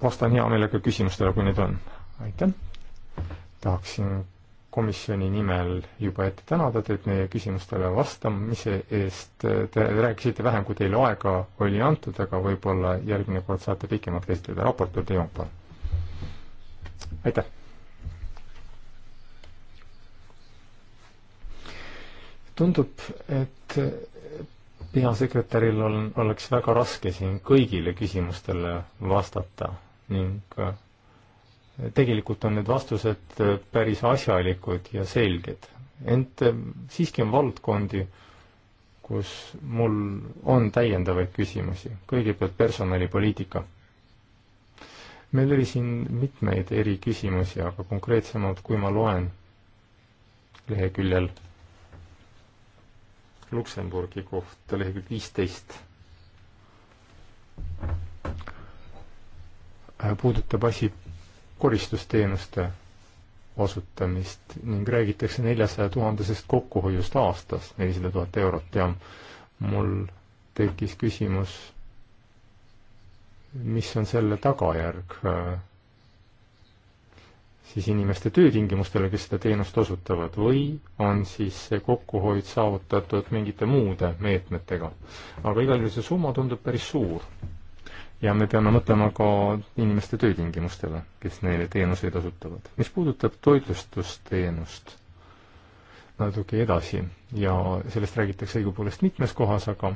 vastan hea meelega küsimustele, kui neid on. aitäh! tahaksin komisjoni nimel juba ette tänada teid meie küsimustele vastamise eest. Te rääkisite vähem, kui teile aega oli antud, aga võib-olla järgmine kord saate pikemalt käsitleda. raportöör Tiion, palun! aitäh! tundub, et peasekretäril on, oleks väga raske siin kõigile küsimustele vastata ning äh, tegelikult on need vastused äh, päris asjalikud ja selged. ent äh, siiski on valdkondi, kus mul on täiendavaid küsimusi. kõigepealt personalipoliitika. meil oli siin mitmeid eri küsimusi, aga konkreetsemalt, kui ma loen leheküljel Luksemburgi kohta, lehekülg viisteist, Äh, puudutab asi koristusteenuste osutamist ning räägitakse neljasaja tuhandesest kokkuhoiust aastas, nelisada tuhat eurot ja mul tekkis küsimus, mis on selle tagajärg äh, siis inimeste töötingimustele, kes seda teenust osutavad, või on siis see kokkuhoid saavutatud mingite muude meetmetega. aga igal juhul see summa tundub päris suur ja me peame mõtlema ka inimeste töötingimustele, kes neile teenuseid osutavad. mis puudutab toitlustusteenust natuke edasi ja sellest räägitakse õigupoolest mitmes kohas, aga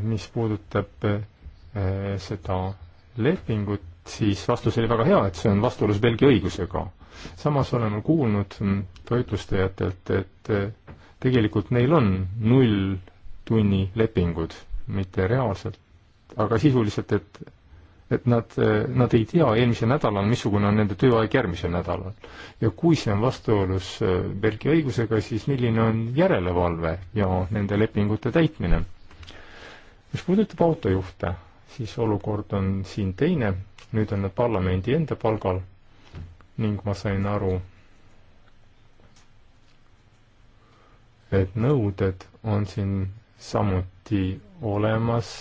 mis puudutab eh, seda lepingut, siis vastus oli väga hea, et see on vastuolus Belgia õigusega. samas oleme kuulnud toitlustajatelt, et eh, tegelikult neil on nulltunnilepingud, mitte reaalselt aga sisuliselt, et et nad, nad ei tea eelmisel nädalal, missugune on nende tööaeg järgmisel nädalal. ja kui see on vastuolus äh, Belgia õigusega, siis milline on järelevalve ja nende lepingute täitmine? mis puudutab autojuhte, siis olukord on siin teine, nüüd on nad parlamendi enda palgal ning ma sain aru, et nõuded on siin samuti olemas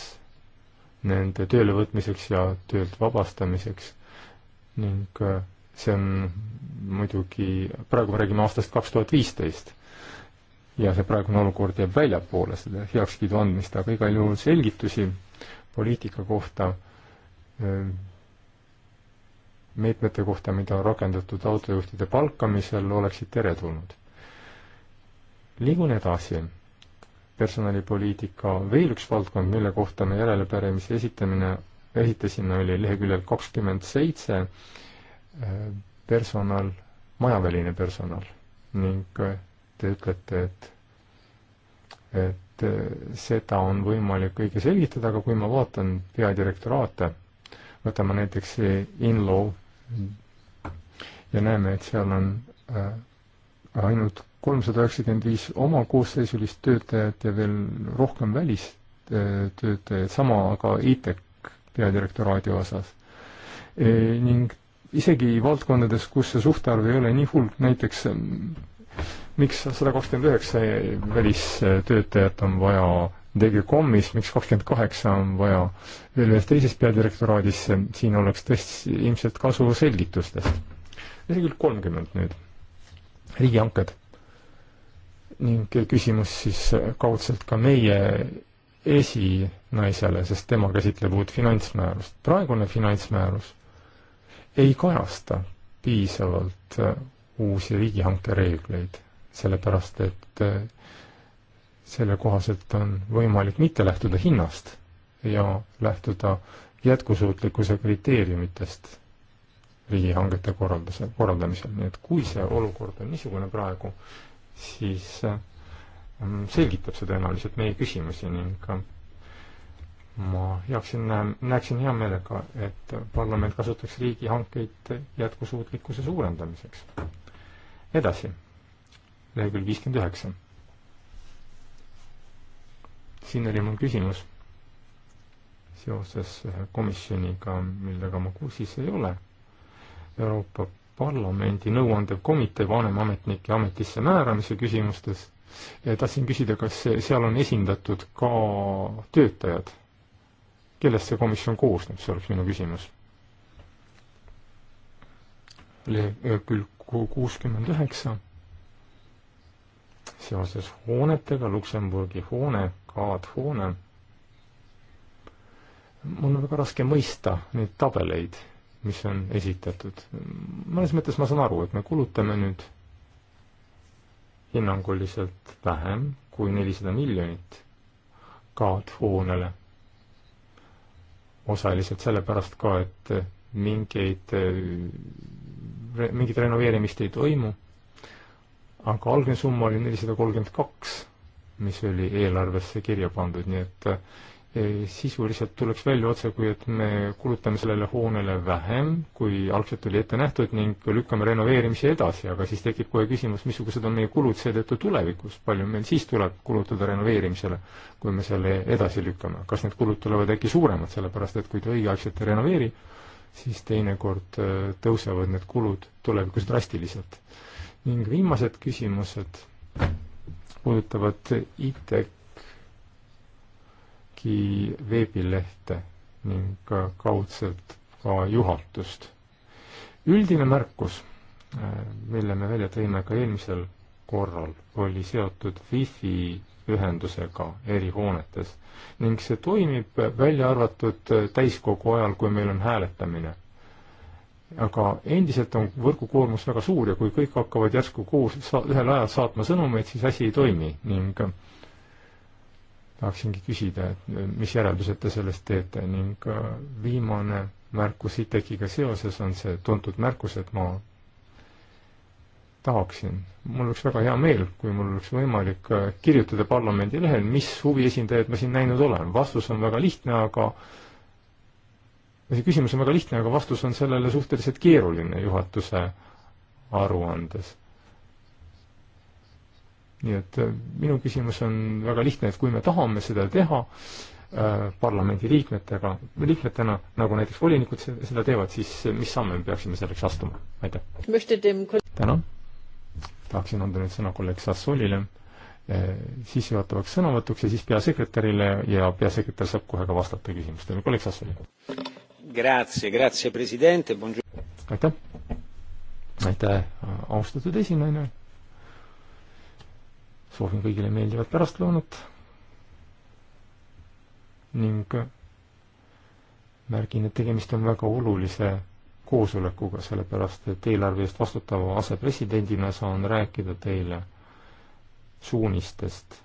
nende töölevõtmiseks ja töölt vabastamiseks ning äh, see on muidugi, praegu me räägime aastast kaks tuhat viisteist ja see praegune olukord jääb väljapoole seda heakskiidu andmist, aga igal juhul selgitusi poliitika kohta, äh, meetmete kohta, mida on rakendatud autojuhtide palkamisel, oleksid teretulnud. liigun edasi personalipoliitika veel üks valdkond, mille kohta me järelepärimise esitamine, esitasime, oli leheküljel kakskümmend seitse äh, personal, majaväline personal ning äh, te ütlete, et, et äh, seda on võimalik õige selgitada, aga kui ma vaatan peadirektoraate, võtame näiteks Inlaw ja näeme, et seal on ainult kolmsada üheksakümmend viis oma koosseisulist töötajat ja veel rohkem välistöötajaid, sama aga ITEC peadirektoraadi osas e,. ning isegi valdkondades, kus see suhtarv ei ole nii hull, näiteks mm, miks sada kakskümmend üheksa välistöötajat on vaja DGCOM-is, miks kakskümmend kaheksa on vaja veel ühes teises peadirektoraadis, siin oleks tõesti ilmselt kasu selgitustest. lehekülg kolmkümmend nüüd, riigihanked ning küsimus siis kaudselt ka meie esinaisele, sest tema käsitleb uut finantsmäärust. praegune finantsmäärus ei kajasta piisavalt äh, uusi riigihanke reegleid, sellepärast et äh, selle kohaselt on võimalik mitte lähtuda hinnast ja lähtuda jätkusuutlikkuse kriteeriumitest riigihangete korralduse, korraldamisel, nii et kui see olukord on niisugune praegu, siis ähm, selgitab see tõenäoliselt meie küsimusi ning äh, ma heaksin, äh, näeksin hea meelega, et parlament kasutaks riigihankeid jätkusuutlikkuse suurendamiseks. edasi, lehekülg viiskümmend üheksa. siin oli mul küsimus seoses ühe komisjoniga, millega ma kursis ei ole. Euroopa parlamendi nõuandev komitee vanemametnike ametisse määramise küsimustes ja tahtsin küsida, kas seal on esindatud ka töötajad? kellest see komisjon koosneb, see oleks minu küsimus. lehekülg kuuskümmend üheksa, seoses hoonetega, Luksemburgi hoone, kaadhoone. mul on väga raske mõista neid tabeleid mis on esitatud. mõnes mõttes ma saan aru, et me kulutame nüüd hinnanguliselt vähem kui nelisada miljonit kaadhoonele. osaliselt sellepärast ka, et mingeid, mingit renoveerimist ei toimu, aga algne summa oli nelisada kolmkümmend kaks, mis oli eelarvesse kirja pandud, nii et sisuliselt tuleks välja otsekui, et me kulutame sellele hoonele vähem, kui algselt oli ette nähtud ning lükkame renoveerimise edasi, aga siis tekib kohe küsimus, missugused on meie kulud seetõttu tulevikus, palju meil siis tuleb kulutada renoveerimisele, kui me selle edasi lükkame. kas need kulud tulevad äkki suuremad, sellepärast et kui te õigeaegselt ei renoveeri, siis teinekord äh, tõusevad need kulud tulevikus drastiliselt. ning viimased küsimused puudutavad ITEC KAK-i veebilehte ning kaudselt ka juhatust. üldine märkus, äh, mille me välja tõime ka eelmisel korral, oli seotud wifi ühendusega eri hoonetes ning see toimib välja arvatud äh, täiskogu ajal, kui meil on hääletamine. aga endiselt on võrgukoormus väga suur ja kui kõik hakkavad järsku koos ühel ajal saatma sõnumeid, siis asi ei toimi ning äh, tahaksingi küsida, et äh, mis järeldused te sellest teete ning viimane märkus ITEK-iga seoses on see tuntud märkus, et ma tahaksin, mul oleks väga hea meel, kui mul oleks võimalik äh, kirjutada parlamendi lehel, mis huviesindajaid ma siin näinud olen. vastus on väga lihtne, aga see küsimus on väga lihtne, aga vastus on sellele suhteliselt keeruline juhatuse aruandes nii et äh, minu küsimus on väga lihtne, et kui me tahame seda teha äh, parlamendi liikmetega, liikmetena, nagu näiteks volinikud seda teevad, siis äh, mis samme me peaksime selleks astuma? aitäh! tänan! tahaksin anda nüüd sõna kolleeg Sassoolile eh, äh, sissejuhatavaks sõnavõtuks ja siis peasekretärile ja peasekretär saab kohe ka vastata küsimustele. kolleeg Sassooli. aitäh! aitäh, austatud esinaine soovin kõigile meeldivat pärastlõunat ning märgin, et tegemist on väga olulise koosolekuga, sellepärast et eelarve eest vastutava asepresidendina saan rääkida teile suunistest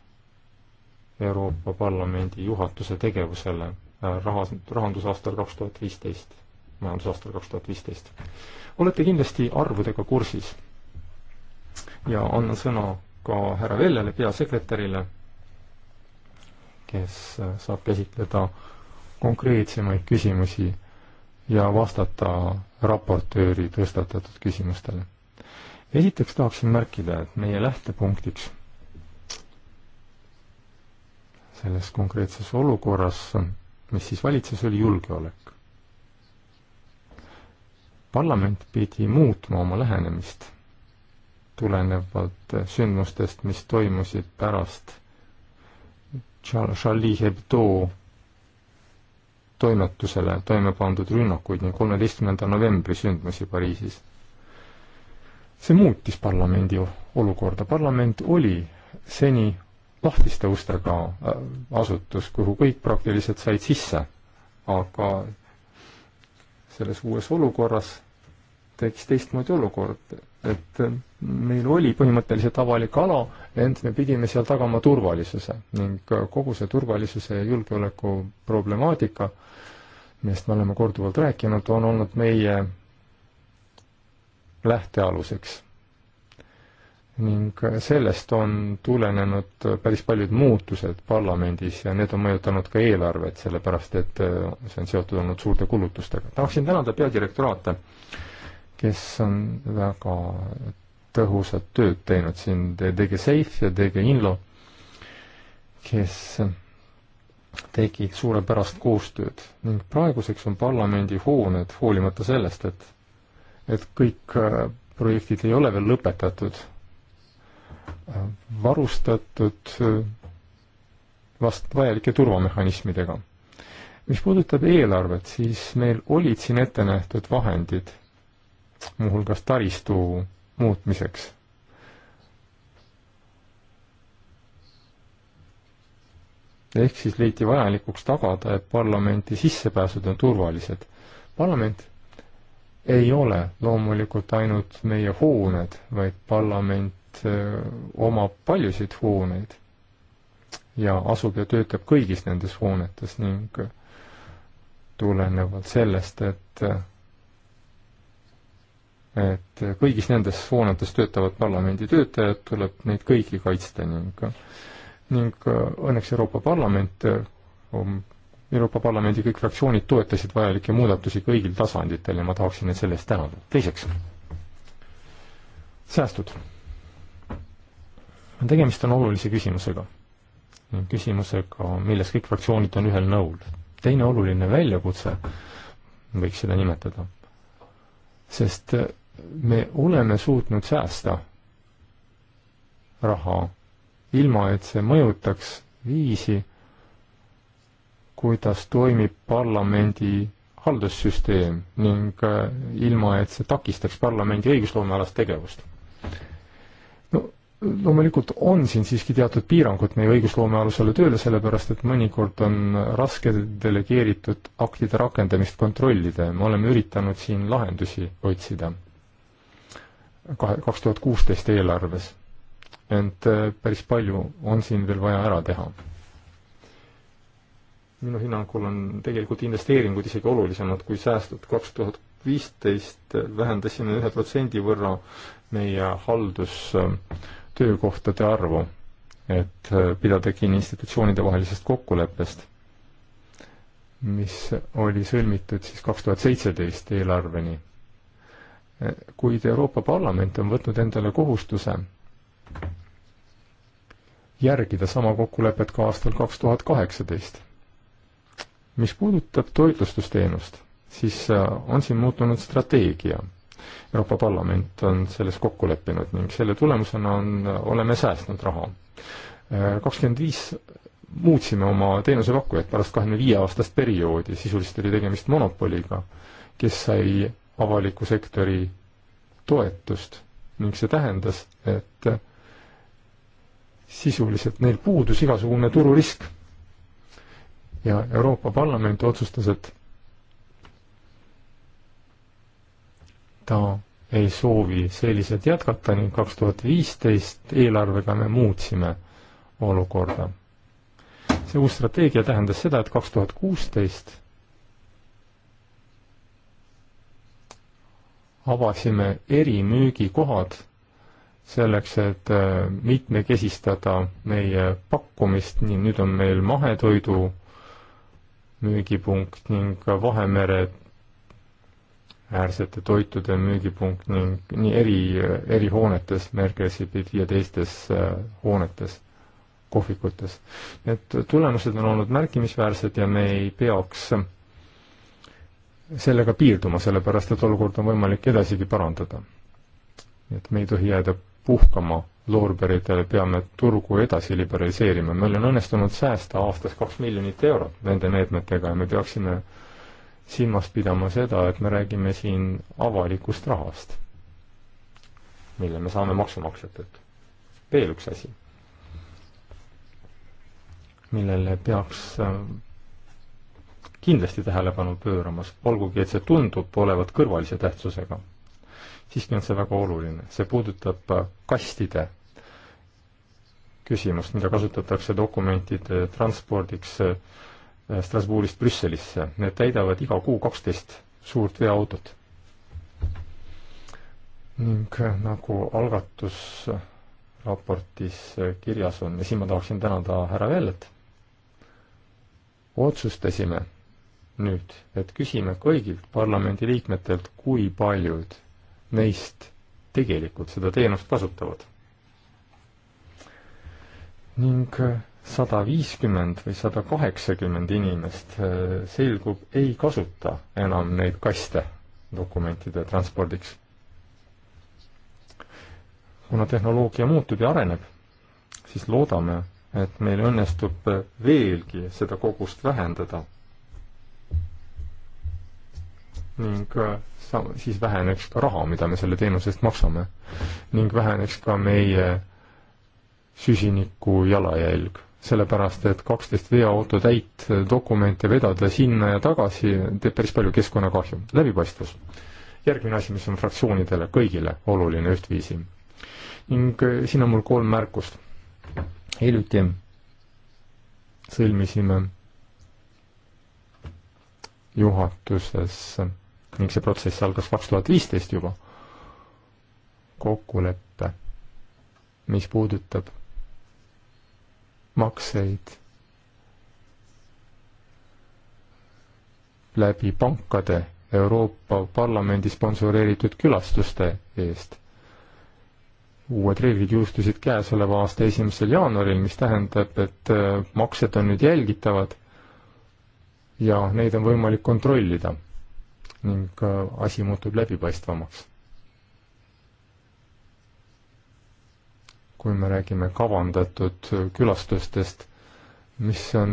Euroopa Parlamendi juhatuse tegevusele rahas, rahandusaastal kaks tuhat viisteist, majandusaastal kaks tuhat viisteist. olete kindlasti arvudega kursis ja annan sõna ka härra Vellele, peasekretärile, kes saab käsitleda konkreetsemaid küsimusi ja vastata raportööri tõstatatud küsimustele. esiteks tahaksin märkida, et meie lähtepunktiks selles konkreetses olukorras, mis siis valitses, oli julgeolek. parlament pidi muutma oma lähenemist tulenevalt sündmustest, mis toimusid pärast Charlie Hebdo toimetusele toime pandud rünnakuid ning kolmeteistkümnenda novembri sündmusi Pariisis. see muutis parlamendi olukorda, parlament oli seni lahtiste ustega äh, asutus, kuhu kõik praktiliselt said sisse, aga selles uues olukorras tekkis teistmoodi olukord, et meil oli põhimõtteliselt avalik ala, ent me pidime seal tagama turvalisuse ning kogu see turvalisuse ja julgeoleku problemaatika, millest me oleme korduvalt rääkinud, on olnud meie lähtealuseks. ning sellest on tulenenud päris paljud muutused parlamendis ja need on mõjutanud ka eelarvet, sellepärast et see on seotud olnud suurte kulutustega. tahaksin tänada peadirektoraate kes on väga tõhusat tööd teinud siin, tegi Safe ja tegi Inlo, kes tegid suurepärast koostööd ning praeguseks on parlamendi hooned, hoolimata sellest, et et kõik äh, projektid ei ole veel lõpetatud, äh, varustatud äh, vast vajalike turvamehhanismidega. mis puudutab eelarvet, siis meil olid siin ette nähtud vahendid muuhulgas taristu muutmiseks. ehk siis leiti vajalikuks tagada, et parlamenti sissepääsud on turvalised. parlament ei ole loomulikult ainult meie hooned, vaid parlament omab paljusid hooneid ja asub ja töötab kõigis nendes hoonetes ning tulenevalt sellest, et et kõigis nendes hoonetes töötavad parlamendi töötajad, tuleb neid kõiki kaitsta ning ning äh, õnneks Euroopa Parlament, äh, um, Euroopa Parlamendi kõik fraktsioonid toetasid vajalikke muudatusi kõigil tasanditel ja ma tahaksin neid selle eest tänada. teiseks, säästud. tegemist on olulise küsimusega. küsimusega, milles kõik fraktsioonid on ühel nõul. teine oluline väljakutse, võiks seda nimetada, sest äh, me oleme suutnud säästa raha, ilma et see mõjutaks viisi, kuidas toimib parlamendi haldussüsteem ning äh, ilma, et see takistaks parlamendi õigusloomealast tegevust. no loomulikult on siin siiski teatud piirangud meie õigusloomealusele tööle, sellepärast et mõnikord on raske delegeeritud aktide rakendamist kontrollida ja me oleme üritanud siin lahendusi otsida kahe, kaks tuhat kuusteist eelarves. ent äh, päris palju on siin veel vaja ära teha. minu hinnangul on tegelikult investeeringud isegi olulisemad kui säästud. kaks tuhat viisteist äh, vähendasime ühe protsendi võrra meie haldustöökohtade äh, arvu, et pidada kinni institutsioonide vahelisest kokkuleppest, mis oli sõlmitud siis kaks tuhat seitseteist eelarveni kuid Euroopa Parlament on võtnud endale kohustuse järgida sama kokkulepet ka aastal kaks tuhat kaheksateist. mis puudutab toitlustusteenust, siis äh, on siin muutunud strateegia. Euroopa Parlament on selles kokku leppinud ning selle tulemusena on, äh, oleme säästnud raha. Äh, kakskümmend viis muutsime oma teenusepakkujat pärast kahekümne viie aastast perioodi, sisuliselt oli tegemist monopoliga, kes sai avaliku sektori toetust ning see tähendas, et sisuliselt neil puudus igasugune tururisk. ja Euroopa Parlament otsustas, et ta ei soovi selliselt jätkata ning kaks tuhat viisteist eelarvega me muutsime olukorda. see uus strateegia tähendas seda, et kaks tuhat kuusteist avasime erimüügikohad selleks, et äh, mitmekesistada meie pakkumist, nii nüüd on meil mahetoidu müügipunkt ning Vahemere äärsete toitude müügipunkt ning nii eri, eri hoonetes, Mergesi pidi ja teistes äh, hoonetes, kohvikutes. et tulemused on olnud märkimisväärsed ja me ei peaks sellega piirduma, sellepärast et olukord on võimalik edasigi parandada. et me ei tohi jääda puhkama loorberitele, peame turgu edasi liberaliseerima, meil on õnnestunud säästa aastas kaks miljonit eurot nende meetmetega ja me peaksime silmas pidama seda, et me räägime siin avalikust rahast, mille me saame maksumaksjatelt. veel üks asi, millele peaks äh, kindlasti tähelepanu pööramas, olgugi et see tundub olevat kõrvalise tähtsusega. siiski on see väga oluline, see puudutab kastide küsimust, mida kasutatakse dokumentide transpordiks äh, Strasbourgist Brüsselisse. Need täidavad iga kuu kaksteist suurt veoautot. ning äh, nagu algatusraportis äh, kirjas on ja siin ma tahaksin tänada härra Vellet, otsustasime nüüd, et küsime kõigilt parlamendiliikmetelt, kui paljud neist tegelikult seda teenust kasutavad. ning sada viiskümmend või sada kaheksakümmend inimest äh, selgub, ei kasuta enam neid kaste dokumentide transpordiks. kuna tehnoloogia muutub ja areneb, siis loodame, et meil õnnestub äh, veelgi seda kogust vähendada ning äh, sam-, siis väheneks ka raha, mida me selle teenuse eest maksame. ning väheneks ka meie süsiniku jalajälg. sellepärast, et kaksteist veoauto täit dokumente vedada sinna ja tagasi teeb päris palju keskkonnakahju. läbipaistvus. järgmine asi, mis on fraktsioonidele kõigile oluline ühtviisi. ning äh, siin on mul kolm märkust. hiljuti sõlmisime juhatuses ning see protsess algas kaks tuhat viisteist juba, kokkulepe, mis puudutab makseid läbi pankade Euroopa Parlamendi sponsoreeritud külastuste eest. uued reeglid jõustusid käesoleva aasta esimesel jaanuaril, mis tähendab, et äh, maksed on nüüd jälgitavad ja neid on võimalik kontrollida ning asi muutub läbipaistvamaks. kui me räägime kavandatud külastustest, mis on,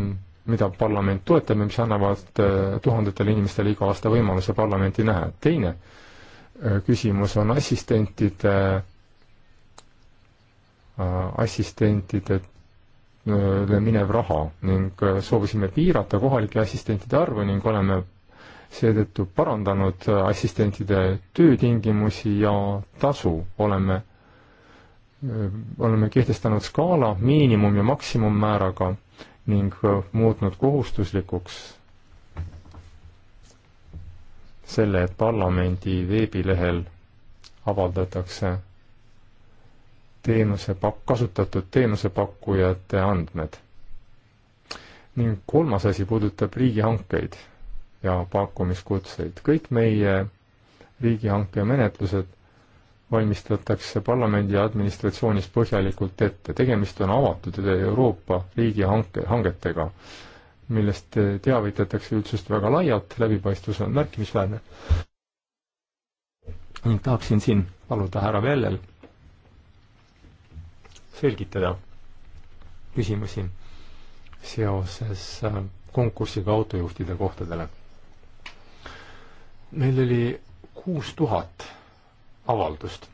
mida parlament toetab ja mis annavad äh, tuhandetele inimestele iga aasta võimaluse parlamenti näha. teine äh, küsimus on assistentide, äh, assistentide minev raha ning soovisime piirata kohalike assistentide arvu ning oleme seetõttu parandanud assistentide töötingimusi ja tasu, oleme, äh, oleme kehtestanud skaala miinimum- ja maksimummääraga ning äh, muutnud kohustuslikuks selle, et parlamendi veebilehel avaldatakse teenusepak-, kasutatud teenusepakkujate andmed. ning kolmas asi puudutab riigihankeid ja pakkumiskutseid. kõik meie riigihanke menetlused valmistatakse parlamendi administratsioonis põhjalikult ette. tegemist on avatud Euroopa riigihanke, hangetega, millest teavitatakse üldsust väga laialt, läbipaistvus on märkimisväärne. ning tahaksin siin paluda härra Vellel selgitada küsimusi seoses konkursiga autojuhtide kohtadele meil oli kuus tuhat avaldust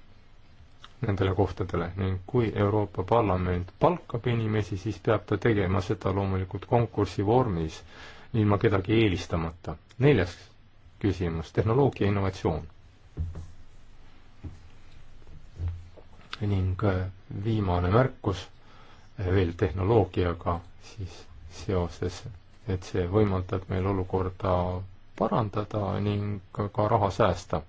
nendele kohtadele ning kui Euroopa Parlament palkab inimesi, siis peab ta tegema seda loomulikult konkursi vormis, ilma kedagi eelistamata. neljas küsimus, tehnoloogia innovatsioon. ning äh, viimane märkus äh, veel tehnoloogiaga siis seoses, et see võimaldab meil olukorda parandada ning ka raha säästa.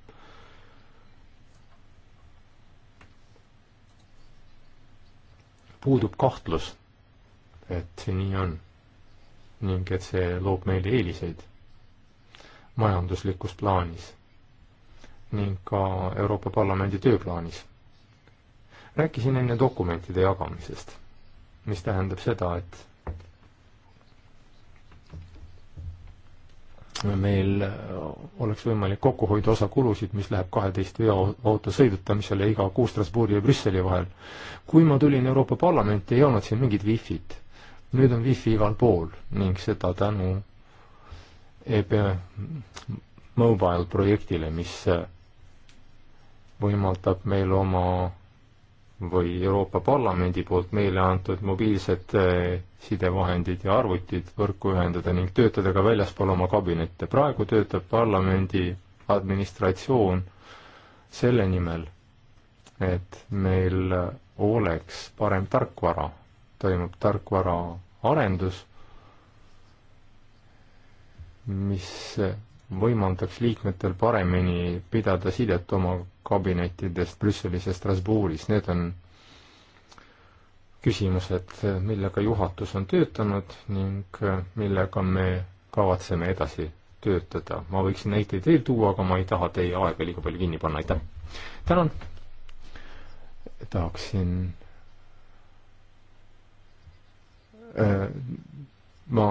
puudub kahtlus, et see nii on ning et see loob meile eeliseid majanduslikus plaanis ning ka Euroopa Parlamendi tööplaanis. rääkisin enne dokumentide jagamisest, mis tähendab seda, et meil äh, oleks võimalik kokku hoida osa kulusid, mis läheb kaheteist veoauto sõidutamisele iga kuu Strasbourgi ja Brüsseli vahel. kui ma tulin Euroopa Parlamenti, ei olnud siin mingit wifi't. nüüd on wifi igal pool ning seda tänu EB Mobile projektile, mis äh, võimaldab meil oma või Euroopa Parlamendi poolt meile antud mobiilsed eh, sidevahendid ja arvutid võrku ühendada ning töötada ka väljaspool oma kabinette. praegu töötab parlamendi administratsioon selle nimel, et meil oleks parem tarkvara, toimub tarkvara arendus, mis võimaldaks liikmetel paremini pidada sidet oma kabinettidest Brüsselis ja Strasbourgis, need on küsimused, millega juhatus on töötanud ning millega me kavatseme edasi töötada. ma võiksin näiteid veel tuua, aga ma ei taha teie aega liiga palju kinni panna, aitäh! tänan! tahaksin äh, ma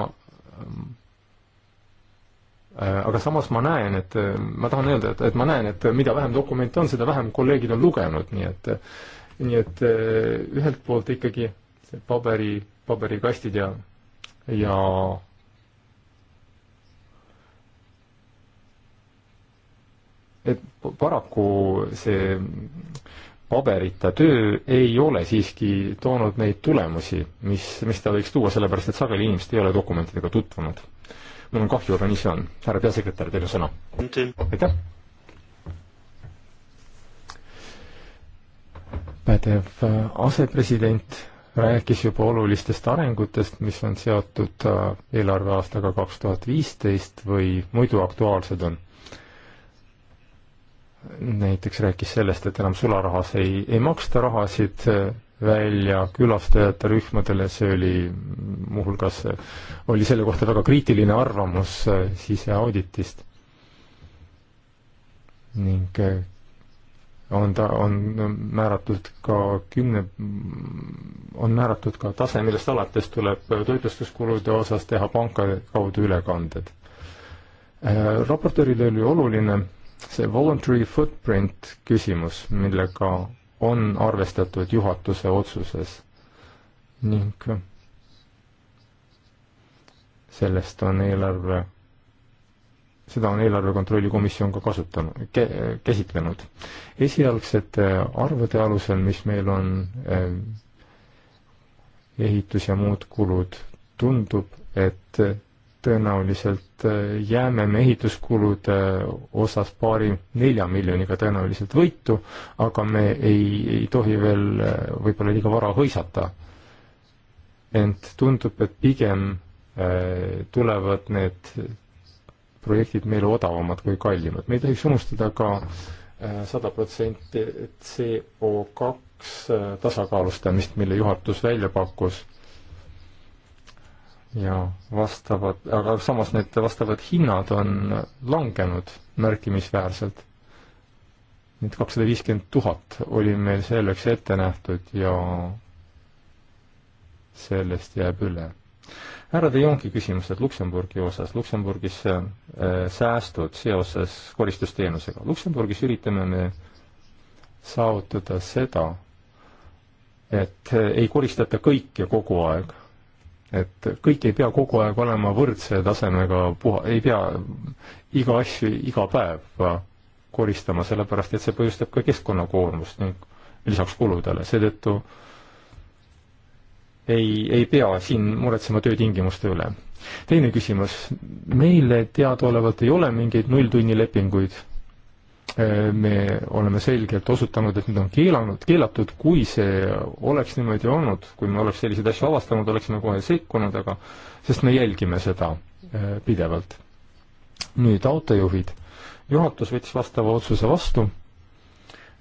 Äh, aga samas ma näen, et äh, ma tahan öelda, et, et ma näen, et mida vähem dokumente on, seda vähem kolleegid on lugenud, nii et äh, nii et ühelt poolt ikkagi see paberi, paberikastid ja, ja et paraku see paberita töö ei ole siiski toonud neid tulemusi, mis, mis ta võiks tuua, sellepärast et sageli inimesed ei ole dokumentidega tutvunud mul on kahju, aga nii see on. härra peasekretär, teil on sõna. aitäh. pädev äh, asepresident rääkis juba olulistest arengutest, mis on seotud äh, eelarveaastaga kaks tuhat viisteist või muidu aktuaalsed on. näiteks rääkis sellest, et enam sularahas ei, ei maksta rahasid äh, välja külastajate rühmadele, see oli muuhulgas, oli selle kohta väga kriitiline arvamus äh, siseauditist. ning äh, on ta, on määratud ka kümne, on määratud ka tase, millest alates tuleb toitlustuskulude osas teha pankade kaudu ülekanded. Äh, raportööril oli oluline see voluntary footprint küsimus, millega on arvestatud juhatuse otsuses ning sellest on eelarve, seda on eelarve kontrolli komisjon ka kasutanud ke,, käsitlenud. esialgsete arvude alusel, mis meil on eh,, ehitus ja muud kulud, tundub, et tõenäoliselt äh, jääme me ehituskulude äh, osas paari nelja miljoniga tõenäoliselt võitu, aga me ei, ei tohi veel äh, võib-olla liiga vara hõisata. ent tundub, et pigem tulevad need projektid meile odavamad kui kallimad. me ei tohiks unustada ka sada protsenti CO2 tasakaalustamist, mille juhatus välja pakkus ja vastavad, aga samas need vastavad hinnad on langenud märkimisväärselt. nüüd kakssada viiskümmend tuhat oli meil selleks ette nähtud ja sellest jääb üle. härra De Jongi küsimused Luksemburgi osas, Luksemburgis äh, säästud seoses koristusteenusega. Luksemburgis üritame me saavutada seda, et äh, ei koristata kõike kogu aeg, et kõik ei pea kogu aeg olema võrdse tasemega puha, ei pea iga asju iga päev koristama, sellepärast et see põhjustab ka keskkonnakoormust ning lisaks kuludele, seetõttu ei, ei pea siin muretsema töötingimuste üle. teine küsimus, meile teadaolevalt ei ole mingeid nulltunnilepinguid Äh, me oleme selgelt osutanud, et need on keelanud, keelatud, kui see oleks niimoodi olnud, kui me oleks selliseid asju avastanud, oleksime kohe sekkunud, aga sest me jälgime seda äh, pidevalt. nüüd autojuhid. juhatus võttis vastava otsuse vastu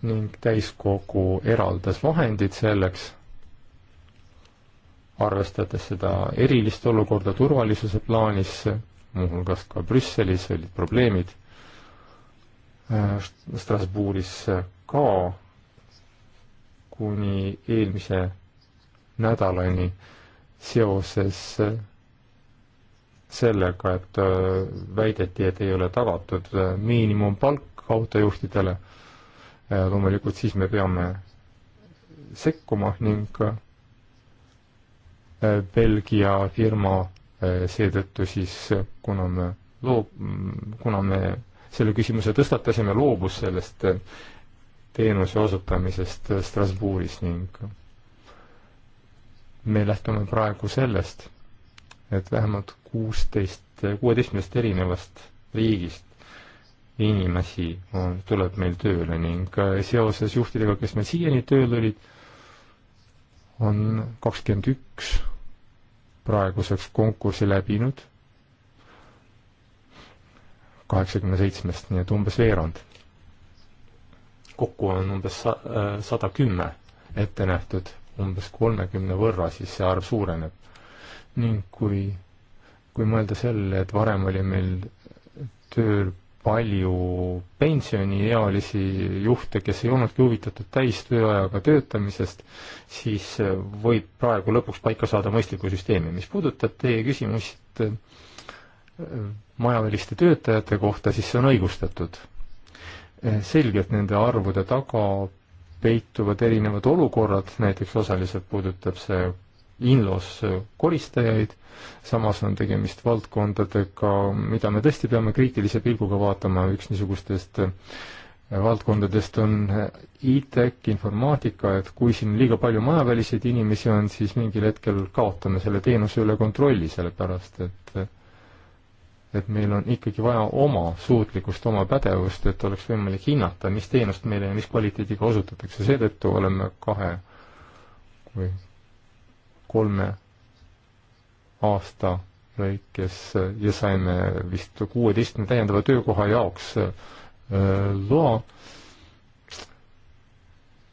ning täiskogu eraldas vahendid selleks, arvestades seda erilist olukorda turvalisuse plaanis, muuhulgas ka Brüsselis olid probleemid Strasbourgis äh, ka kuni eelmise nädalani seoses äh, sellega, et äh, väideti, et ei ole tagatud miinimumpalk autojuhtidele. loomulikult siis me peame sekkuma ning Belgia firma seetõttu siis, kuna me loob, kuna me selle küsimuse tõstatasime, loobus sellest äh, teenuse osutamisest äh, Strasbourgis ning me lähtume praegu sellest, et vähemalt kuusteist, kuueteistkümnest erinevast riigist inimesi on, tuleb meil tööle ning äh, seoses juhtidega, kes meil siiani tööl olid, on kakskümmend üks praeguseks konkursi läbinud kaheksakümne seitsmest, nii et umbes veerand. kokku on umbes sa-, äh, sada kümme ette nähtud, umbes kolmekümne võrra siis see arv suureneb. ning kui, kui mõelda sellele, et varem oli meil tööl palju pensioniealisi juhte, kes ei olnudki huvitatud täistööajaga töötamisest, siis võib praegu lõpuks paika saada mõistliku süsteemi. mis puudutab teie küsimust majaväliste töötajate kohta, siis see on õigustatud. selgelt nende arvude taga peituvad erinevad olukorrad, näiteks osaliselt puudutab see Inlos koristajaid, samas on tegemist valdkondadega, mida me tõesti peame kriitilise pilguga vaatama, üks niisugustest valdkondadest on e-tech, informaatika, et kui siin liiga palju majaväliseid inimesi on, siis mingil hetkel kaotame selle teenuse üle kontrolli, sellepärast et et meil on ikkagi vaja oma suutlikkust, oma pädevust, et oleks võimalik hinnata, mis teenust meile ja mis kvaliteediga osutatakse, seetõttu oleme kahe või kolme aasta lõikes ja saime vist kuueteistkümne täiendava töökoha jaoks äh, loa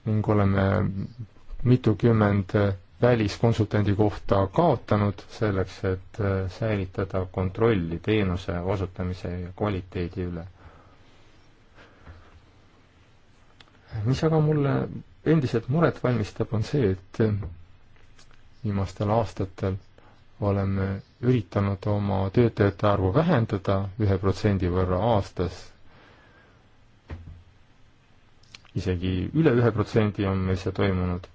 ning oleme mitukümmend väliskonsultandi kohta kaotanud, selleks et äh, säilitada kontrolli teenuse osutamise ja kvaliteedi üle. mis aga mulle endiselt muret valmistab, on see, et äh, viimastel aastatel oleme üritanud oma töötajate arvu vähendada ühe protsendi võrra aastas isegi üle ühe protsendi on meil see toimunud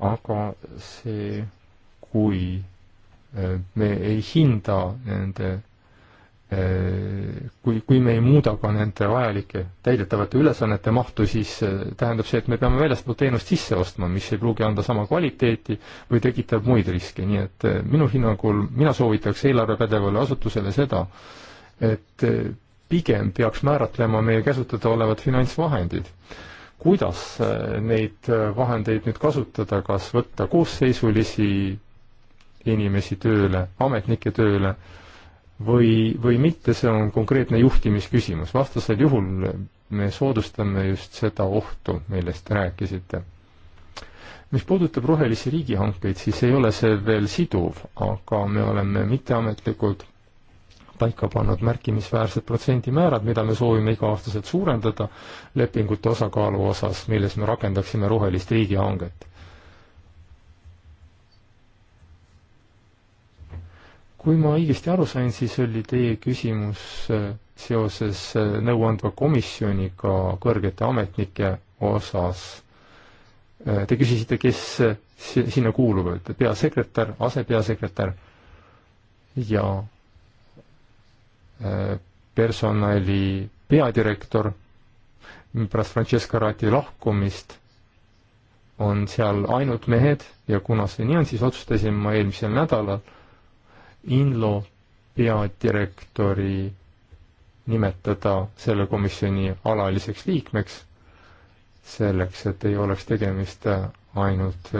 aga see, kui äh, me ei hinda nende äh, kui, kui me ei muuda ka nende vajalike täidetavate ülesannete mahtu, siis äh, tähendab see, et me peame väljastpoolt teenust sisse ostma, mis ei pruugi anda sama kvaliteeti või tekitab muid riske, nii et minu hinnangul mina soovitaks eelarvepädevale asutusele seda, et pigem peaks määratlema meie käsutada olevad finantsvahendid kuidas äh, neid äh, vahendeid nüüd kasutada, kas võtta koosseisulisi inimesi tööle, ametnikke tööle või, või mitte, see on konkreetne juhtimisküsimus, vastasel juhul me soodustame just seda ohtu, millest te rääkisite. mis puudutab rohelisi riigihankeid, siis ei ole see veel siduv, aga me oleme mitteametlikult paika pannud märkimisväärsed protsendimäärad, mida me soovime iga-aastaselt suurendada lepingute osakaalu osas, milles me rakendaksime rohelist riigihanget. kui ma õigesti aru sain, siis oli teie küsimus äh, seoses äh, nõuandva komisjoniga kõrgete ametnike osas äh, Te küsisite, kes sinna kuuluvad, peasekretär, asepeasekretär ja personali peadirektor pärast Francesca Rati lahkumist on seal ainult mehed ja kuna see nii on, siis otsustasin ma eelmisel nädalal Inlo peadirektori nimetada selle komisjoni alaliseks liikmeks, selleks, et ei oleks tegemist ainult,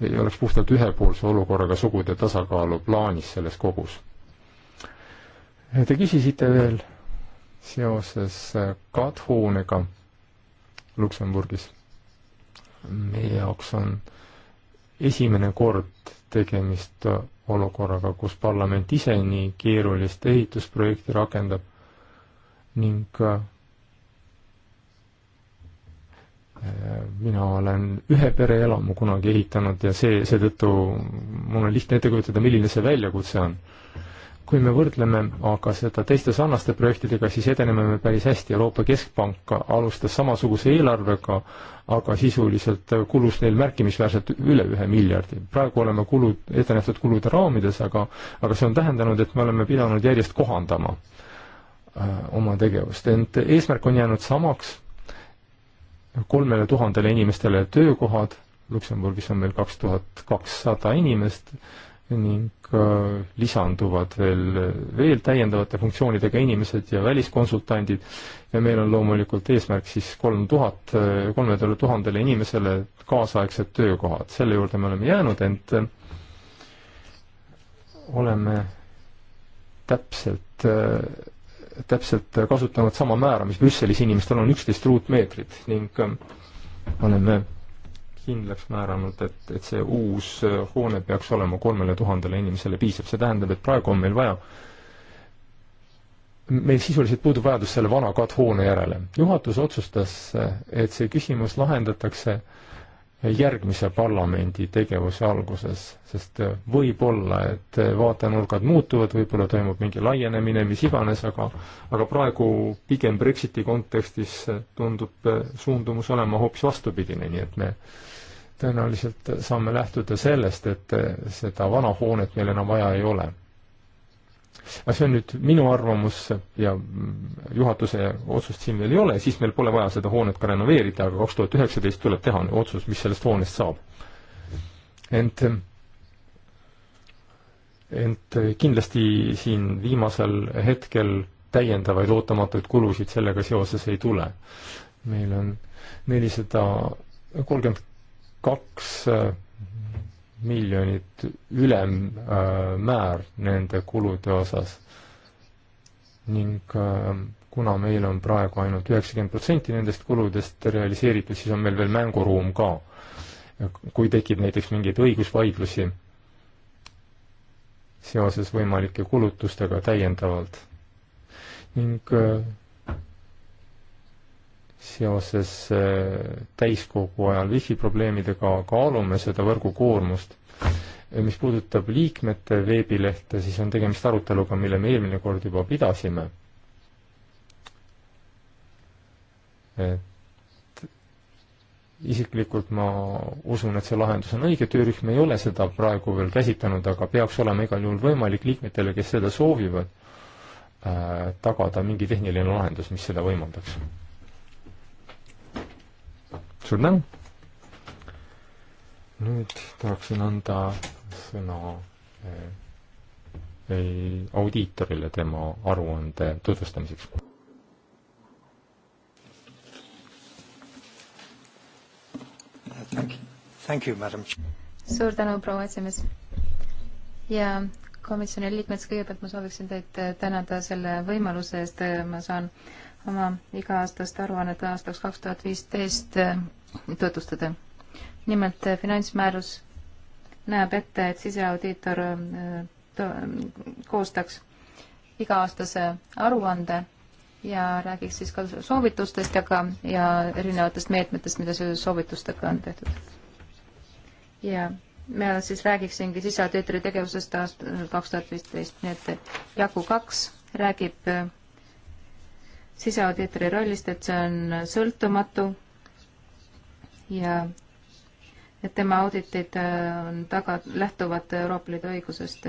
ei oleks puhtalt ühepoolse olukorraga sugude tasakaalu plaanis selles kogus Te küsisite veel seoses äh, kathoonega Luksemburgis. meie jaoks on esimene kord tegemist äh, olukorraga, kus parlament ise nii keerulist ehitusprojekti rakendab ning äh, mina olen ühe pereelamu kunagi ehitanud ja see, seetõttu mul on lihtne ette kujutada, milline see väljakutse on kui me võrdleme aga seda teiste sarnaste projektidega, siis edeneme me päris hästi, Euroopa Keskpank alustas samasuguse eelarvega, aga sisuliselt kulus neil märkimisväärselt üle ühe miljardi. praegu oleme kulud, ettenähtud kulude raamides, aga aga see on tähendanud, et me oleme pidanud järjest kohandama öö, äh, oma tegevust, ent eesmärk on jäänud samaks, kolmele tuhandele inimestele töökohad, Luksemburgis on meil kaks tuhat kakssada inimest, ning äh, lisanduvad veel, veel täiendavate funktsioonidega inimesed ja väliskonsultandid ja meil on loomulikult eesmärk siis kolm tuhat, äh, kolmedale tuhandele inimesele kaasaegsed töökohad, selle juurde me oleme jäänud, ent äh, oleme täpselt, täpselt kasutanud sama määra, mis Brüsselis inimestel on, üksteist ruutmeetrit ning oleme kindlaks määranud, et, et see uus äh, hoone peaks olema kolmele tuhandele inimesele piisav, see tähendab, et praegu on meil vaja, meil sisuliselt puudub vajadus selle vana katthoone järele. juhatus otsustas, äh, et see küsimus lahendatakse äh, järgmise parlamendi tegevuse alguses, sest võib-olla, et vaatenurgad muutuvad, võib-olla toimub mingi laienemine, mis iganes, aga aga praegu pigem Brexiti kontekstis tundub suundumus olema hoopis vastupidine, nii et me tõenäoliselt saame lähtuda sellest, et seda vana hoonet meil enam vaja ei ole aga see on nüüd minu arvamus ja juhatuse otsust siin veel ei ole, siis meil pole vaja seda hoonet ka renoveerida, aga kaks tuhat üheksateist tuleb teha otsus, mis sellest hoonest saab. ent ent kindlasti siin viimasel hetkel täiendavaid ootamatuid kulusid sellega seoses ei tule. meil on nelisada kolmkümmend kaks miljonit ülemmäär äh, nende kulude osas ning äh, kuna meil on praegu ainult üheksakümmend protsenti nendest kuludest realiseeritud, siis on meil veel mänguruum ka. kui tekib näiteks mingeid õigusvaidlusi seoses võimalike kulutustega täiendavalt ning äh, seoses eh, täiskogu ajal wifi probleemidega kaalume seda võrgukoormust. Eh, mis puudutab liikmete veebilehte, siis on tegemist aruteluga, mille me eelmine kord juba pidasime. et isiklikult ma usun, et see lahendus on õige, töörühm ei ole seda praegu veel käsitlenud, aga peaks olema igal juhul võimalik liikmetele, kes seda soovivad, eh, tagada mingi tehniline lahendus, mis seda võimaldaks suur tänu! nüüd tahaksin anda sõna eh, ei, audiitorile tema aruande tutvustamiseks. suur tänu, proua esimees. ja komisjoni liikmed, kõigepealt ma sooviksin teid tänada selle võimaluse eest, ma saan oma iga-aastast aruannet aastaks kaks tuhat viisteist tutvustada. nimelt eh, finantsmäärus näeb ette, et siseaudiitor eh, koostaks iga-aastase aruande ja räägiks siis ka soovitustest ja ka, ja erinevatest meetmetest, mida seoses soovitustega on tehtud. ja ma siis räägiksingi siseaudiitori tegevusest aastal kaks tuhat viisteist, nii et eh, jagu kaks räägib siseaudiitori rollist, et see on sõltumatu ja et tema auditid äh, on taga, lähtuvad Euroopa Liidu õigusest.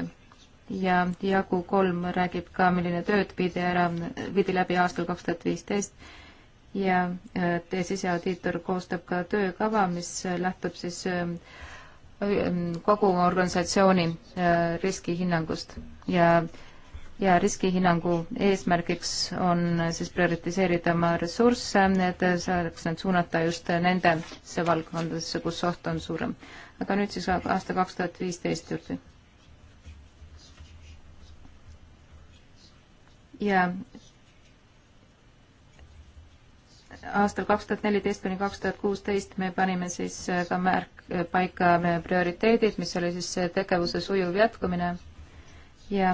ja jagu kolm räägib ka, milline tööd viidi ära, viidi läbi aastal kaks tuhat viisteist ja äh, teie siseaudiitor koostab ka töökava, mis lähtub siis äh, kogu organisatsiooni riskihinnangust ja ja riskihinnangu eesmärgiks on siis prioritiseerida oma ressursse, et saaks need suunata just nendesse valdkondadesse, kus oht on suurem. aga nüüd siis aasta kaks tuhat viisteist juurde. ja aastal kaks tuhat neliteist kuni kaks tuhat kuusteist me panime siis ka märk, paika prioriteedid, mis oli siis tegevuse sujuv jätkumine ja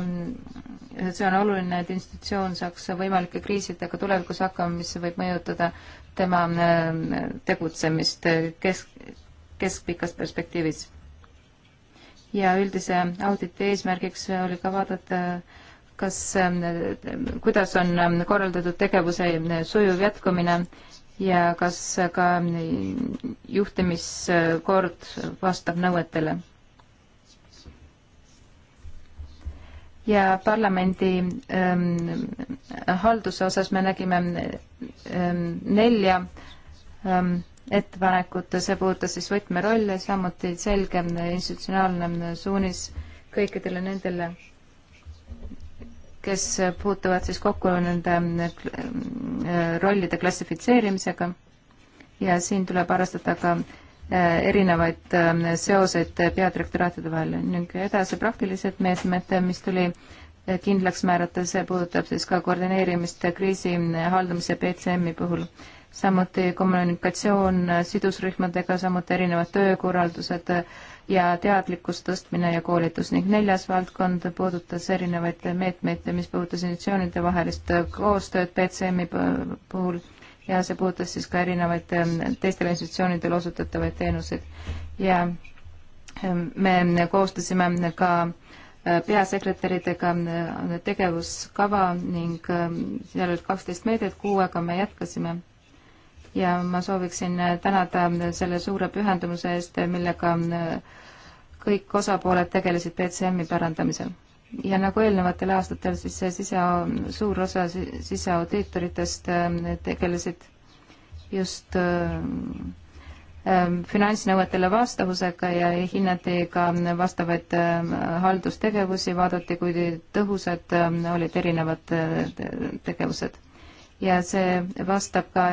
see on oluline, et institutsioon saaks võimalike kriisidega tulevikus hakkama, mis võib mõjutada tema äh, tegutsemist kesk, keskpikas perspektiivis. ja üldise auditi eesmärgiks oli ka vaadata, kas, äh, kuidas on äh, korraldatud tegevuse sujuv jätkumine ja kas ka juhtimiskord vastab nõuetele ja parlamendi ähm, halduse osas me nägime ähm, nelja ähm, ettepanekut, see puudutas siis võtmerolle, samuti selgem institutsionaalne suunis kõikidele nendele, kes puutuvad siis kokku nende ähm, rollide klassifitseerimisega ja siin tuleb arvestada ka äh, Äh, erinevaid äh, seoseid peadirektoraatide vahel ning edasi praktilised meetmed, mis tuli äh, kindlaks määrata, see puudutab siis ka koordineerimist kriisi haldamise BCM-i puhul. samuti kommunikatsioon sidusrühmadega, samuti erinevad töökorraldused ja teadlikkuse tõstmine ja koolitus ning neljas valdkond puudutas erinevaid meetmeid, mis puudutas institutsioonide vahelist koostööd BCM-i puhul ja see puudutas siis ka erinevaid ähm, teistele institutsioonidele osutatavaid teenuseid. ja ähm, me koostasime ka äh, peasekretäridega äh, tegevuskava ning ähm, seal olid kaksteist meedet, kuuega me jätkasime. ja ma sooviksin äh, tänada selle suure pühendumuse eest, millega kõik osapooled tegelesid BCM-i pärandamisel ja nagu eelnevatel aastatel, siis sise, suur osa siseaudiitoritest äh, tegelesid just äh, äh, finantsnõuetele vastavusega ja hinnati ka vastavaid haldustegevusi, vaadati, kui tõhusad olid erinevad tegevused. ja see vastab ka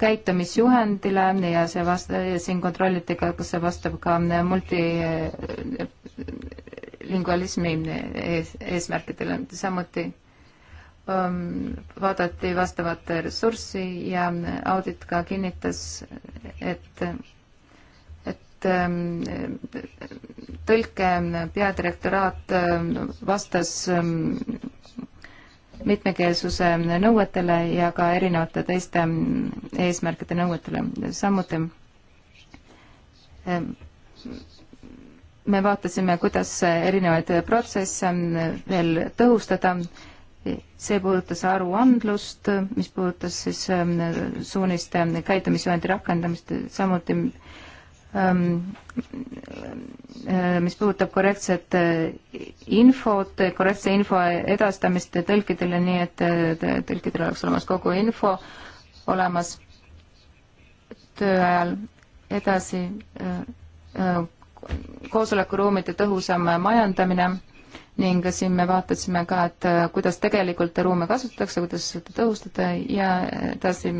käitumisjuhendile ja see vast-, siin kontrolliti ka, kas see vastab ka multilingualismi ees, eesmärkidele, samuti ähm, vaadati vastavat ressurssi ja audit ka kinnitas, et ähm, tõlke peadirektoraat ähm, vastas mitmekeelsuse nõuetele ja ka erinevate teiste eesmärkide nõuetele. samuti ehm, me vaatasime, kuidas erinevaid protsesse veel tõhustada, see puudutas aruandlust, mis puudutas siis ehm, suuniste käitumisjuhendi rakendamist, samuti Ähm, äh, mis puudutab korrektset äh, infot, korrektse info edastamist tõlkidele, nii et äh, tõlkidel oleks olemas kogu info olemas töö ajal edasi koosolekuruumide tõhusam majandamine ning siin me vaatasime ka, et kuidas tegelikult ruume kasutatakse, kuidas seda tõhustada ja edasi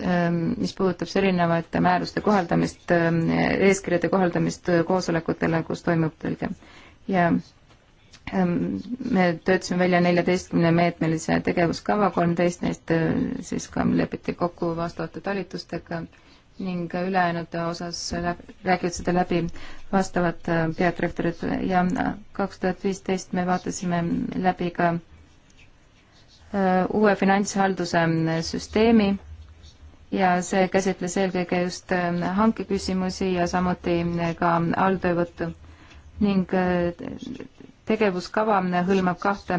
Ehm, mis puudutab erinevate määruste kohaldamist, ehm, eeskirjade kohaldamist koosolekutele, kus toimub tõlge. ja ehm, me töötasime välja neljateistkümne meetmelise tegevuskava, kolmteist neist siis ka lepiti kokku vastavate talitustega ning ülejäänud osas räägivad seda läbi vastavad peadirektorid ja kaks tuhat viisteist me vaatasime läbi ka uue finantshalduse süsteemi ja see käsitles eelkõige just ähm, hankeküsimusi ja samuti äh, ka alltöövõttu ning äh, tegevuskava äh, hõlmab kahte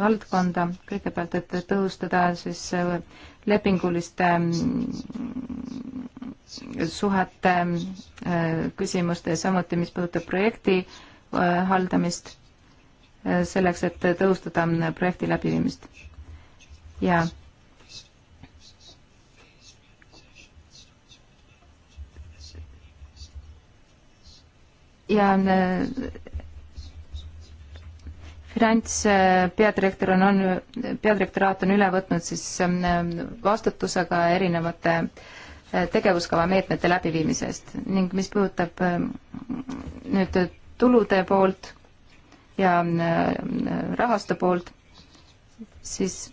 valdkonda, kõigepealt, et tõhustada siis lepinguliste mm, suhete küsimust ja samuti, mis puudutab projekti haldamist, selleks, et tõhustada mm, projekti läbiviimist. ja ja äh, finantspeadirektor äh, on, on, peadirektoraat on üle võtnud siis ähm, vastutuse ka erinevate äh, tegevuskava meetmete läbiviimise eest ning mis puudutab ähm, nüüd tulude poolt ja rahastu poolt, siis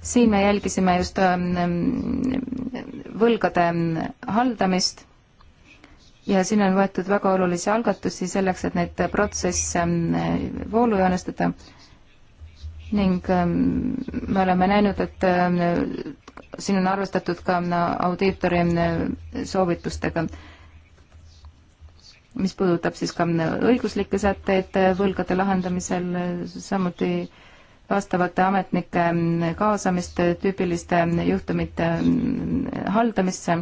siin me jälgisime just ähm, võlgade haldamist ja siin on võetud väga olulisi algatusi selleks, et neid protsesse ähm, voolu joonestada ning ähm, me oleme näinud, et ähm, siin on arvestatud ka audiitori soovitustega, mis puudutab siis ka õiguslikke sätteid äh, võlgade lahendamisel, äh, samuti vastavate ametnike kaasamist äh, tüüpiliste juhtumite haldamisse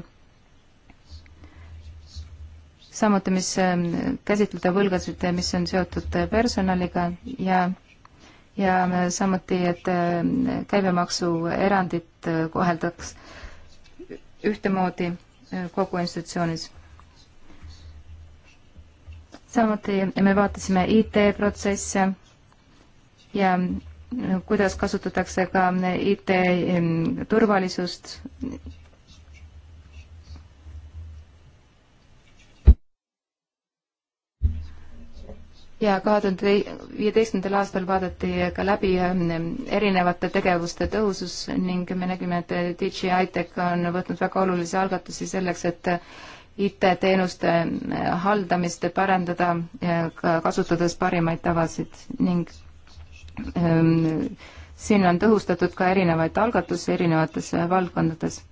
samuti, mis ähm, käsitleda võlgasid, mis on seotud äh, personaliga ja, ja äh, samuti, et äh, käibemaksuerandit koheldaks ühtemoodi kogu institutsioonis. samuti me vaatasime IT-protsesse ja kuidas kasutatakse ka IT ähm, turvalisust ja kahe tuhande viieteistkümnendal aastal vaadati ka läbi ähm, erinevate tegevuste tõhusus ning me nägime, et DJ ITEC on võtnud väga olulisi algatusi selleks, et IT-teenuste äh, haldamist parendada, kasutades parimaid tavasid ning ähm, siin on tõhustatud ka erinevaid algatusi erinevates äh, valdkondades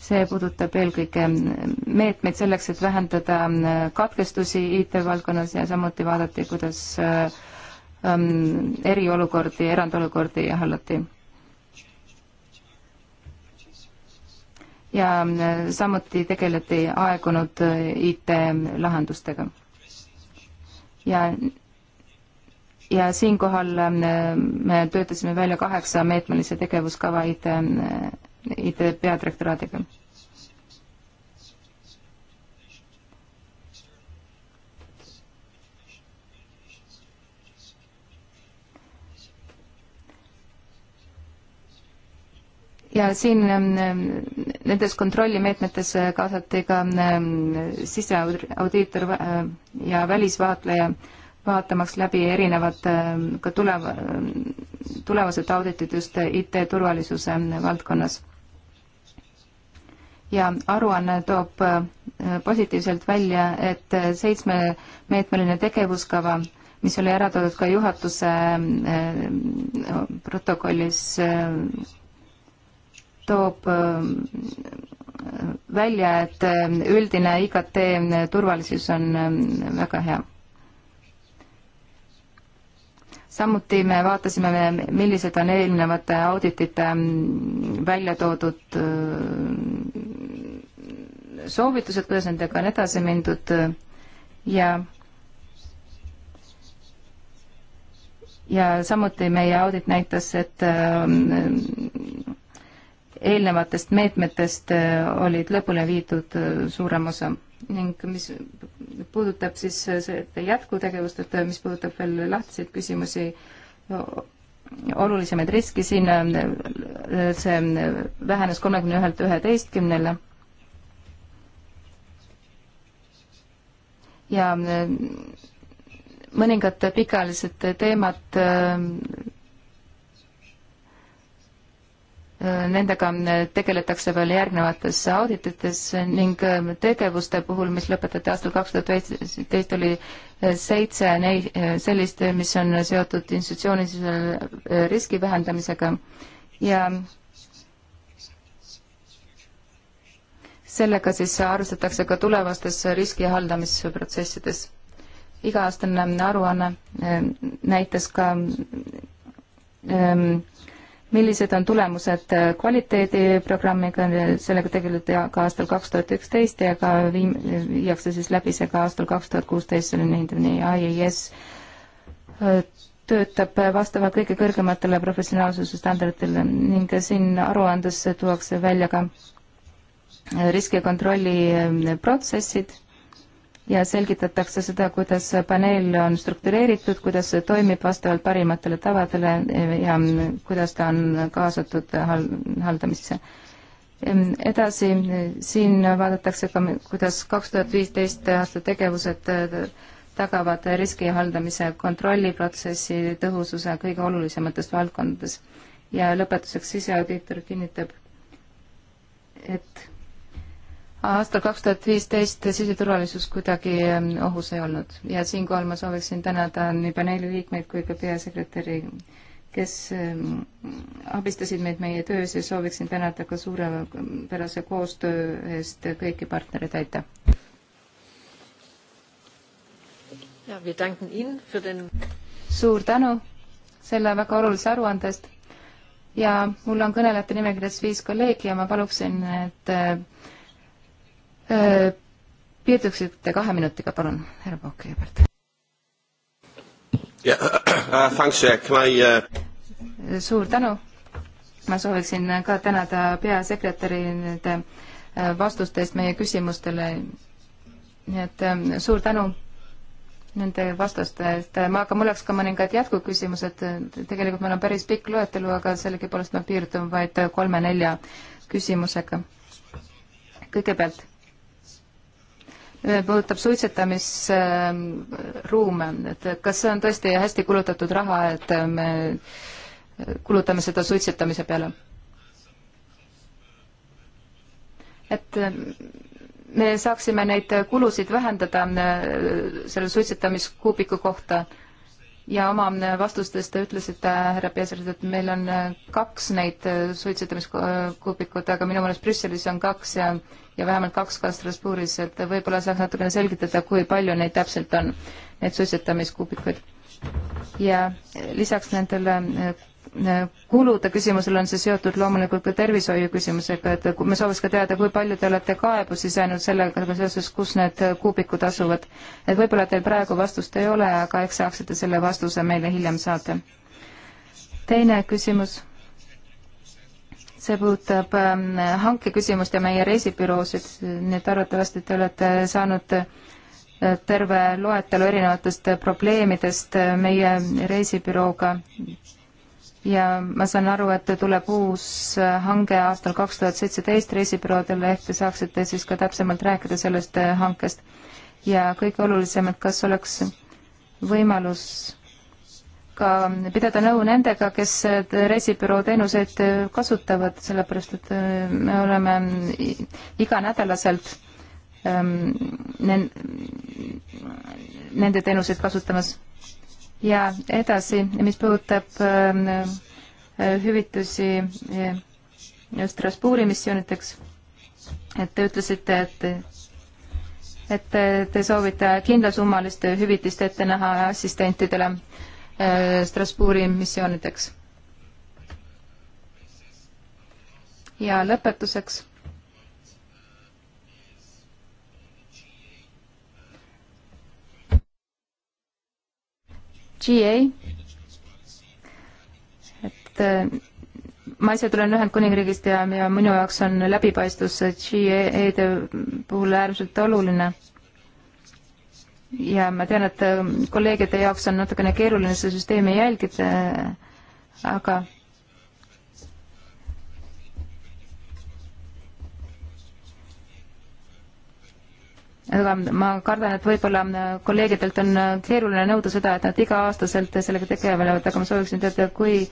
see puudutab eelkõige meetmeid selleks, et vähendada äh, katkestusi IT-valdkonnas ja samuti vaadati, kuidas äh, ähm, eriolukordi, erandolukordi hallati. ja äh, samuti tegeleti aegunud IT-lahendustega. ja, ja siinkohal me töötasime välja kaheksa meetmelise tegevuskava IT IT peadirektoraadiga. ja siin ähm, nendes kontrollimeetmetes äh, kaasati ka ähm, siseaudiitor äh, ja välisvaatleja, vaatamaks läbi erinevad ähm, ka tuleva, tulevased auditid just IT-turvalisuse valdkonnas ja aruanne toob äh, positiivselt välja, et äh, seitsmemeetmeline tegevuskava, mis oli ära toodud ka juhatuse äh, protokollis, toob välja, et üldine IKT turvalisus on väga hea samuti me vaatasime, millised on eelnevate auditite mm, välja toodud mm, soovitused, kuidas nendega on edasi mindud ja ja samuti meie audit näitas, et mm, eelnevatest meetmetest äh, olid lõpule viidud äh, suurem osa ning mis puudutab siis äh, seda jätkutegevust, et äh, mis puudutab veel lahtiseid küsimusi, olulisemaid riske, siin äh, see vähenes kolmekümne ühelt üheteistkümnele. ja mõningad pikaajalised teemad nendega tegeletakse veel järgnevates auditites ning ähm, tegevuste puhul, mis lõpetati aastal kaks tuhat üheksateist, oli äh, seitse neid, äh, sellist, mis on seotud institutsioonilise äh, riski vähendamisega ja sellega siis arvestatakse ka tulevastes riski haldamisprotsessides. iga-aastane aruanne näitas ka ähm, millised on tulemused kvaliteediprogrammiga, sellega tegeleti ka aastal kaks tuhat üksteist ja ka viim-, viiakse siis läbi see ka aastal kaks tuhat kuusteist, selline hindamine ja IIS töötab vastavalt kõige kõrgematele professionaalsuse standarditele ning siin aruandes tuuakse välja ka riskikontrolli protsessid ja selgitatakse seda, kuidas paneel on struktureeritud, kuidas see toimib vastavalt parimatele tavadele eh, ja mm, kuidas ta on kaasatud hal-, haldamisse. Ehm, edasi, siin vaadatakse ka, kuidas kaks tuhat viisteist aasta tegevused eh, tagavad riski haldamise kontrolliprotsessi tõhususe kõige olulisemates valdkondades. ja lõpetuseks siseaudiitor kinnitab, et aastal kaks tuhat viisteist siseturvalisus kuidagi ähm, ohus ei olnud ja siinkohal ma sooviksin tänada nii paneeli liikmeid kui ka peasekretäri, kes ähm, abistasid meid meie töös ja sooviksin tänada ka suurepärase koostöö eest kõiki partnereid, aitäh! suur tänu selle väga olulise aruande eest ja mul on kõnelejate nimekirjas viis kolleegi ja ma paluksin, et äh, Äh, piirduksite kahe minutiga, palun, härra Pauk kõigepealt. Äh, äh, suur tänu. ma sooviksin ka tänada peasekretäri nende vastuste eest meie küsimustele. nii et suur tänu nende vastuste eest, ma, aga mul oleks ka mõningad jätkuküsimused, tegelikult meil on päris pikk loetelu, aga sellegipoolest ma piirdun vaid kolme-nelja küsimusega. kõigepealt puudutab suitsetamisruume, et kas see on tõesti hästi kulutatud raha, et me kulutame seda suitsetamise peale? et me saaksime neid kulusid vähendada selle suitsetamiskuubiku kohta ja oma vastustes te ütlesite, härra Peeser, et meil on kaks neid suitsetamiskuubikut, aga minu meelest Brüsselis on kaks ja ja vähemalt kaks ka Strasbourgis, et võib-olla saaks natukene selgitada, kui palju neid täpselt on, neid suitsetamiskuubikuid. ja lisaks nendele äh, kulude küsimusele on see seotud loomulikult ka tervishoiu küsimusega, et kui me sooviks ka teada, kui palju te olete kaebusi saanud sellega seoses, kus need kuubikud asuvad. et võib-olla teil praegu vastust ei ole, aga eks saaksite selle vastuse meile hiljem saata. teine küsimus see puudutab ähm, hankeküsimust ja meie reisibüroosid, nii et arvatavasti te olete saanud äh, terve loetelu erinevatest probleemidest äh, meie reisibürooga. ja ma saan aru, et tuleb uus äh, hange aastal kaks tuhat seitseteist reisibüroodele, ehk te saaksite siis ka täpsemalt rääkida sellest hankest. ja kõige olulisem, et kas oleks võimalus ka pidada nõu nendega, kes reisibüroo teenuseid kasutavad, sellepärast et äh, me oleme iganädalaselt ähm, nende teenuseid kasutamas. ja edasi, mis puudutab ähm, äh, hüvitusi äh, Strasbourgi missioonideks, et te ütlesite, et et te soovite kindlasummalist hüvitist ette näha assistentidele Äh, Strasbourgi missioonideks. ja lõpetuseks. GA, et äh, ma ise tulen Ühendkuningriigist ja, ja minu jaoks on läbipaistvus GA-de puhul äärmiselt oluline ja ma tean, et ähm, kolleegide jaoks on natukene keeruline seda süsteemi jälgida, aga aga ma kardan, et võib-olla äh, kolleegidelt on äh, keeruline nõuda seda, et nad iga-aastaselt sellega tegelevad, aga ma sooviksin teada, kui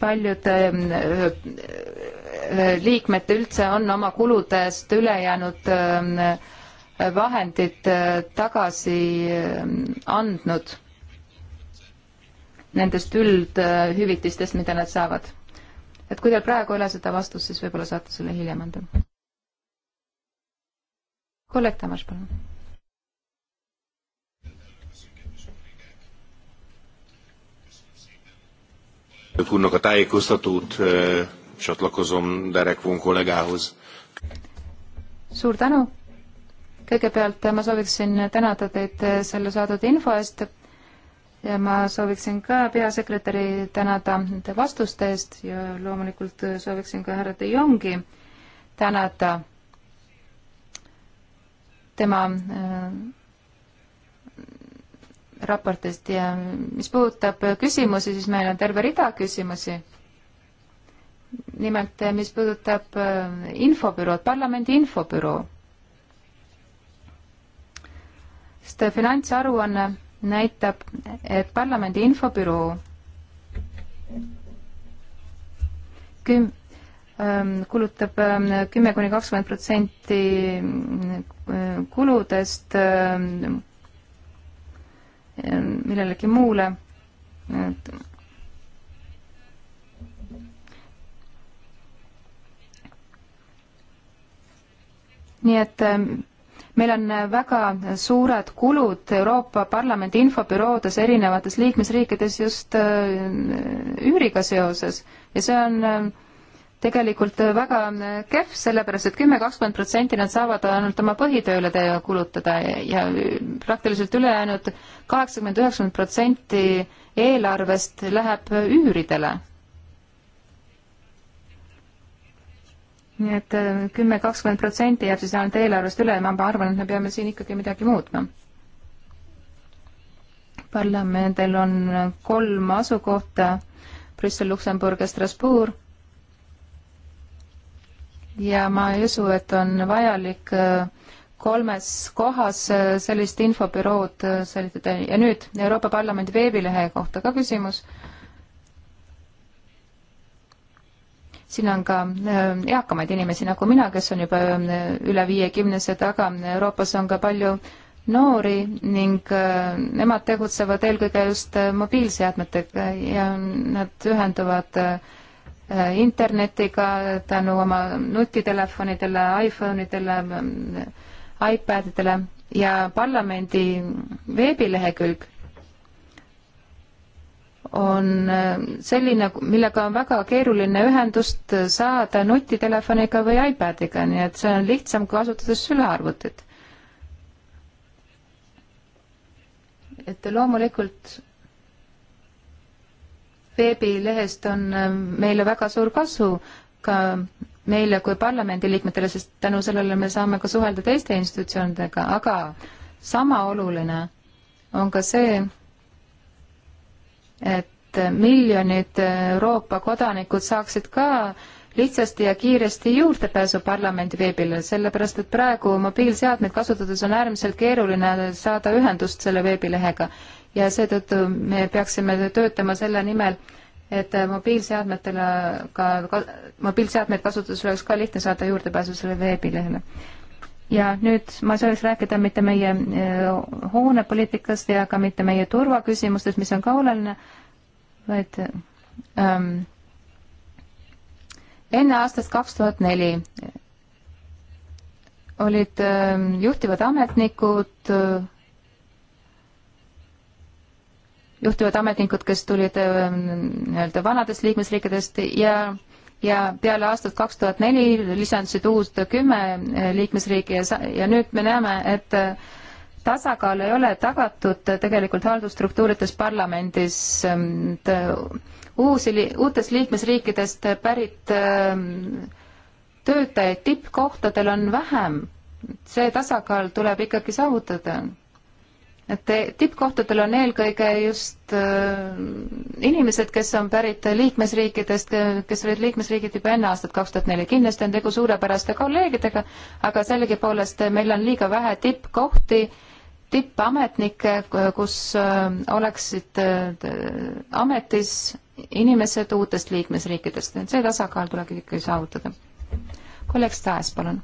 paljud ähm, äh, liikmed üldse on oma kuludest üle jäänud äh, vahendid äh, tagasi äh, andnud nendest üldhüvitistest, mida nad saavad. et kui teil praegu ei ole seda vastust, siis võib-olla saate selle hiljem anda. kolleeg Tamas, palun. Tudnak a tájékoztatót, csatlakozom Derek von kollégához. Suur tänu kõigepealt ma sooviksin tänada teid selle saadud info eest ja ma sooviksin ka peasekretäri tänada nende vastuste eest ja loomulikult sooviksin ka härra De Jongi tänada tema äh, raportist ja mis puudutab küsimusi, siis meil on terve rida küsimusi nimelt, mis puudutab äh, infobürood, parlamendi infobüroo sest finantsaruanne näitab, et parlamendi infobüroo küm-, ähm, kulutab ähm, kümme kuni kakskümmend protsenti äh, kuludest ähm, millelegi muule. nii et meil on väga suured kulud Euroopa Parlamendi infobüroodes erinevates liikmesriikides just äh, üüriga seoses ja see on äh, tegelikult äh, väga kehv, sellepärast et kümme, kakskümmend protsenti nad saavad ainult oma põhitööle kulutada ja praktiliselt ülejäänud kaheksakümmend, üheksakümmend protsenti eelarvest läheb üüridele nii et äh, kümme, kakskümmend protsenti jääb siis ainult eelarvest üle ja ma arvan, et me peame siin ikkagi midagi muutma. parlamendil on kolm asukohta, Brüssel, Luksemburg ja Strasbourg. ja ma ei usu, et on vajalik äh, kolmes kohas äh, sellist infobürood säilitada ja nüüd Euroopa Parlamendi veebilehe kohta ka küsimus siin on ka äh, eakamaid inimesi nagu mina, kes on juba äh, üle viiekümnesed, aga Euroopas on ka palju noori ning äh, nemad tegutsevad eelkõige just mobiilseadmetega ja nad ühenduvad internetiga tänu oma nutitelefonidele, iPhone'idele, iPadidele ja parlamendi veebilehekülg on äh, selline, millega on väga keeruline ühendust saada nutitelefoniga või iPadiga, nii et see on lihtsam kasutades sülearvutit. et loomulikult veebilehest on äh, meile väga suur kasu ka meile kui parlamendiliikmetele, sest tänu sellele me saame ka suhelda teiste institutsioonidega, aga sama oluline on ka see, et miljonid Euroopa kodanikud saaksid ka lihtsasti ja kiiresti juurdepääsu parlamendi veebile, sellepärast et praegu mobiilseadmeid kasutades on äärmiselt keeruline saada ühendust selle veebilehega ja seetõttu me peaksime töötama selle nimel, et mobiilseadmetele ka, ka, mobiilseadmeid kasutades oleks ka lihtne saada juurdepääsu sellele veebilehele ja nüüd ma ei sooviks rääkida mitte meie äh, hoonepoliitikast ja ka mitte meie turvaküsimustest, mis on ka oluline, vaid ähm, enne aastast kaks tuhat neli olid ähm, juhtivad ametnikud äh,, juhtivad ametnikud, kes tulid äh, nii-öelda vanadest liikmesriikidest ja äh, ja peale aastat kaks tuhat neli lisandusid uus kümme liikmesriiki ja, ja nüüd me näeme, et tasakaal ei ole tagatud tegelikult haldusstruktuurides parlamendis uusi, uutest liikmesriikidest pärit ähm, töötajaid tippkohtadel on vähem. see tasakaal tuleb ikkagi saavutada et tippkohtadel on eelkõige just äh, inimesed, kes on pärit liikmesriikidest, kes olid liikmesriigid juba enne aastat kaks tuhat neli. kindlasti on tegu suurepäraste kolleegidega, aga sellegipoolest äh, meil on liiga vähe tippkohti, tippametnikke, kus äh, oleksid ametis inimesed uutest liikmesriikidest, et see tasakaal tuleks ikkagi saavutada. kolleeg Staes, palun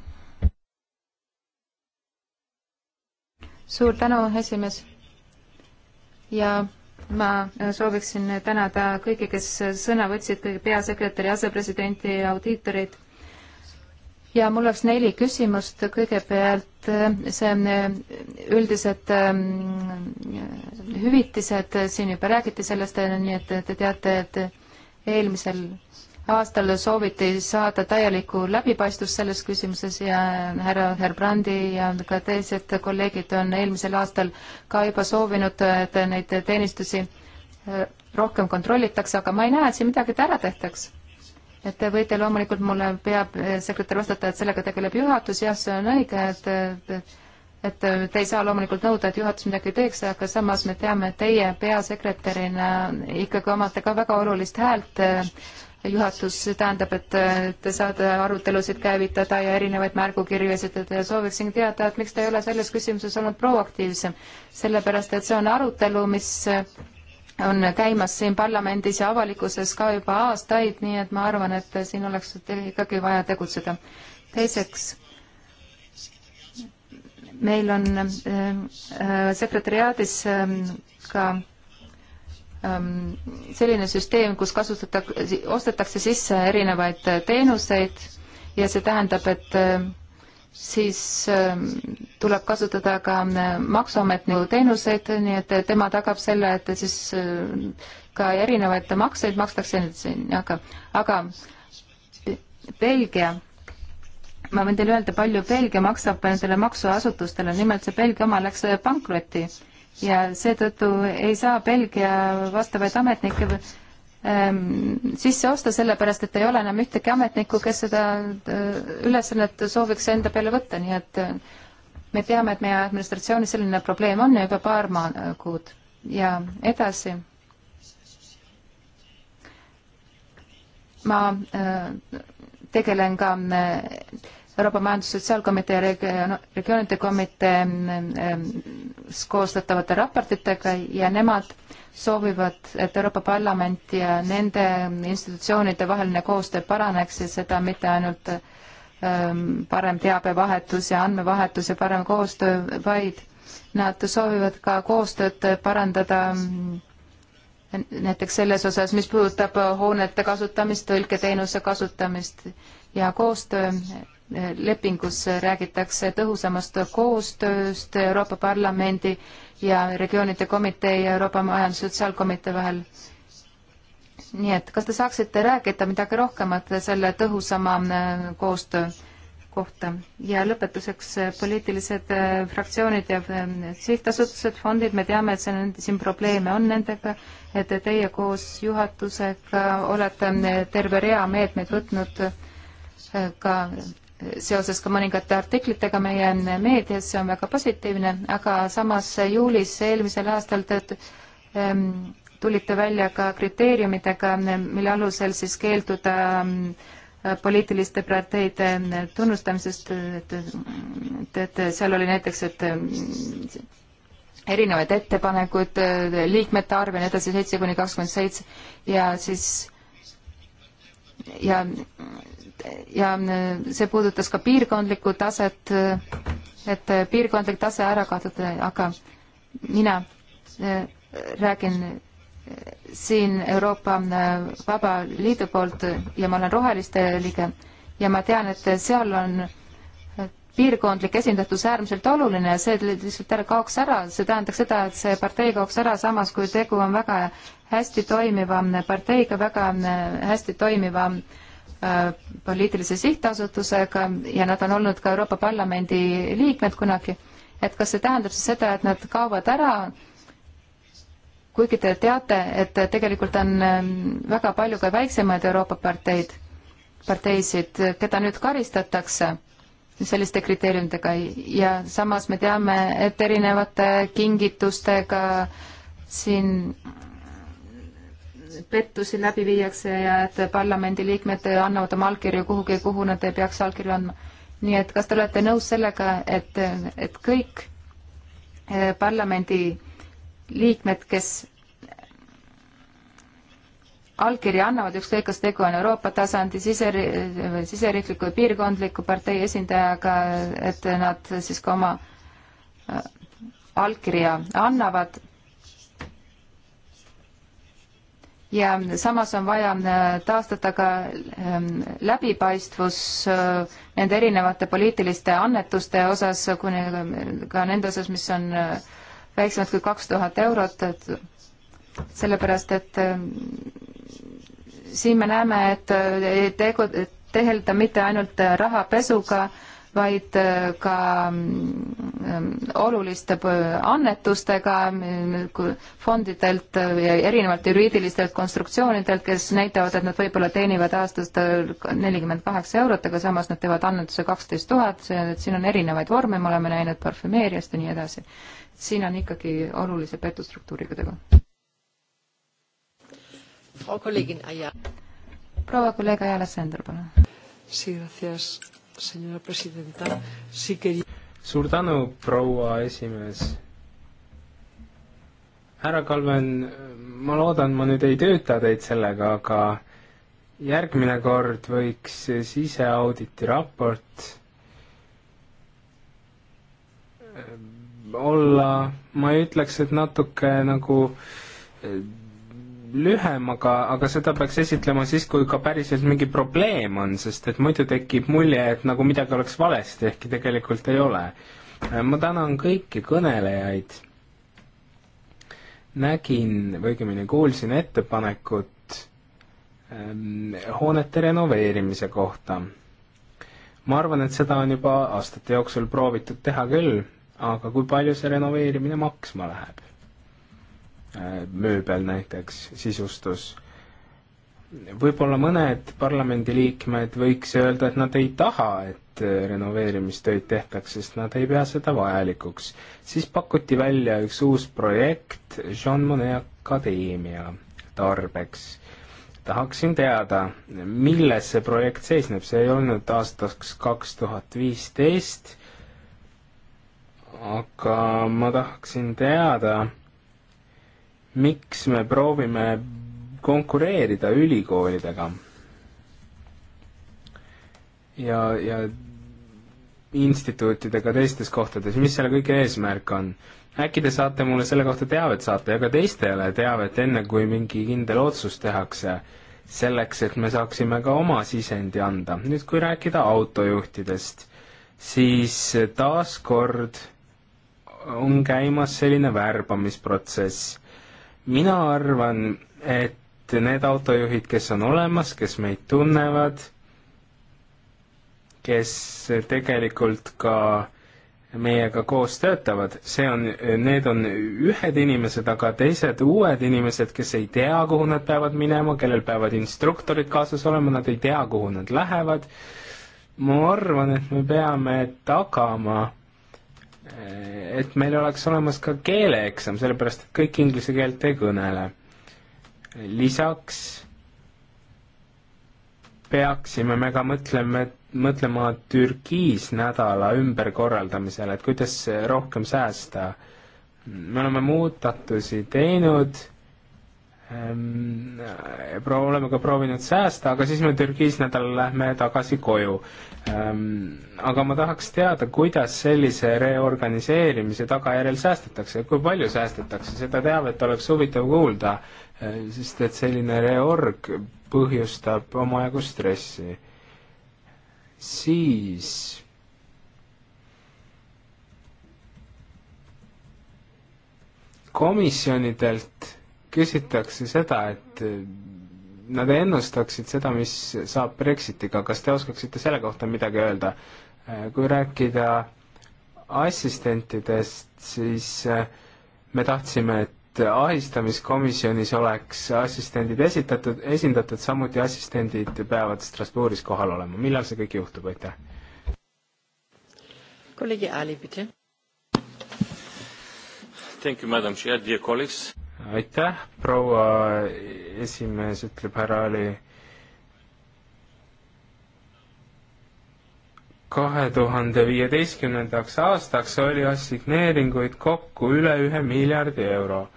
suur tänu, esimees. ja ma äh, sooviksin tänada kõiki, kes sõna võtsid, kõige peasekretäri, asepresidenti ja audiitoreid. ja mul oleks neli küsimust, kõigepealt äh, see äh, üldised ähm, hüvitised, siin juba räägiti sellest, nii et te teate, et eelmisel aastal sooviti saada täielikku läbipaistvust selles küsimuses ja härra Herbrandi ja ka teised kolleegid on eelmisel aastal ka juba soovinud, et neid teenistusi äh, rohkem kontrollitakse, aga ma ei näe, et siin midagi ära tehtaks. et te võite loomulikult mulle peab sekretär vastata, et sellega tegeleb juhatus, jah, see on õige, et, et et te ei saa loomulikult nõuda, et juhatus midagi teeks, aga samas me teame, et teie peasekretärina ikkagi omate ka väga olulist häält juhatus tähendab, et te saate arutelusid käivitada ja erinevaid märgukirju esitada ja sooviksin teada, et miks te ei ole selles küsimuses olnud proaktiivsem, sellepärast et see on arutelu, mis on käimas siin parlamendis ja avalikkuses ka juba aastaid, nii et ma arvan, et siin oleks ikkagi vaja tegutseda. teiseks, meil on äh, äh sekretäriaadis äh, ka äh, Ähm, selline süsteem, kus kasutatakse, ostetakse sisse erinevaid äh, teenuseid ja see tähendab, et äh, siis ähm, tuleb kasutada ka äh, Maksuameti nagu teenuseid, nii et tema tagab selle, et siis ka erinevaid makseid makstakse, aga, aga Belgia, ma võin teile öelda, palju Belgia maksab nendele maksuasutustele, nimelt see Belgia oma läks pankrotti ja seetõttu ei saa Belgia vastavaid ametnikke ähm, sisse osta, sellepärast et ei ole enam ühtegi ametnikku, kes seda äh, ülesannet sooviks enda peale võtta, nii et äh, me teame, et meie administratsioonis selline probleem on juba paar maa-, äh, kuud ja edasi. ma tegelen ka Euroopa Majandus- Sotsiaalkomitee ja regioonide komitee mm, mm, mm, koostatavate raportitega ja nemad soovivad, et Euroopa Parlament ja nende institutsioonide vaheline koostöö paraneks ja seda mitte ainult ähm, parem teabevahetus ja andmevahetus ja parem koostöö, vaid nad soovivad ka koostööd parandada näiteks selles osas, mis puudutab hoonete kasutamist, tõlketeenuse kasutamist ja koostöö lepingus räägitakse tõhusamast koostööst Euroopa Parlamendi ja regioonide komitee ja Euroopa Majandus- ja Sotsiaalkomitee vahel. nii et kas te saaksite rääkida midagi rohkemat selle tõhusama äh, koostöö kohta ja lõpetuseks äh, poliitilised äh, fraktsioonid ja sihtasutused, fondid, me teame, et see on, siin probleeme on nendega, et teie koos juhatusega olete terve rea meetmeid võtnud ka seoses ka mõningate artiklitega meie meedias, see on väga positiivne, aga samas juulis eelmisel aastal te ehm, tulite välja ka kriteeriumidega, mille alusel siis keelduda ehm, poliitiliste parteide tunnustamisest, et, et, et seal oli näiteks, et ehm, erinevaid ettepanekuid, liikmete arv ja nii edasi, seitse kuni kakskümmend seitse ja siis ja ja äh, see puudutas ka piirkondlikku taset, äh, et äh, piirkondlik tase ära kaotada, aga mina räägin siin Euroopa Vaba Liidu poolt ja ma olen Roheliste liige ja ma tean, et seal on piirkondlik esindatus äärmiselt oluline ja see lihtsalt ära kaoks ära, see tähendaks seda, et see partei kaoks ära, samas kui tegu on väga hästi toimiva parteiga, väga hästi toimiva äh, Äh, poliitilise sihtasutusega ja nad on olnud ka Euroopa Parlamendi liikmed kunagi, et kas see tähendab siis seda, et nad kaovad ära, kuigi te teate, et tegelikult on ähm, väga palju ka väiksemaid Euroopa parteid, parteisid, keda nüüd karistatakse selliste kriteeriumidega ja samas me teame, et erinevate kingitustega siin pettusi läbi viiakse ja et parlamendiliikmed annavad oma allkirju kuhugi, kuhu nad ei peaks allkirju andma. nii et kas te olete nõus sellega, et, et kõik eh, parlamendiliikmed, kes allkirja annavad, ükskõik kas tegu on Euroopa tasandi siseri, siseriikliku või piirkondliku partei esindajaga, et nad siis ka oma eh, allkirja annavad ja samas on vaja äh, taastada ka ähm, läbipaistvus äh, nende erinevate poliitiliste annetuste osas, kuni ka nende osas, mis on äh, väiksemad kui kaks tuhat eurot, et sellepärast, et siin me näeme, et tegu, tegeleda mitte ainult rahapesuga, vaid äh, ka mm, oluliste äh, annetustega mm, fondidelt äh, ja erinevalt juriidilistelt konstruktsioonidelt, kes näitavad, et nad võib-olla teenivad aastas nelikümmend kaheksa eurot, aga samas nad teevad annetuse kaksteist tuhat, et siin on erinevaid vorme, me oleme näinud parfümeeriast ja nii edasi. siin on ikkagi olulise petustruktuuriga tegu. proua kolleeg Ajala Sender, palun suur tänu, proua esimees. härra Kalven, ma loodan, ma nüüd ei tööta teid sellega, aga järgmine kord võiks siseauditi raport eh, olla, ma ei ütleks, et natuke nagu eh, lühem, aga, aga seda peaks esitlema siis, kui ka päriselt mingi probleem on, sest et muidu tekib mulje, et nagu midagi oleks valesti, ehkki tegelikult ei ole. ma tänan kõiki kõnelejaid. nägin või õigemini kuulsin ettepanekut ähm, hoonete renoveerimise kohta. ma arvan, et seda on juba aastate jooksul proovitud teha küll, aga kui palju see renoveerimine maksma läheb? Äh, mööbel näiteks, sisustus. võib-olla mõned parlamendiliikmed võiks öelda, et nad ei taha, et äh, renoveerimistöid tehtaks, sest nad ei pea seda vajalikuks. siis pakuti välja üks uus projekt Jean Monnet Akadeemia tarbeks tahaksin teada, milles see projekt seisneb, see ei olnud aastaks kaks tuhat viisteist, aga ma tahaksin teada, miks me proovime konkureerida ülikoolidega ja, ja instituutidega teistes kohtades, mis selle kõige eesmärk on? äkki te saate mulle selle kohta teavet saata ja ka teistele teavet, enne kui mingi kindel otsus tehakse, selleks et me saaksime ka oma sisendi anda. nüüd, kui rääkida autojuhtidest, siis taaskord on käimas selline värbamisprotsess mina arvan, et need autojuhid, kes on olemas, kes meid tunnevad, kes tegelikult ka meiega koos töötavad, see on, need on ühed inimesed, aga teised uued inimesed, kes ei tea, kuhu nad peavad minema, kellel peavad instruktorid kaasas olema, nad ei tea, kuhu nad lähevad. ma arvan, et me peame tagama et meil oleks olemas ka keeleeksam, sellepärast et kõik inglise keelt ei kõnele. lisaks peaksime me ka mõtlema, mõtlema Türgis nädala ümberkorraldamisele, et kuidas rohkem säästa. me oleme muudatusi teinud Ehm, äh, pro-, oleme ka proovinud säästa, aga siis me Türgis nädalal lähme tagasi koju. Ehm, aga ma tahaks teada, kuidas sellise reorganiseerimise tagajärjel säästetakse, kui palju säästetakse, seda teavet oleks huvitav kuulda, äh, sest et selline reorg põhjustab omajagu stressi. siis komisjonidelt küsitakse seda, et eh, nad ennustaksid seda, mis saab Brexitiga, kas te oskaksite selle kohta midagi öelda? Eh, kui rääkida assistentidest, siis eh, me tahtsime, et ahistamiskomisjonis oleks assistendid esitatud, esindatud, samuti assistendid peavad Strasbourgis kohal olema. millal see kõik juhtub, aitäh? kolleeg Ali, palun. Thank you, madam chair, dear colleagues aitäh, proua esimees, ütleb härra Ali. kahe tuhande viieteistkümnendaks aastaks oli assigneeringuid kokku üle ühe miljardi euro.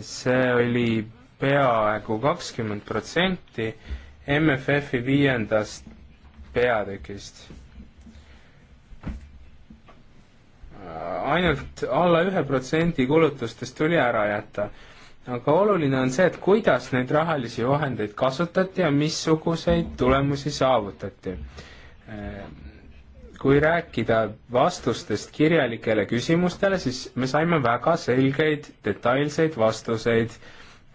see oli peaaegu kakskümmend protsenti MFF-i viiendast peatükist ainult alla ühe protsendi kulutustest tuli ära jätta. aga oluline on see, et kuidas neid rahalisi vahendeid kasutati ja missuguseid tulemusi saavutati. kui rääkida vastustest kirjalikele küsimustele, siis me saime väga selgeid detailseid vastuseid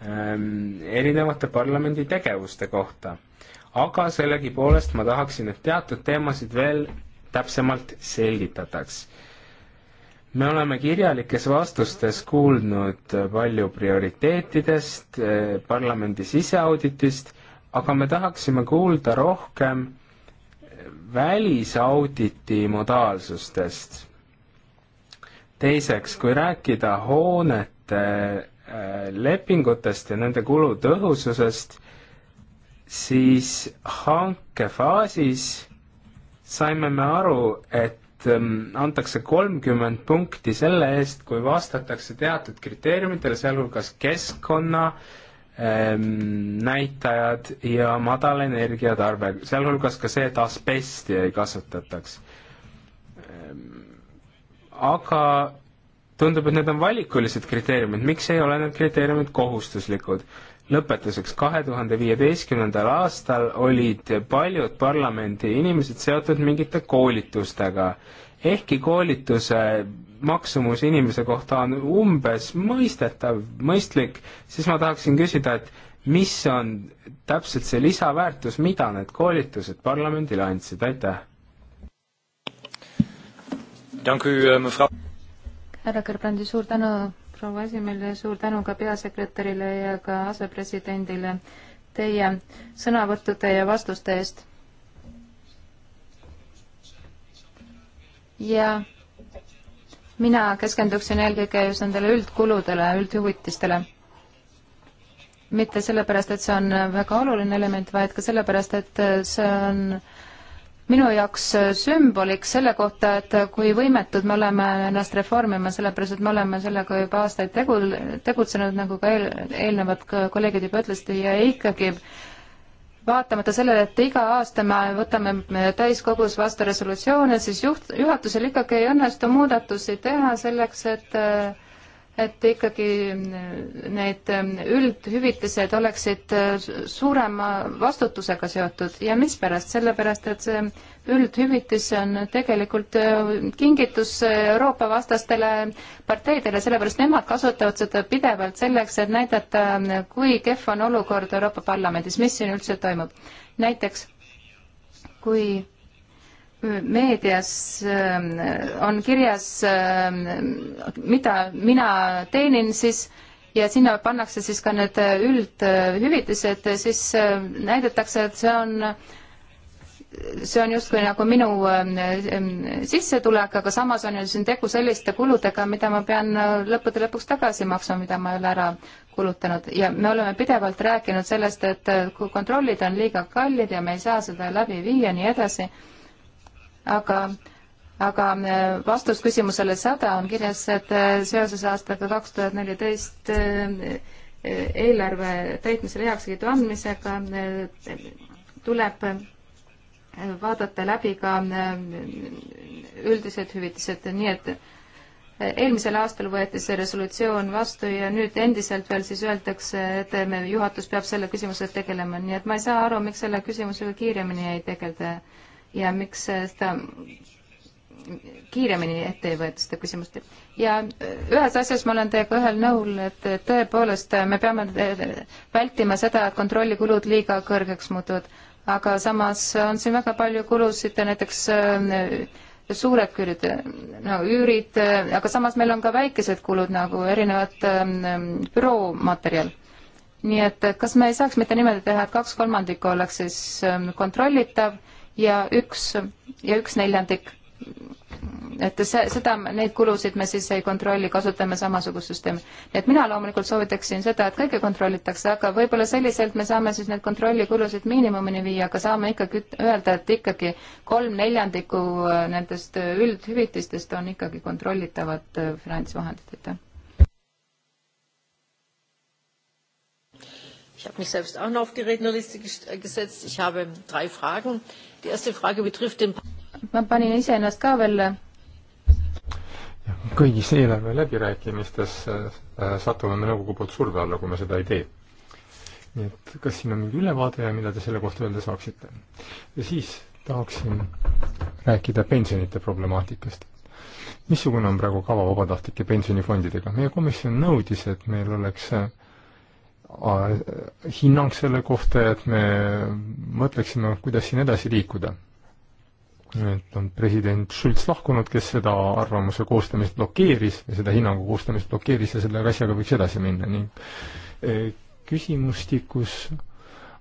ehm, erinevate parlamendi tegevuste kohta. aga sellegipoolest ma tahaksin, et teatud teemasid veel täpsemalt selgitataks me oleme kirjalikes vastustes kuulnud palju prioriteetidest, eh, parlamendi siseauditist, aga me tahaksime kuulda rohkem välisauditi modaalsustest. teiseks, kui rääkida hoonete eh, lepingutest ja nende kulu tõhususest, siis hankefaasis saime me aru, et Ähm, antakse kolmkümmend punkti selle eest, kui vastatakse teatud kriteeriumitele, sealhulgas keskkonna ähm, näitajad ja madal energiatarve, sealhulgas ka see, et asbesti ei kasutataks ähm,. aga tundub, et need on valikulised kriteeriumid, miks ei ole need kriteeriumid kohustuslikud? lõpetuseks, kahe tuhande viieteistkümnendal aastal olid paljud parlamendi inimesed seotud mingite koolitustega. ehkki koolituse maksumus inimese kohta on umbes mõistetav, mõistlik, siis ma tahaksin küsida, et mis on täpselt see lisaväärtus, mida need koolitused parlamendile andsid, aitäh! härra eh, Kõrbrandi, suur tänu proua esimehele, suur tänu ka peasekretärile ja ka asepresidendile teie sõnavõttude ja vastuste eest. ja mina keskenduksin eelkõige just nendele üldkuludele, üldhüvitistele. mitte sellepärast, et see on väga oluline element, vaid ka sellepärast, et see on äh, minu jaoks äh, sümboliks selle kohta, et äh, kui võimetud me oleme ennast reformima, sellepärast et me oleme sellega juba aastaid tegu, tegutsenud, nagu ka eel, eelnevad kolleegid juba ütlesid, ja ikkagi vaatamata sellele, et iga aasta me võtame täiskogus vastu resolutsioone, siis juht, juhatusel ikkagi ei õnnestu muudatusi teha selleks, et äh, et ikkagi need üldhüvitised oleksid suurema vastutusega seotud ja mispärast, sellepärast et see üldhüvitis on tegelikult kingitus Euroopa vastastele parteidele, sellepärast nemad kasutavad seda pidevalt selleks, et näidata, kui kehv on olukord Euroopa Parlamendis, mis siin üldse toimub. näiteks kui meedias ähm, on kirjas, ähm, mida mina teenin siis ja sinna pannakse siis ka need üldhüvitised, siis ähm, näidatakse, et see on, see on justkui nagu minu sissetulek, aga samas on ju siin tegu selliste kuludega, mida ma pean äh, lõppude lõpuks tagasi maksma, mida ma ei ole ära kulutanud ja me oleme pidevalt rääkinud sellest, et kui äh, kontrollid on liiga kallid ja me ei saa seda läbi viia, nii edasi aga aga äh, vastus küsimusele sada on kirjas, et äh, seoses aastaga kaks tuhat neliteist äh, eelarve täitmisele heakskiidu andmisega tuleb vaadata läbi ka üldised hüvitised, nii et eelmisel aastal võeti see resolutsioon vastu ja nüüd endiselt veel siis öeldakse, et me, juhatus peab selle küsimusega tegelema, nii et ma ei saa aru, miks selle küsimusega kiiremini ei tegelda ja miks seda kiiremini ette ei võeta seda küsimust. ja äh, ühes asjas ma olen teiega ühel nõul, et tõepoolest äh, me peame äh, vältima seda, et kontrollikulud liiga kõrgeks muutuvad, aga samas on siin väga palju kulusid näiteks suured küljed, no üürid, aga samas meil on ka väikesed kulud nagu erinevad büroomaterjal nii et kas me ei saaks mitte niimoodi teha, et kaks kolmandikku oleks siis kontrollitav ja üks ja üks neljandik. et see, seda, neid kulusid me siis ei kontrolli, kasutame samasugust süsteemi. et mina loomulikult soovitaksin seda, et kõike kontrollitakse, aga võib-olla selliselt me saame siis need kontrollikulusid miinimumini viia, aga saame ikkagi öelda, et ikkagi kolm neljandikku äh, nendest äh, üldhüvitistest on ikkagi kontrollitavad äh, finantsvahendid, aitäh. Ich habe mich selbst auch noch auf die Rednerliste gesetzt. Ich habe drei Fragen. Äh, ma panin iseennast ka veel kõigis eelarve läbirääkimistes äh, äh, satume me nõukogu poolt surve alla, kui me seda ei tee. nii et kas siin on mingi ülevaade ja mida te selle kohta öelda saaksite? ja siis tahaksin rääkida pensionite problemaatikast. missugune on praegu kava vabatahtlike pensionifondidega? meie komisjon nõudis, et meil oleks äh, hinnang selle kohta, et me mõtleksime, kuidas siin edasi liikuda. et on president Schulz lahkunud, kes seda arvamuse koostamist blokeeris ja seda hinnangu koostamist blokeeris ja selle asjaga võiks edasi minna ning e, küsimustikus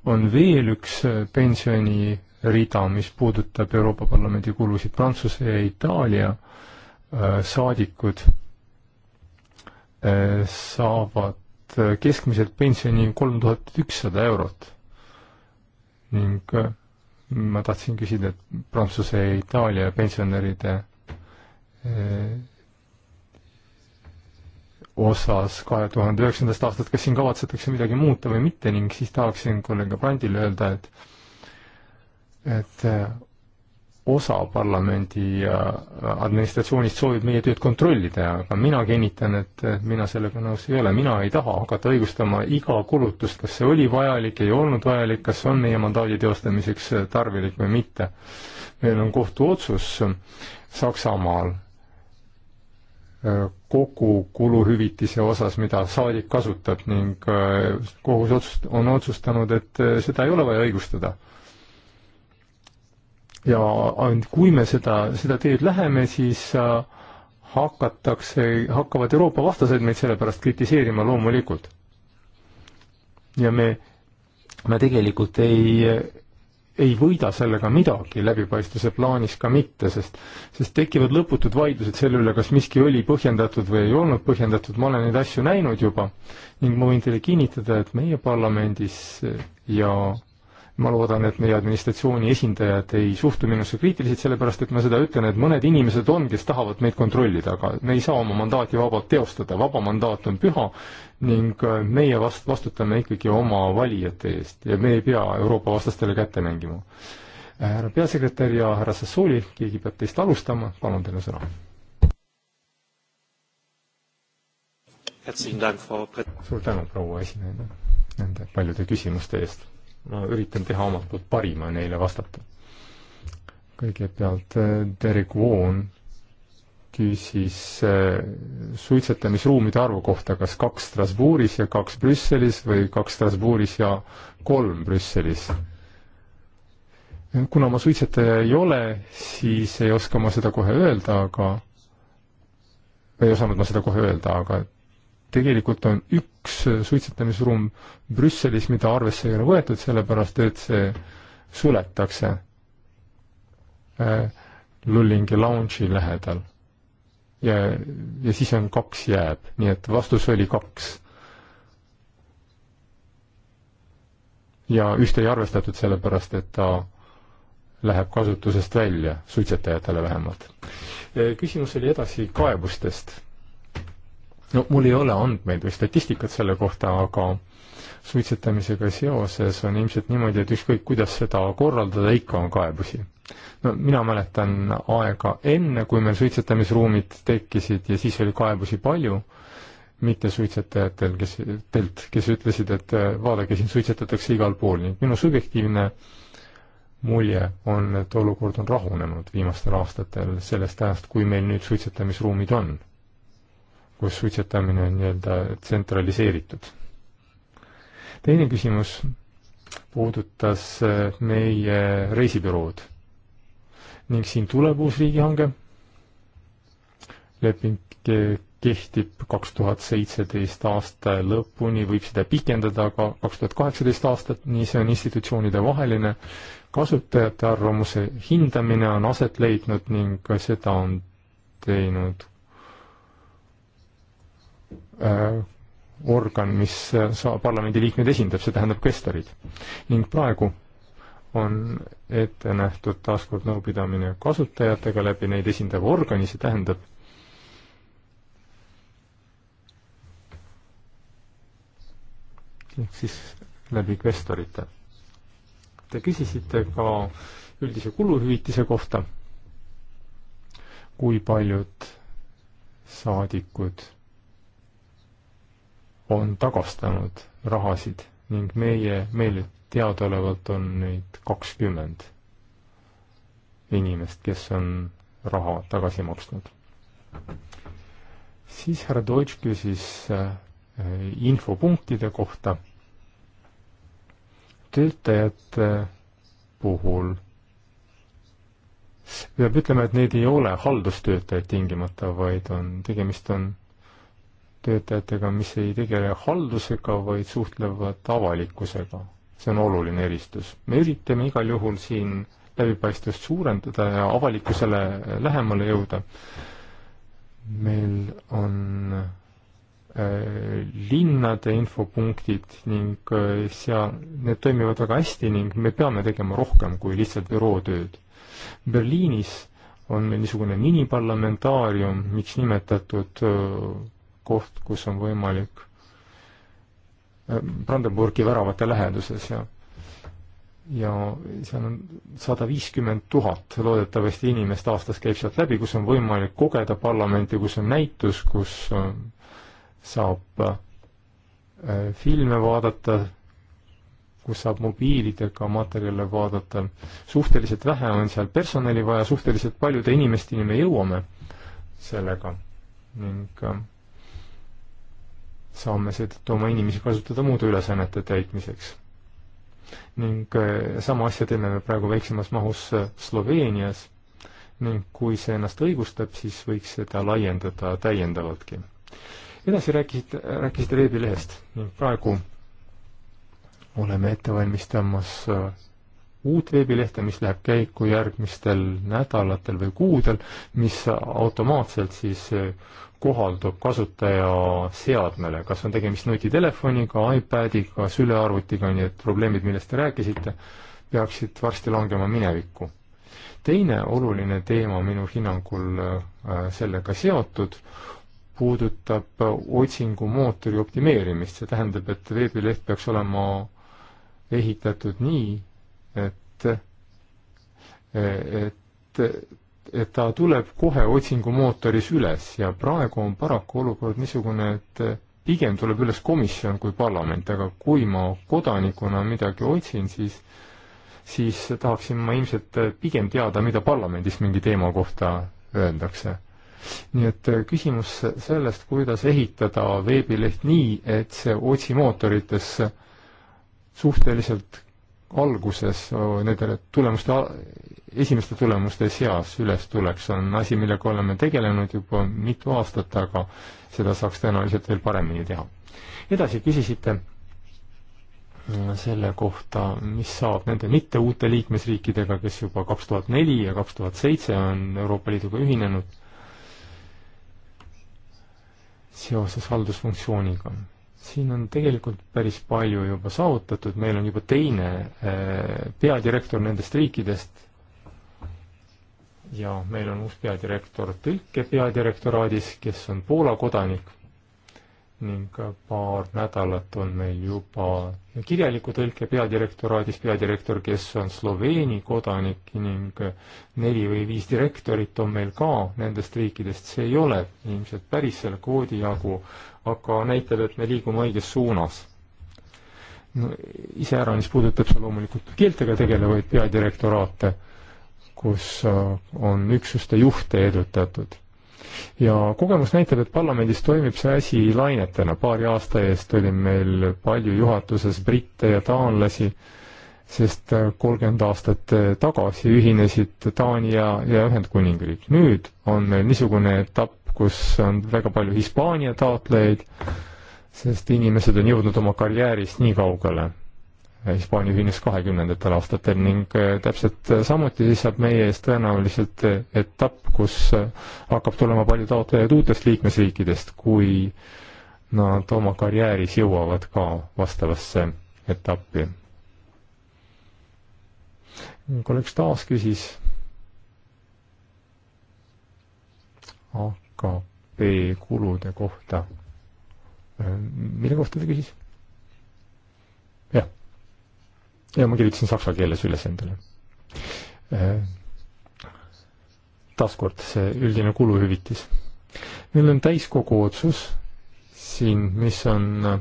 on veel üks e, pensionirida, mis puudutab Euroopa Parlamendi kulusid, Prantsuse ja Itaalia e, saadikud saavad Äh, keskmiselt pensioni kolm tuhat ükssada eurot. ning äh, ma tahtsin küsida, et Prantsuse ja Itaalia pensionäride äh, osas kahe tuhande üheksandast aastast, kas siin kavatsetakse midagi muuta või mitte ning siis tahaksin kolleeg Brandile öelda, et et osa parlamendi äh, administratsioonist soovib meie tööd kontrollida, aga mina kinnitan, et mina sellega nõus ei ole, mina ei taha hakata õigustama iga kulutust, kas see oli vajalik, ei olnud vajalik, kas on meie mandaadi teostamiseks tarvilik või mitte. meil on kohtuotsus Saksamaal äh, kogu kuluhüvitise osas, mida saadik kasutab ning äh, kohus otsust-, on otsustanud, et seda ei ole vaja õigustada ja ainult kui me seda, seda teed läheme, siis äh, hakatakse, hakkavad Euroopa vastased meid selle pärast kritiseerima loomulikult. ja me, me tegelikult ei, ei võida sellega midagi läbipaistvuse plaanis ka mitte, sest, sest tekivad lõputud vaidlused selle üle, kas miski oli põhjendatud või ei olnud põhjendatud, ma olen neid asju näinud juba ning ma võin teile kinnitada, et meie parlamendis ja ma loodan, et meie administratsiooni esindajad ei suhtu minusse kriitiliselt, sellepärast et ma seda ütlen, et mõned inimesed on, kes tahavad meid kontrollida, aga me ei saa oma mandaati vabalt teostada, vaba mandaat on püha ning äh, meie vast-, vastutame ikkagi oma valijate eest ja me ei pea Euroopa vastastele kätte mängima. härra peasekretär ja härra Sassooli, keegi peab teist alustama, palun teile sõna. suur tänu, proua esinaine, nende paljude küsimuste eest ma üritan teha omalt poolt parima neile vastata. kõigepealt eh, Derek Woon küsis eh, suitsetamisruumide arvu kohta, kas kaks Strasbourgis ja kaks Brüsselis või kaks Strasbourgis ja kolm Brüsselis. kuna ma suitsetaja ei ole, siis ei oska ma seda kohe öelda, aga, ei osanud ma seda kohe öelda, aga tegelikult on üks suitsetamisruum Brüsselis, mida arvesse ei ole võetud, sellepärast et see suletakse äh, Lullingi lounge'i lähedal. ja, ja siis on kaks jääb, nii et vastus oli kaks. ja ühte ei arvestatud, sellepärast et ta läheb kasutusest välja, suitsetajatele vähemalt. Äh, küsimus oli edasi kaebustest no mul ei ole andmeid või statistikat selle kohta, aga suitsetamisega seoses on ilmselt niimoodi, et ükskõik, kuidas seda korraldada, ikka on kaebusi. no mina mäletan aega enne, kui meil suitsetamisruumid tekkisid ja siis oli kaebusi palju, mittesuitsetajatel, kes, telt, kes ütlesid, et äh, vaadake, siin suitsetatakse igal pool, nii et minu subjektiivne mulje on, et olukord on rahunenud viimastel aastatel sellest ajast, kui meil nüüd suitsetamisruumid on kus suitsetamine on nii-öelda tsentraliseeritud. teine küsimus puudutas eh, meie reisibürood ning siin tuleb uus riigihange. leping kehtib kaks tuhat seitseteist aasta lõpuni, võib seda pikendada ka kaks tuhat kaheksateist aastat, nii see on institutsioonide vaheline. kasutajate arvamuse hindamine on aset leidnud ning seda on teinud Äh, organ, mis äh, saa-, parlamendiliikmeid esindab, see tähendab kvestorid. ning praegu on ette nähtud taaskord nõupidamine kasutajatega läbi neid esindava organi, see tähendab, ehk siis läbi kvestorite. Te küsisite ka üldise kuluhüvitise kohta, kui paljud saadikud on tagastanud rahasid ning meie, meile teadaolevalt on neid kakskümmend inimest, kes on raha tagasi maksnud. siis härra Deutsch küsis äh, infopunktide kohta. töötajate puhul peab ütlema, et need ei ole haldustöötajad tingimata, vaid on, tegemist on töötajatega, mis ei tegele haldusega, vaid suhtlevad avalikkusega. see on oluline eristus. me üritame igal juhul siin läbipaistvust suurendada ja avalikkusele lähemale jõuda. meil on äh, linnade infopunktid ning äh, seal, need toimivad väga hästi ning me peame tegema rohkem kui lihtsalt bürootööd. Berliinis on meil niisugune miniparlamentaarium, miks nimetatud äh, koht, kus on võimalik äh, Brandenburgi väravate läheduses ja ja seal on sada viiskümmend tuhat loodetavasti inimest aastas käib sealt läbi, kus on võimalik kogeda parlamenti, kus on näitus, kus äh, saab äh, filme vaadata, kus saab mobiilidega materjale vaadata. suhteliselt vähe on seal personali vaja, suhteliselt paljude inimesteni me jõuame sellega ning saame seetõttu oma inimesi kasutada muude ülesannete täitmiseks. ning eh, sama asja teeme me praegu väiksemas mahus eh, Sloveenias ning kui see ennast õigustab, siis võiks seda laiendada täiendavaltki. edasi rääkisite, rääkisite veebilehest ning praegu oleme ette valmistamas eh, uut veebilehte, mis läheb käiku järgmistel nädalatel või kuudel, mis automaatselt siis kohaldub kasutaja seadmele, kas on tegemist nutitelefoniga, iPadiga, sülearvutiga, nii et probleemid, millest te rääkisite, peaksid varsti langema minevikku. teine oluline teema minu hinnangul äh, sellega seotud puudutab otsingumootori optimeerimist, see tähendab, et veebileht peaks olema ehitatud nii, et et et ta tuleb kohe otsingumootoris üles ja praegu on paraku olukord niisugune, et eh, pigem tuleb üles komisjon kui parlament, aga kui ma kodanikuna midagi otsin, siis siis tahaksin ma ilmselt eh, pigem teada, mida parlamendis mingi teema kohta öeldakse. nii et eh, küsimus sellest, kuidas ehitada veebileht nii, et see otsimootorites suhteliselt alguses nendele tulemuste esimeste tulemuste seas üles tuleks, on asi, millega oleme tegelenud juba mitu aastat, aga seda saaks tõenäoliselt veel paremini teha. edasi küsisite äh, selle kohta, mis saab nende mitte uute liikmesriikidega, kes juba kaks tuhat neli ja kaks tuhat seitse on Euroopa Liiduga ühinenud seoses haldusfunktsiooniga. siin on tegelikult päris palju juba saavutatud, meil on juba teine äh, peadirektor nendest riikidest, ja meil on uus peadirektor tõlke peadirektoraadis, kes on Poola kodanik ning paar nädalat on meil juba kirjaliku tõlke peadirektoraadis peadirektor, kes on Sloveeni kodanik ning neli või viis direktorit on meil ka nendest riikidest, see ei ole ilmselt päris selle kvoodi jagu, aga näitab, et me liigume õiges suunas no iseäranis puudutab see loomulikult keeltega tegelevaid peadirektoraate kus äh, on üksuste juhte edutatud. ja kogemus näitab, et parlamendis toimib see asi lainetena, paari aasta eest oli meil palju juhatuses britte ja taanlasi, sest äh, kolmkümmend aastat äh, tagasi ühinesid Taani ja, ja Ühendkuningriik. nüüd on meil niisugune etapp, kus on väga palju Hispaania taotlejaid, sest inimesed on jõudnud oma karjääris nii kaugele Hispaania Viinis kahekümnendatel aastatel ning äh, täpselt äh, samuti seisab meie ees tõenäoliselt äh, etapp, kus hakkab tulema palju taotlejaid uutest liikmesriikidest, kui nad oma karjääris jõuavad ka vastavasse etappi. kolleeg Staas küsis AKP kulude kohta. mille kohta ta küsis? ja ma kirjutasin saksa keeles üles endale. Äh, taaskord see üldine kuluhüvitis. meil on täiskogu otsus siin, mis on äh,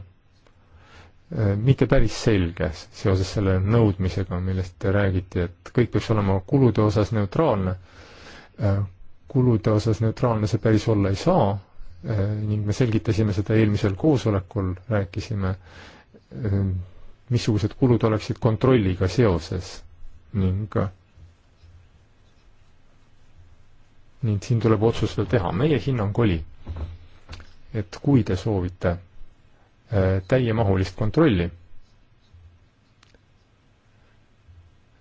mitte päris selge seoses selle nõudmisega, millest te räägite, et kõik peaks olema kulude osas neutraalne. Äh, kulude osas neutraalne see päris olla ei saa ning me selgitasime seda eelmisel koosolekul, rääkisime missugused kulud oleksid kontrolliga seoses ning ning siin tuleb otsus veel teha. meie hinnang oli, et kui te soovite äh, täiemahulist kontrolli,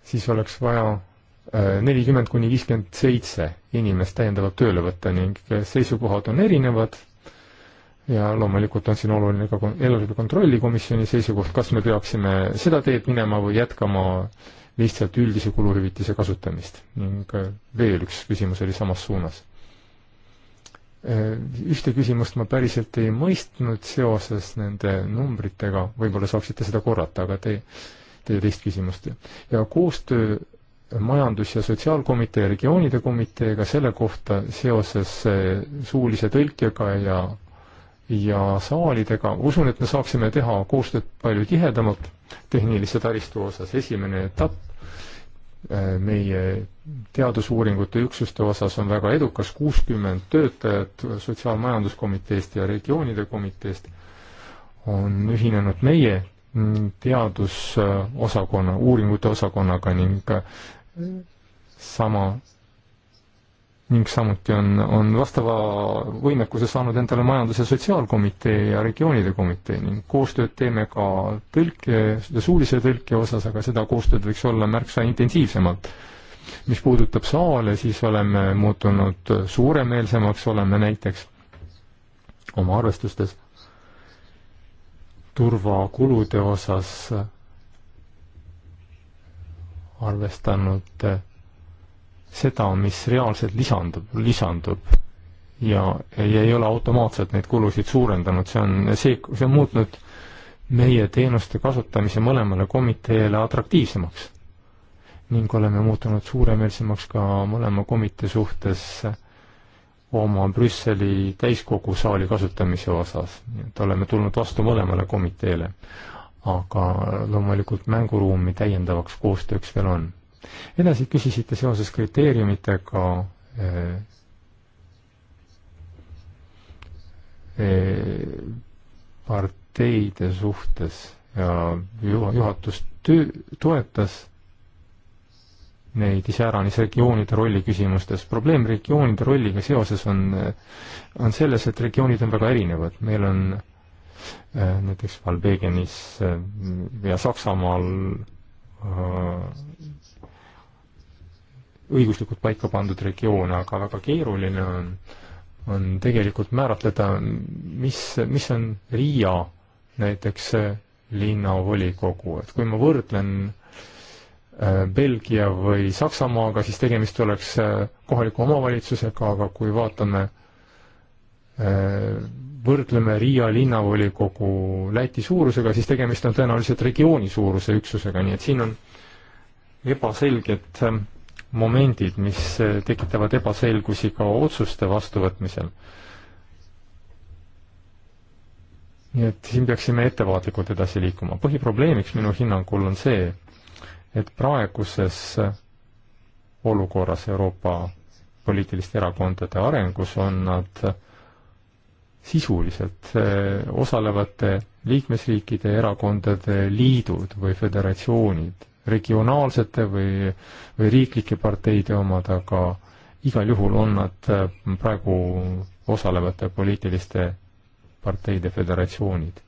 siis oleks vaja äh, nelikümmend kuni viiskümmend seitse inimest täiendavalt tööle võtta ning seisukohad on erinevad ja loomulikult on siin oluline ka eelarve kontrolli komisjoni seisukoht, kas me peaksime seda teed minema või jätkama lihtsalt üldise kuluhüvitise kasutamist ning äh, veel üks küsimus oli samas suunas. Äh, ühte küsimust ma päriselt ei mõistnud seoses nende numbritega, võib-olla saaksite seda korrata, aga te, teie teist küsimust. ja koostöö Majandus- ja Sotsiaalkomitee ja Regioonide Komiteega selle kohta seoses äh, suulise tõlkega ja ja saalidega, usun, et me saaksime teha koostööd palju tihedamalt tehnilise taristu osas, esimene etapp äh, meie teadusuuringute üksuste osas on väga edukas, kuuskümmend töötajat Sotsiaalmajanduskomiteest ja regioonide komiteest on ühinenud meie teadusosakonna, uuringute osakonnaga ning äh, sama ning samuti on, on vastava võimekuse saanud endale Majandus- ja Sotsiaalkomitee ja Regioonide Komitee ning koostööd teeme ka tõlke, suulise tõlke osas, aga seda koostööd võiks olla märksa intensiivsemalt. mis puudutab saale, siis oleme muutunud suuremeelsemaks, oleme näiteks oma arvestustes turvakulude osas arvestanud seda, mis reaalselt lisandub, lisandub ja, ja ei ole automaatselt neid kulusid suurendanud, see on, see, see on muutnud meie teenuste kasutamise mõlemale komiteele atraktiivsemaks. ning oleme muutunud suuremeelsemaks ka mõlema komitee suhtes oma Brüsseli täiskogu saali kasutamise osas, nii et oleme tulnud vastu mõlemale komiteele. aga loomulikult mänguruumi täiendavaks koostööks veel on edasi küsisite seoses kriteeriumitega eh, eh, parteide suhtes ja juhatus töö, toetas neid iseäranis regioonide rolli küsimustes. probleem regioonide rolliga seoses on, eh, on selles, et regioonid on väga erinevad. meil on näiteks Valbegenis ja Saksamaal õiguslikult paika pandud regioon, aga väga keeruline on, on tegelikult määratleda, mis, mis on Riia näiteks linnavolikogu, et kui ma võrdlen äh, Belgia või Saksamaaga, siis tegemist oleks äh, kohaliku omavalitsusega, aga kui vaatame, äh, võrdleme Riia linnavolikogu Läti suurusega, siis tegemist on tõenäoliselt regiooni suuruse üksusega, nii et siin on ebaselged äh, momendid, mis eh, tekitavad ebaselgusi ka otsuste vastuvõtmisel. nii et siin peaksime ettevaatlikult edasi liikuma. põhiprobleemiks minu hinnangul on see, et praeguses olukorras Euroopa poliitiliste erakondade arengus on nad sisuliselt eh, osalevate liikmesriikide erakondade liidud või föderatsioonid regionaalsete või, või riiklike parteide omad, aga igal juhul on nad äh, praegu osalevate poliitiliste parteide föderatsioonid.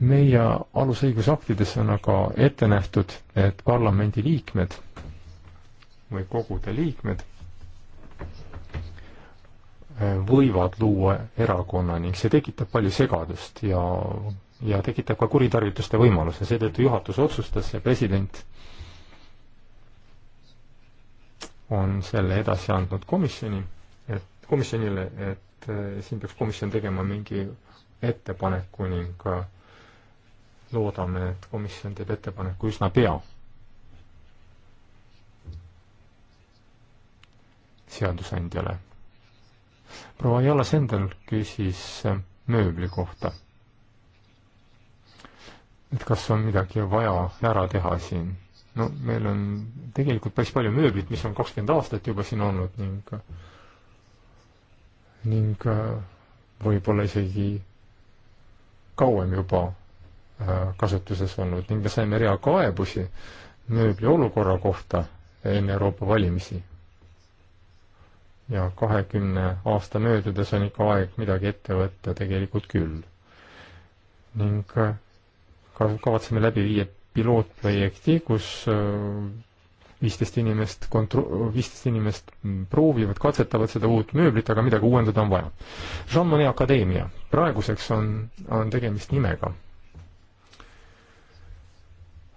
meie alusõigusaktides on aga ette nähtud, et parlamendi liikmed või kogude liikmed äh, võivad luua erakonna ning see tekitab palju segadust ja ja tekitab ka kuritarvituste võimaluse, seetõttu juhatus otsustas ja president on selle edasi andnud komisjoni, et komisjonile, et eh, siin peaks komisjon tegema mingi ettepaneku ning eh, loodame, et komisjon teeb ettepaneku üsna pea. seadusandjale. proua Jala Sendel küsis eh, mööbli kohta et kas on midagi vaja ära teha siin. no meil on tegelikult päris palju mööblit, mis on kakskümmend aastat juba siin olnud ning ning äh, võib-olla isegi kauem juba äh, kasutuses olnud ning me saime rea kaebusi mööbli olukorra kohta enne Euroopa valimisi. ja kahekümne aasta möödudes on ikka aeg midagi ette võtta tegelikult küll. ning äh, kavatseme läbi viia pilootprojekti, kus äh, viisteist inimest kontro-, viisteist inimest proovivad, katsetavad seda uut mööblit, aga midagi uuendada on vaja. Jean Monnet Akadeemia, praeguseks on, on tegemist nimega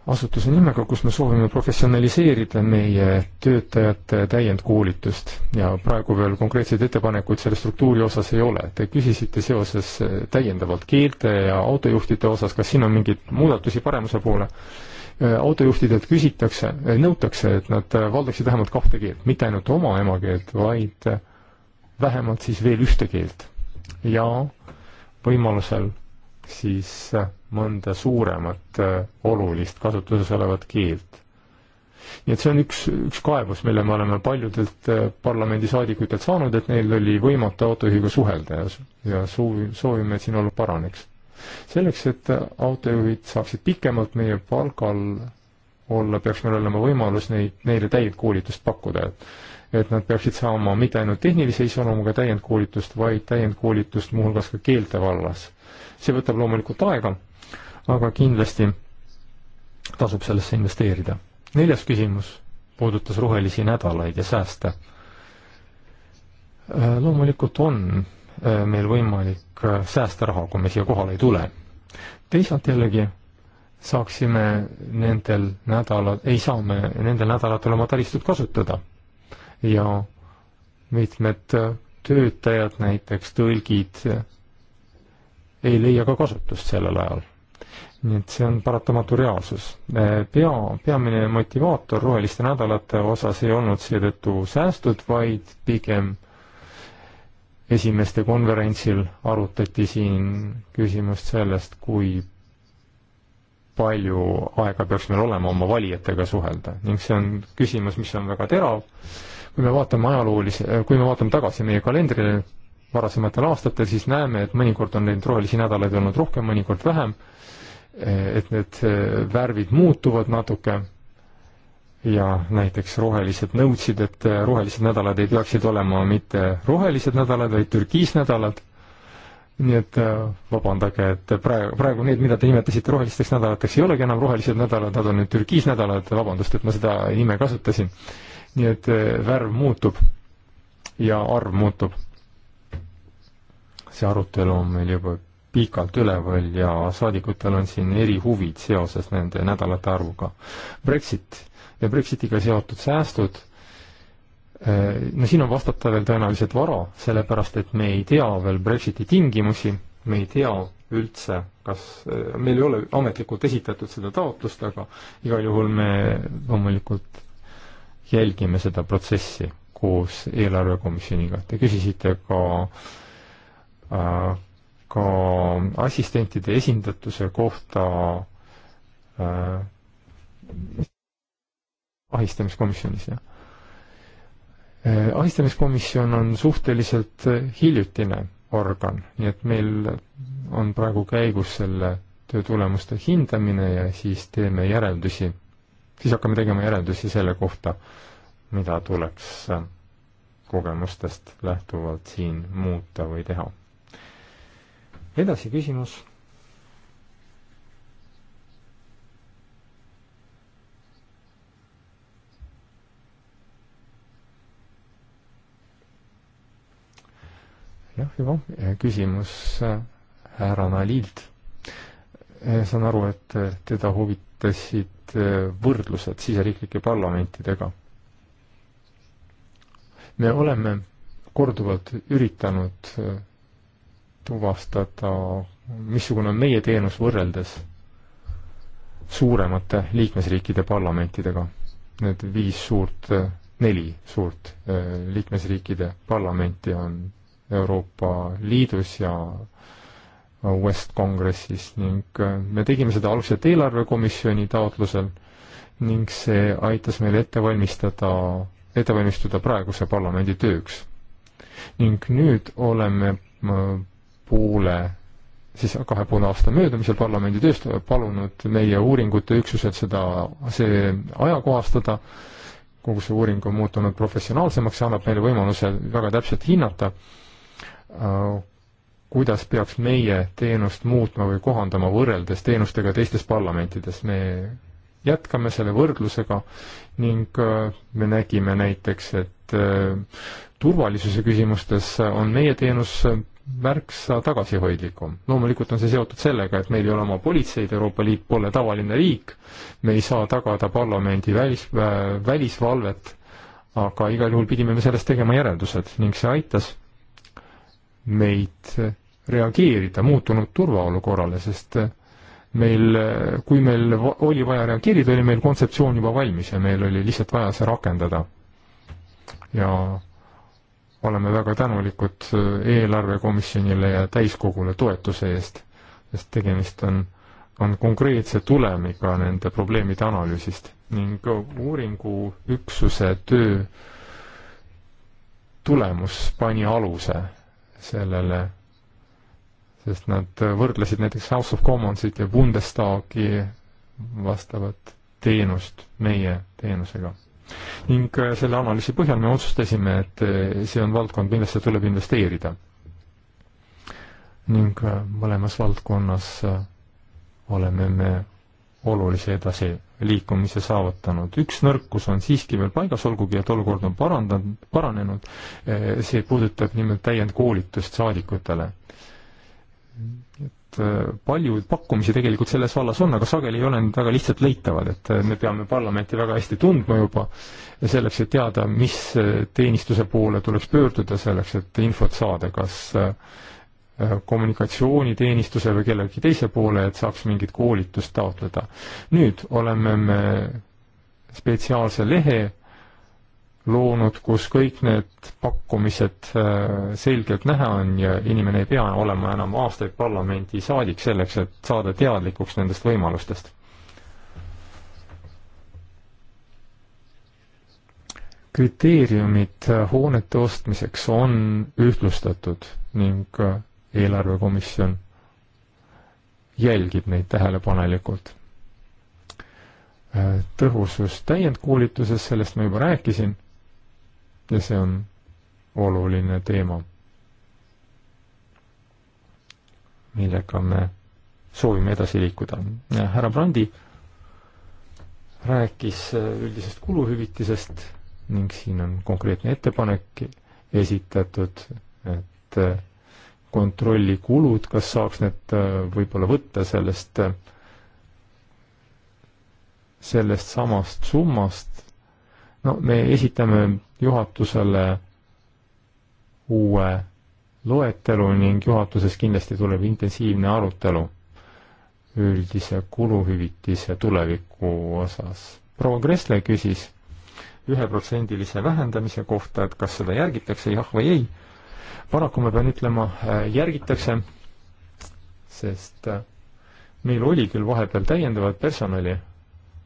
asutuse nimega, kus me soovime professionaliseerida meie töötajate täiendkoolitust ja praegu veel konkreetseid ettepanekuid selle struktuuri osas ei ole. Te küsisite seoses äh, täiendavalt keelte ja autojuhtide osas, kas siin on mingeid muudatusi paremuse poole? Äh, autojuhtidelt küsitakse, äh, nõutakse, et nad valdaksid vähemalt kahte keelt, mitte ainult oma emakeelt, vaid vähemalt siis veel ühte keelt. ja võimalusel siis mõnda suuremat äh, olulist kasutuses olevat keelt. nii et see on üks, üks kaebus, mille me oleme paljudelt äh, parlamendisaadikutelt saanud, et neil oli võimatu autojuhiga suhelda ja, ja soovi, soovime, et siin olukord paraneks. selleks, et äh, autojuhid saaksid pikemalt meie palgal olla, peaks meil olema võimalus neid, neile täiendkoolitust pakkuda, et et nad peaksid saama mitte ainult tehnilise iseloomuga täiendkoolitust, vaid täiendkoolitust muuhulgas ka keelte vallas. see võtab loomulikult aega aga kindlasti tasub sellesse investeerida. neljas küsimus puudutas rohelisi nädalaid ja sääste. Äh, loomulikult on äh, meil võimalik äh, säästa raha, kui me siia kohale ei tule. teisalt jällegi saaksime nendel nädalal, ei saa me nendel nädalatel oma taristut kasutada. ja mitmed töötajad, näiteks tõlgid, ei leia ka kasutust sellel ajal nii et see on paratamatu reaalsus. Eh, pea, peamine motivaator roheliste nädalate osas ei olnud seetõttu säästud, vaid pigem esimeste konverentsil arutati siin küsimust sellest, kui palju aega peaks meil olema oma valijatega suhelda ning see on küsimus, mis on väga terav. kui me vaatame ajaloolisi, eh, kui me vaatame tagasi meie kalendrile varasematel aastatel, siis näeme, et mõnikord on neid rohelisi nädalaid olnud rohkem, mõnikord vähem Eh, et need eh, värvid muutuvad natuke ja näiteks rohelised nõudsid, et eh, rohelised nädalad ei peaksid olema mitte rohelised nädalad, vaid türkiisnädalad. nii et vabandage, et praegu, praegu need, mida te nimetasite rohelisteks nädalateks, ei olegi enam rohelised nädalad, nad on nüüd türkiisnädalad, vabandust, et ma seda nime kasutasin. nii et värv muutub ja arv muutub. see arutelu on meil juba pikalt üleval ja saadikutel on siin eri huvid seoses nende nädalate arvuga. Brexit ja Brexitiga seotud säästud, eh, no siin on vastata veel tõenäoliselt vara, sellepärast et me ei tea veel Brexiti tingimusi, me ei tea üldse, kas, eh, meil ei ole ametlikult esitatud seda taotlust, aga igal juhul me loomulikult jälgime seda protsessi koos eelarvekomisjoniga. Te küsisite ka äh, ka assistentide esindatuse kohta äh, ahistamiskomisjonis, jah äh,. ahistamiskomisjon on suhteliselt hiljutine organ, nii et meil on praegu käigus selle töö tulemuste hindamine ja siis teeme järeldusi, siis hakkame tegema järeldusi selle kohta, mida tuleks kogemustest lähtuvalt siin muuta või teha edasi küsimus. jah, juba küsimus äh, härra Nalilt. Äh, saan aru, et äh, teda huvitasid võrdlused siseriiklike parlamentidega. me oleme korduvalt üritanud tuvastada, missugune on meie teenus võrreldes suuremate liikmesriikide parlamentidega. Need viis suurt, neli suurt eh, liikmesriikide parlamenti on Euroopa Liidus ja West Kongressis ning eh, me tegime seda algselt eelarvekomisjoni taotlusel ning see aitas meil ette valmistada, ette valmistuda praeguse parlamendi tööks. ning nüüd oleme poole, siis kahe poole aasta möödumisel parlamendi tööst palunud meie uuringute üksused seda, see ajakohastada, kogu see uuring on muutunud professionaalsemaks ja annab meile võimaluse väga täpselt hinnata, äh, kuidas peaks meie teenust muutma või kohandama võrreldes teenustega teistes parlamentides. me jätkame selle võrdlusega ning äh, me nägime näiteks, et äh, turvalisuse küsimustes on meie teenus märksa tagasihoidlikum. loomulikult on see seotud sellega, et meil ei ole oma politseid, Euroopa Liit pole tavaline riik, me ei saa tagada parlamendi välis, välisvalvet, aga igal juhul pidime me sellest tegema järeldused ning see aitas meid reageerida muutunud turvaolukorrale, sest meil, kui meil oli vaja reageerida, oli meil kontseptsioon juba valmis ja meil oli lihtsalt vaja see rakendada. ja oleme väga tänulikud äh, eelarvekomisjonile ja täiskogule toetuse eest, sest tegemist on, on konkreetse tulemiga nende probleemide analüüsist ning uuringuüksuse töö tulemus pani aluse sellele, sest nad võrdlesid näiteks House of Commonsit ja Bundestagi vastavat teenust meie teenusega ning äh, selle analüüsi põhjal me otsustasime, et äh, see on valdkond, millesse tuleb investeerida. ning äh, mõlemas valdkonnas oleme me olulise edasiliikumise saavutanud. üks nõrkus on siiski veel paigas, olgugi et olukord on parandanud, paranenud, see puudutab nimelt täiendkoolitust saadikutele. Äh, palju pakkumisi tegelikult selles vallas on, aga sageli ei ole need väga lihtsalt leitavad, et äh, me peame parlamenti väga hästi tundma juba selleks, et teada, mis äh, teenistuse poole tuleks pöörduda selleks, et infot saada, kas kommunikatsiooniteenistuse või kellegi teise poole, et saaks mingit koolitust taotleda. nüüd oleme me spetsiaalse lehe loonud, kus kõik need pakkumised äh, selgelt näha on ja inimene ei pea olema enam aastaid parlamendisaadik selleks, et saada teadlikuks nendest võimalustest. kriteeriumid äh, hoonete ostmiseks on ühtlustatud ning äh, eelarvekomisjon jälgib neid tähelepanelikult tõhusus täiendkoolituses, sellest ma juba rääkisin, ja see on oluline teema, millega me soovime edasi liikuda. härra Brandi rääkis üldisest kuluhüvitisest ning siin on konkreetne ettepanek esitatud, et kontrollikulud, kas saaks need võib-olla võtta sellest, sellest samast summast, no me esitame juhatusele uue loetelu ning juhatuses kindlasti tuleb intensiivne arutelu üldise kuluhüvitise tuleviku osas. proua Kressle küsis üheprotsendilise vähendamise kohta, et kas seda järgitakse, jah või ei. paraku ma pean ütlema, äh, järgitakse, sest äh, meil oli küll vahepeal täiendavat personali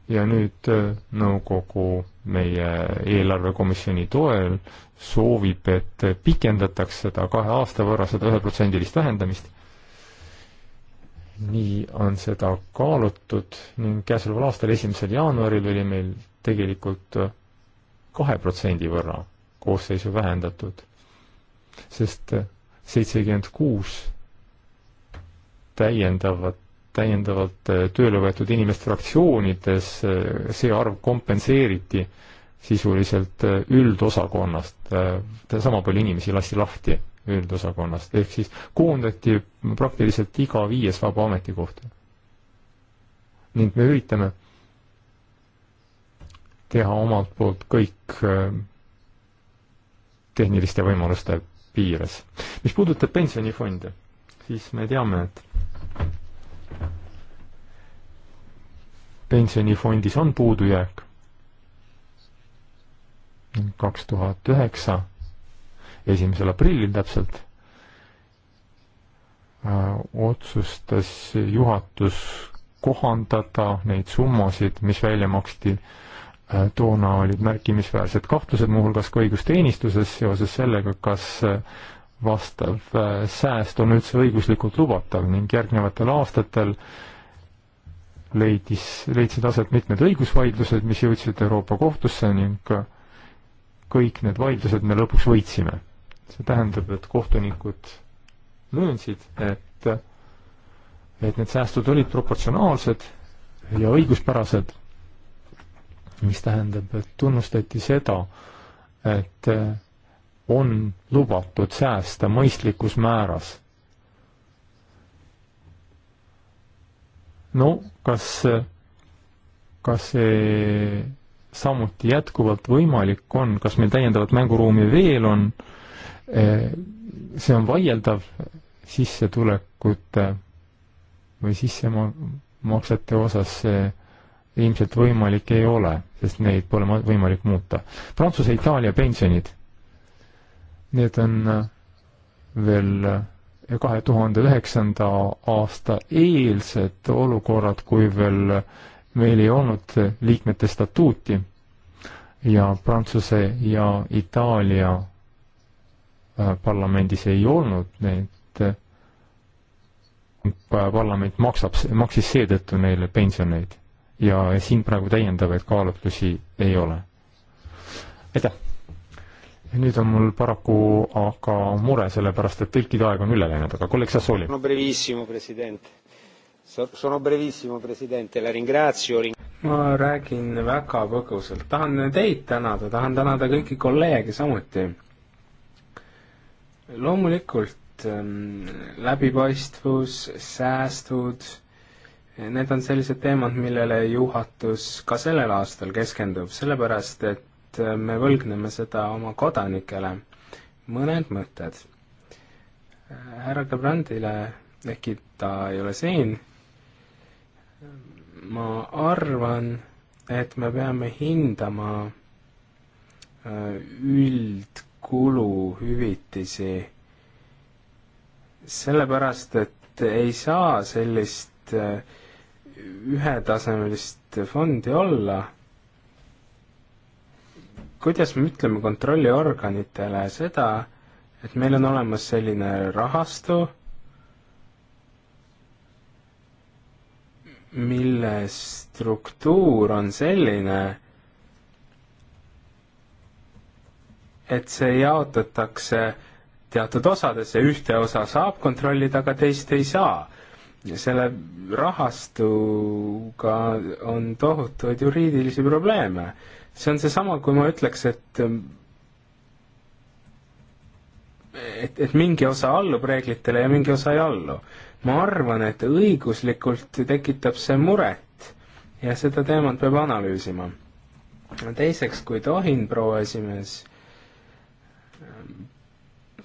ja nüüd äh, nõukogu no, meie eelarvekomisjoni toel soovib, et pikendataks seda kahe aasta võrra, seda üheprotsendilist vähendamist. nii on seda kaalutud ning käesoleval aastal, esimesel jaanuaril oli meil tegelikult kahe protsendi võrra koosseisu vähendatud, sest seitsekümmend kuus täiendavat täiendavalt eh, tööle võetud inimest fraktsioonides, eh, see arv kompenseeriti sisuliselt eh, üldosakonnast, sama palju inimesi lasti lahti üldosakonnast, ehk siis koondati praktiliselt iga viies vaba ametikoht. ning me üritame teha omalt poolt kõik tehniliste võimaluste piires. mis puudutab pensionifonde, siis me teame, et pensionifondis on puudujääk. kaks tuhat üheksa, esimesel aprillil täpselt, äh, otsustas juhatus kohandada neid summasid, mis välja maksti äh, toona olid märkimisväärsed kahtlused muuhulgas ka õigusteenistuses seoses sellega, kas äh, vastav äh, sääst on üldse õiguslikult lubatav ning järgnevatel aastatel leidis, leidsid aset mitmed õigusvaidlused, mis jõudsid Euroopa kohtusse ning äh, kõik need vaidlused me lõpuks võitsime. see tähendab, et kohtunikud möönsid, et, et need säästud olid proportsionaalsed ja õiguspärased, mis tähendab, et tunnustati seda, et on lubatud säästa mõistlikus määras. no kas, kas see samuti jätkuvalt võimalik on, kas meil täiendavat mänguruumi veel on, see on vaieldav sissetulekute või sissemaksete osas see ilmselt võimalik ei ole, sest neid pole võimalik muuta. Prantsuse, Itaalia pensionid Need on äh, veel äh, kahe tuhande üheksanda aasta eelsed olukorrad, kui veel äh, meil ei olnud liikmete statuuti ja Prantsuse ja Itaalia parlamendis ei olnud neid, parlament maksab, maksis seetõttu neile pensioneid ja siin praegu täiendavaid kaalutlusi ei ole. aitäh! ja nüüd on mul paraku aga mure, sellepärast et tõlkide aeg on üle läinud, aga kolleeg Sassooli. ma räägin väga põgusalt, tahan teid tänada, tahan tänada kõiki kolleege samuti. loomulikult ähm, läbipaistvus, säästud, need on sellised teemad, millele juhatus ka sellel aastal keskendub, sellepärast et et äh, me võlgneme seda oma kodanikele. mõned mõtted. härra Gerbrandile, ehkki ta ei ole siin, ma arvan, et me peame hindama äh, üldkuluhüvitisi, sellepärast et ei saa sellist äh, ühetasemelist fondi olla kuidas me ütleme kontrolliorganitele seda, et meil on olemas selline rahastu, mille struktuur on selline, et see jaotatakse teatud osadesse, ühte osa saab kontrollida, aga teist ei saa. selle rahastuga on tohutuid juriidilisi probleeme see on seesama, kui ma ütleks, et et, et mingi osa allub reeglitele ja mingi osa ei allu. ma arvan, et õiguslikult tekitab see muret ja seda teemat peab analüüsima. teiseks, kui tohin, proua esimees,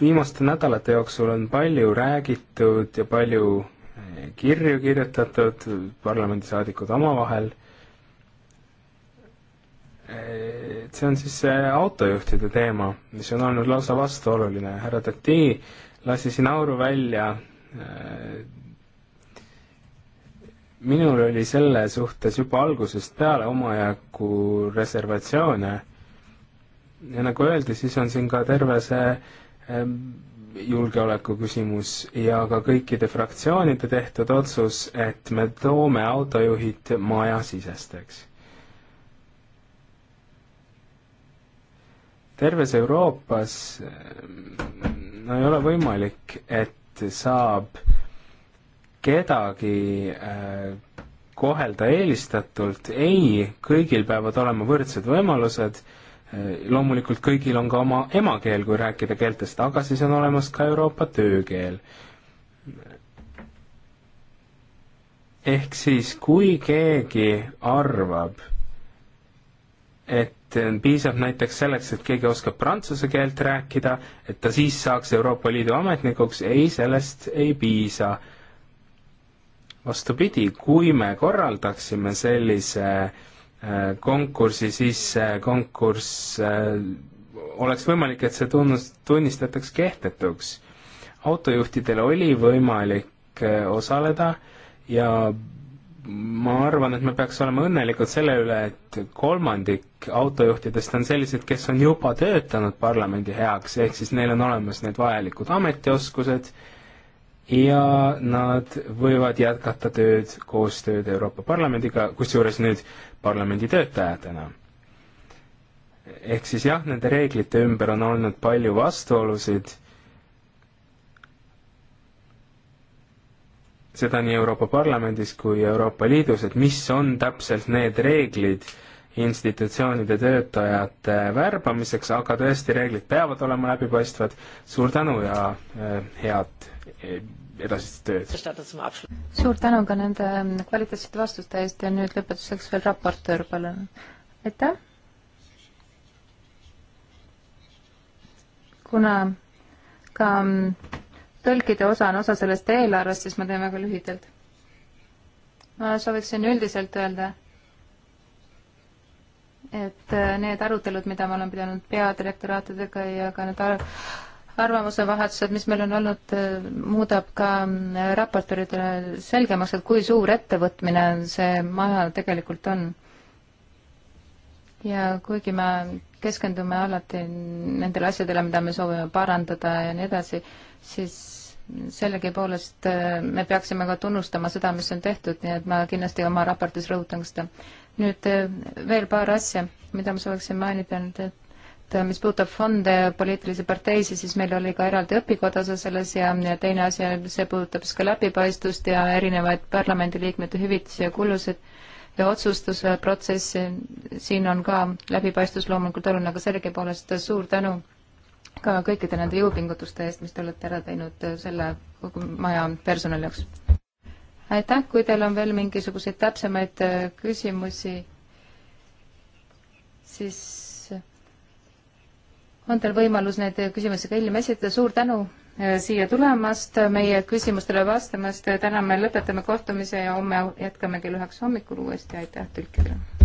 viimaste nädalate jooksul on palju räägitud ja palju kirju kirjutatud, parlamendisaadikud omavahel et see on siis see autojuhtide teema, mis on olnud lausa vastuoluline, härra Tati lasi siin auru välja. minul oli selle suhtes juba algusest peale omajagu reservatsioone. ja nagu öeldi, siis on siin ka terve see julgeoleku küsimus ja ka kõikide fraktsioonide tehtud otsus, et me toome autojuhid majasisesteks terves Euroopas ehm, no ei ole võimalik, et saab kedagi äh, kohelda eelistatult, ei, kõigil peavad olema võrdsed võimalused äh,, loomulikult kõigil on ka oma emakeel, kui rääkida keeltest, aga siis on olemas ka Euroopa töökeel. ehk siis, kui keegi arvab, et Eh, piisab näiteks selleks, et keegi oskab prantsuse keelt rääkida, et ta siis saaks Euroopa Liidu ametnikuks, ei, sellest ei piisa. vastupidi, kui me korraldaksime sellise eh, konkursi, siis see konkurss, eh, oleks võimalik, et see tunnus, tunnistataks kehtetuks. autojuhtidel oli võimalik osaleda ja ma arvan, et me peaks olema õnnelikud selle üle, et kolmandik autojuhtidest on sellised, kes on juba töötanud parlamendi heaks, ehk siis neil on olemas need vajalikud ametioskused ja nad võivad jätkata tööd, koostööd Euroopa Parlamendiga, kusjuures nüüd parlamendi töötajatena. ehk siis jah, nende reeglite ümber on olnud palju vastuolusid seda nii Euroopa Parlamendis kui Euroopa Liidus, et mis on täpselt need reeglid institutsioonide töötajate värbamiseks, aga tõesti, reeglid peavad olema läbipaistvad. suur tänu ja äh, head äh, edasist tööd. suur tänu ka nende kvaliteetsete vastuste eest ja nüüd lõpetuseks veel raportöör, palun. aitäh. kuna ka mm, tõlkide osa on osa sellest eelarvest, siis ma teen väga lühidalt. ma sooviksin üldiselt öelda, et äh, need arutelud, mida ma olen pidanud peadirektoraatidega ja ka need ar arvamusevahetused, mis meil on olnud, äh, muudab ka äh, raportööridele selgemaks, et kui suur ettevõtmine see maja tegelikult on. ja kuigi me keskendume alati nendele asjadele, mida me soovime parandada ja nii edasi, siis sellegipoolest äh, me peaksime ka tunnustama seda, mis on tehtud, nii et ma kindlasti oma raportis rõhutan seda. nüüd äh, veel paar asja, mida ma sooviksin mainida, nüüd et äh, mis puudutab fonde ja poliitilisi parteisid, siis meil oli ka eraldi õpikoda osa selles ja, ja teine asi, see puudutab siis ka läbipaistvust ja erinevaid parlamendiliikmete hüvitisi ja kulusid ja otsustusprotsessi, siin on ka läbipaistvus loomulikult oluline, aga sellegipoolest suur tänu ka kõikide nende jõupingutuste eest, mis te olete ära teinud äh, selle kogu maja personali jaoks. aitäh, kui teil on veel mingisuguseid täpsemaid äh, küsimusi, siis äh, on teil võimalus neid küsimusi ka hiljem esitada, suur tänu siia tulemast, meie küsimustele vastamast, täna me lõpetame kohtumise ja homme jätkame kell üheksa hommikul uuesti, aitäh tõlkidele!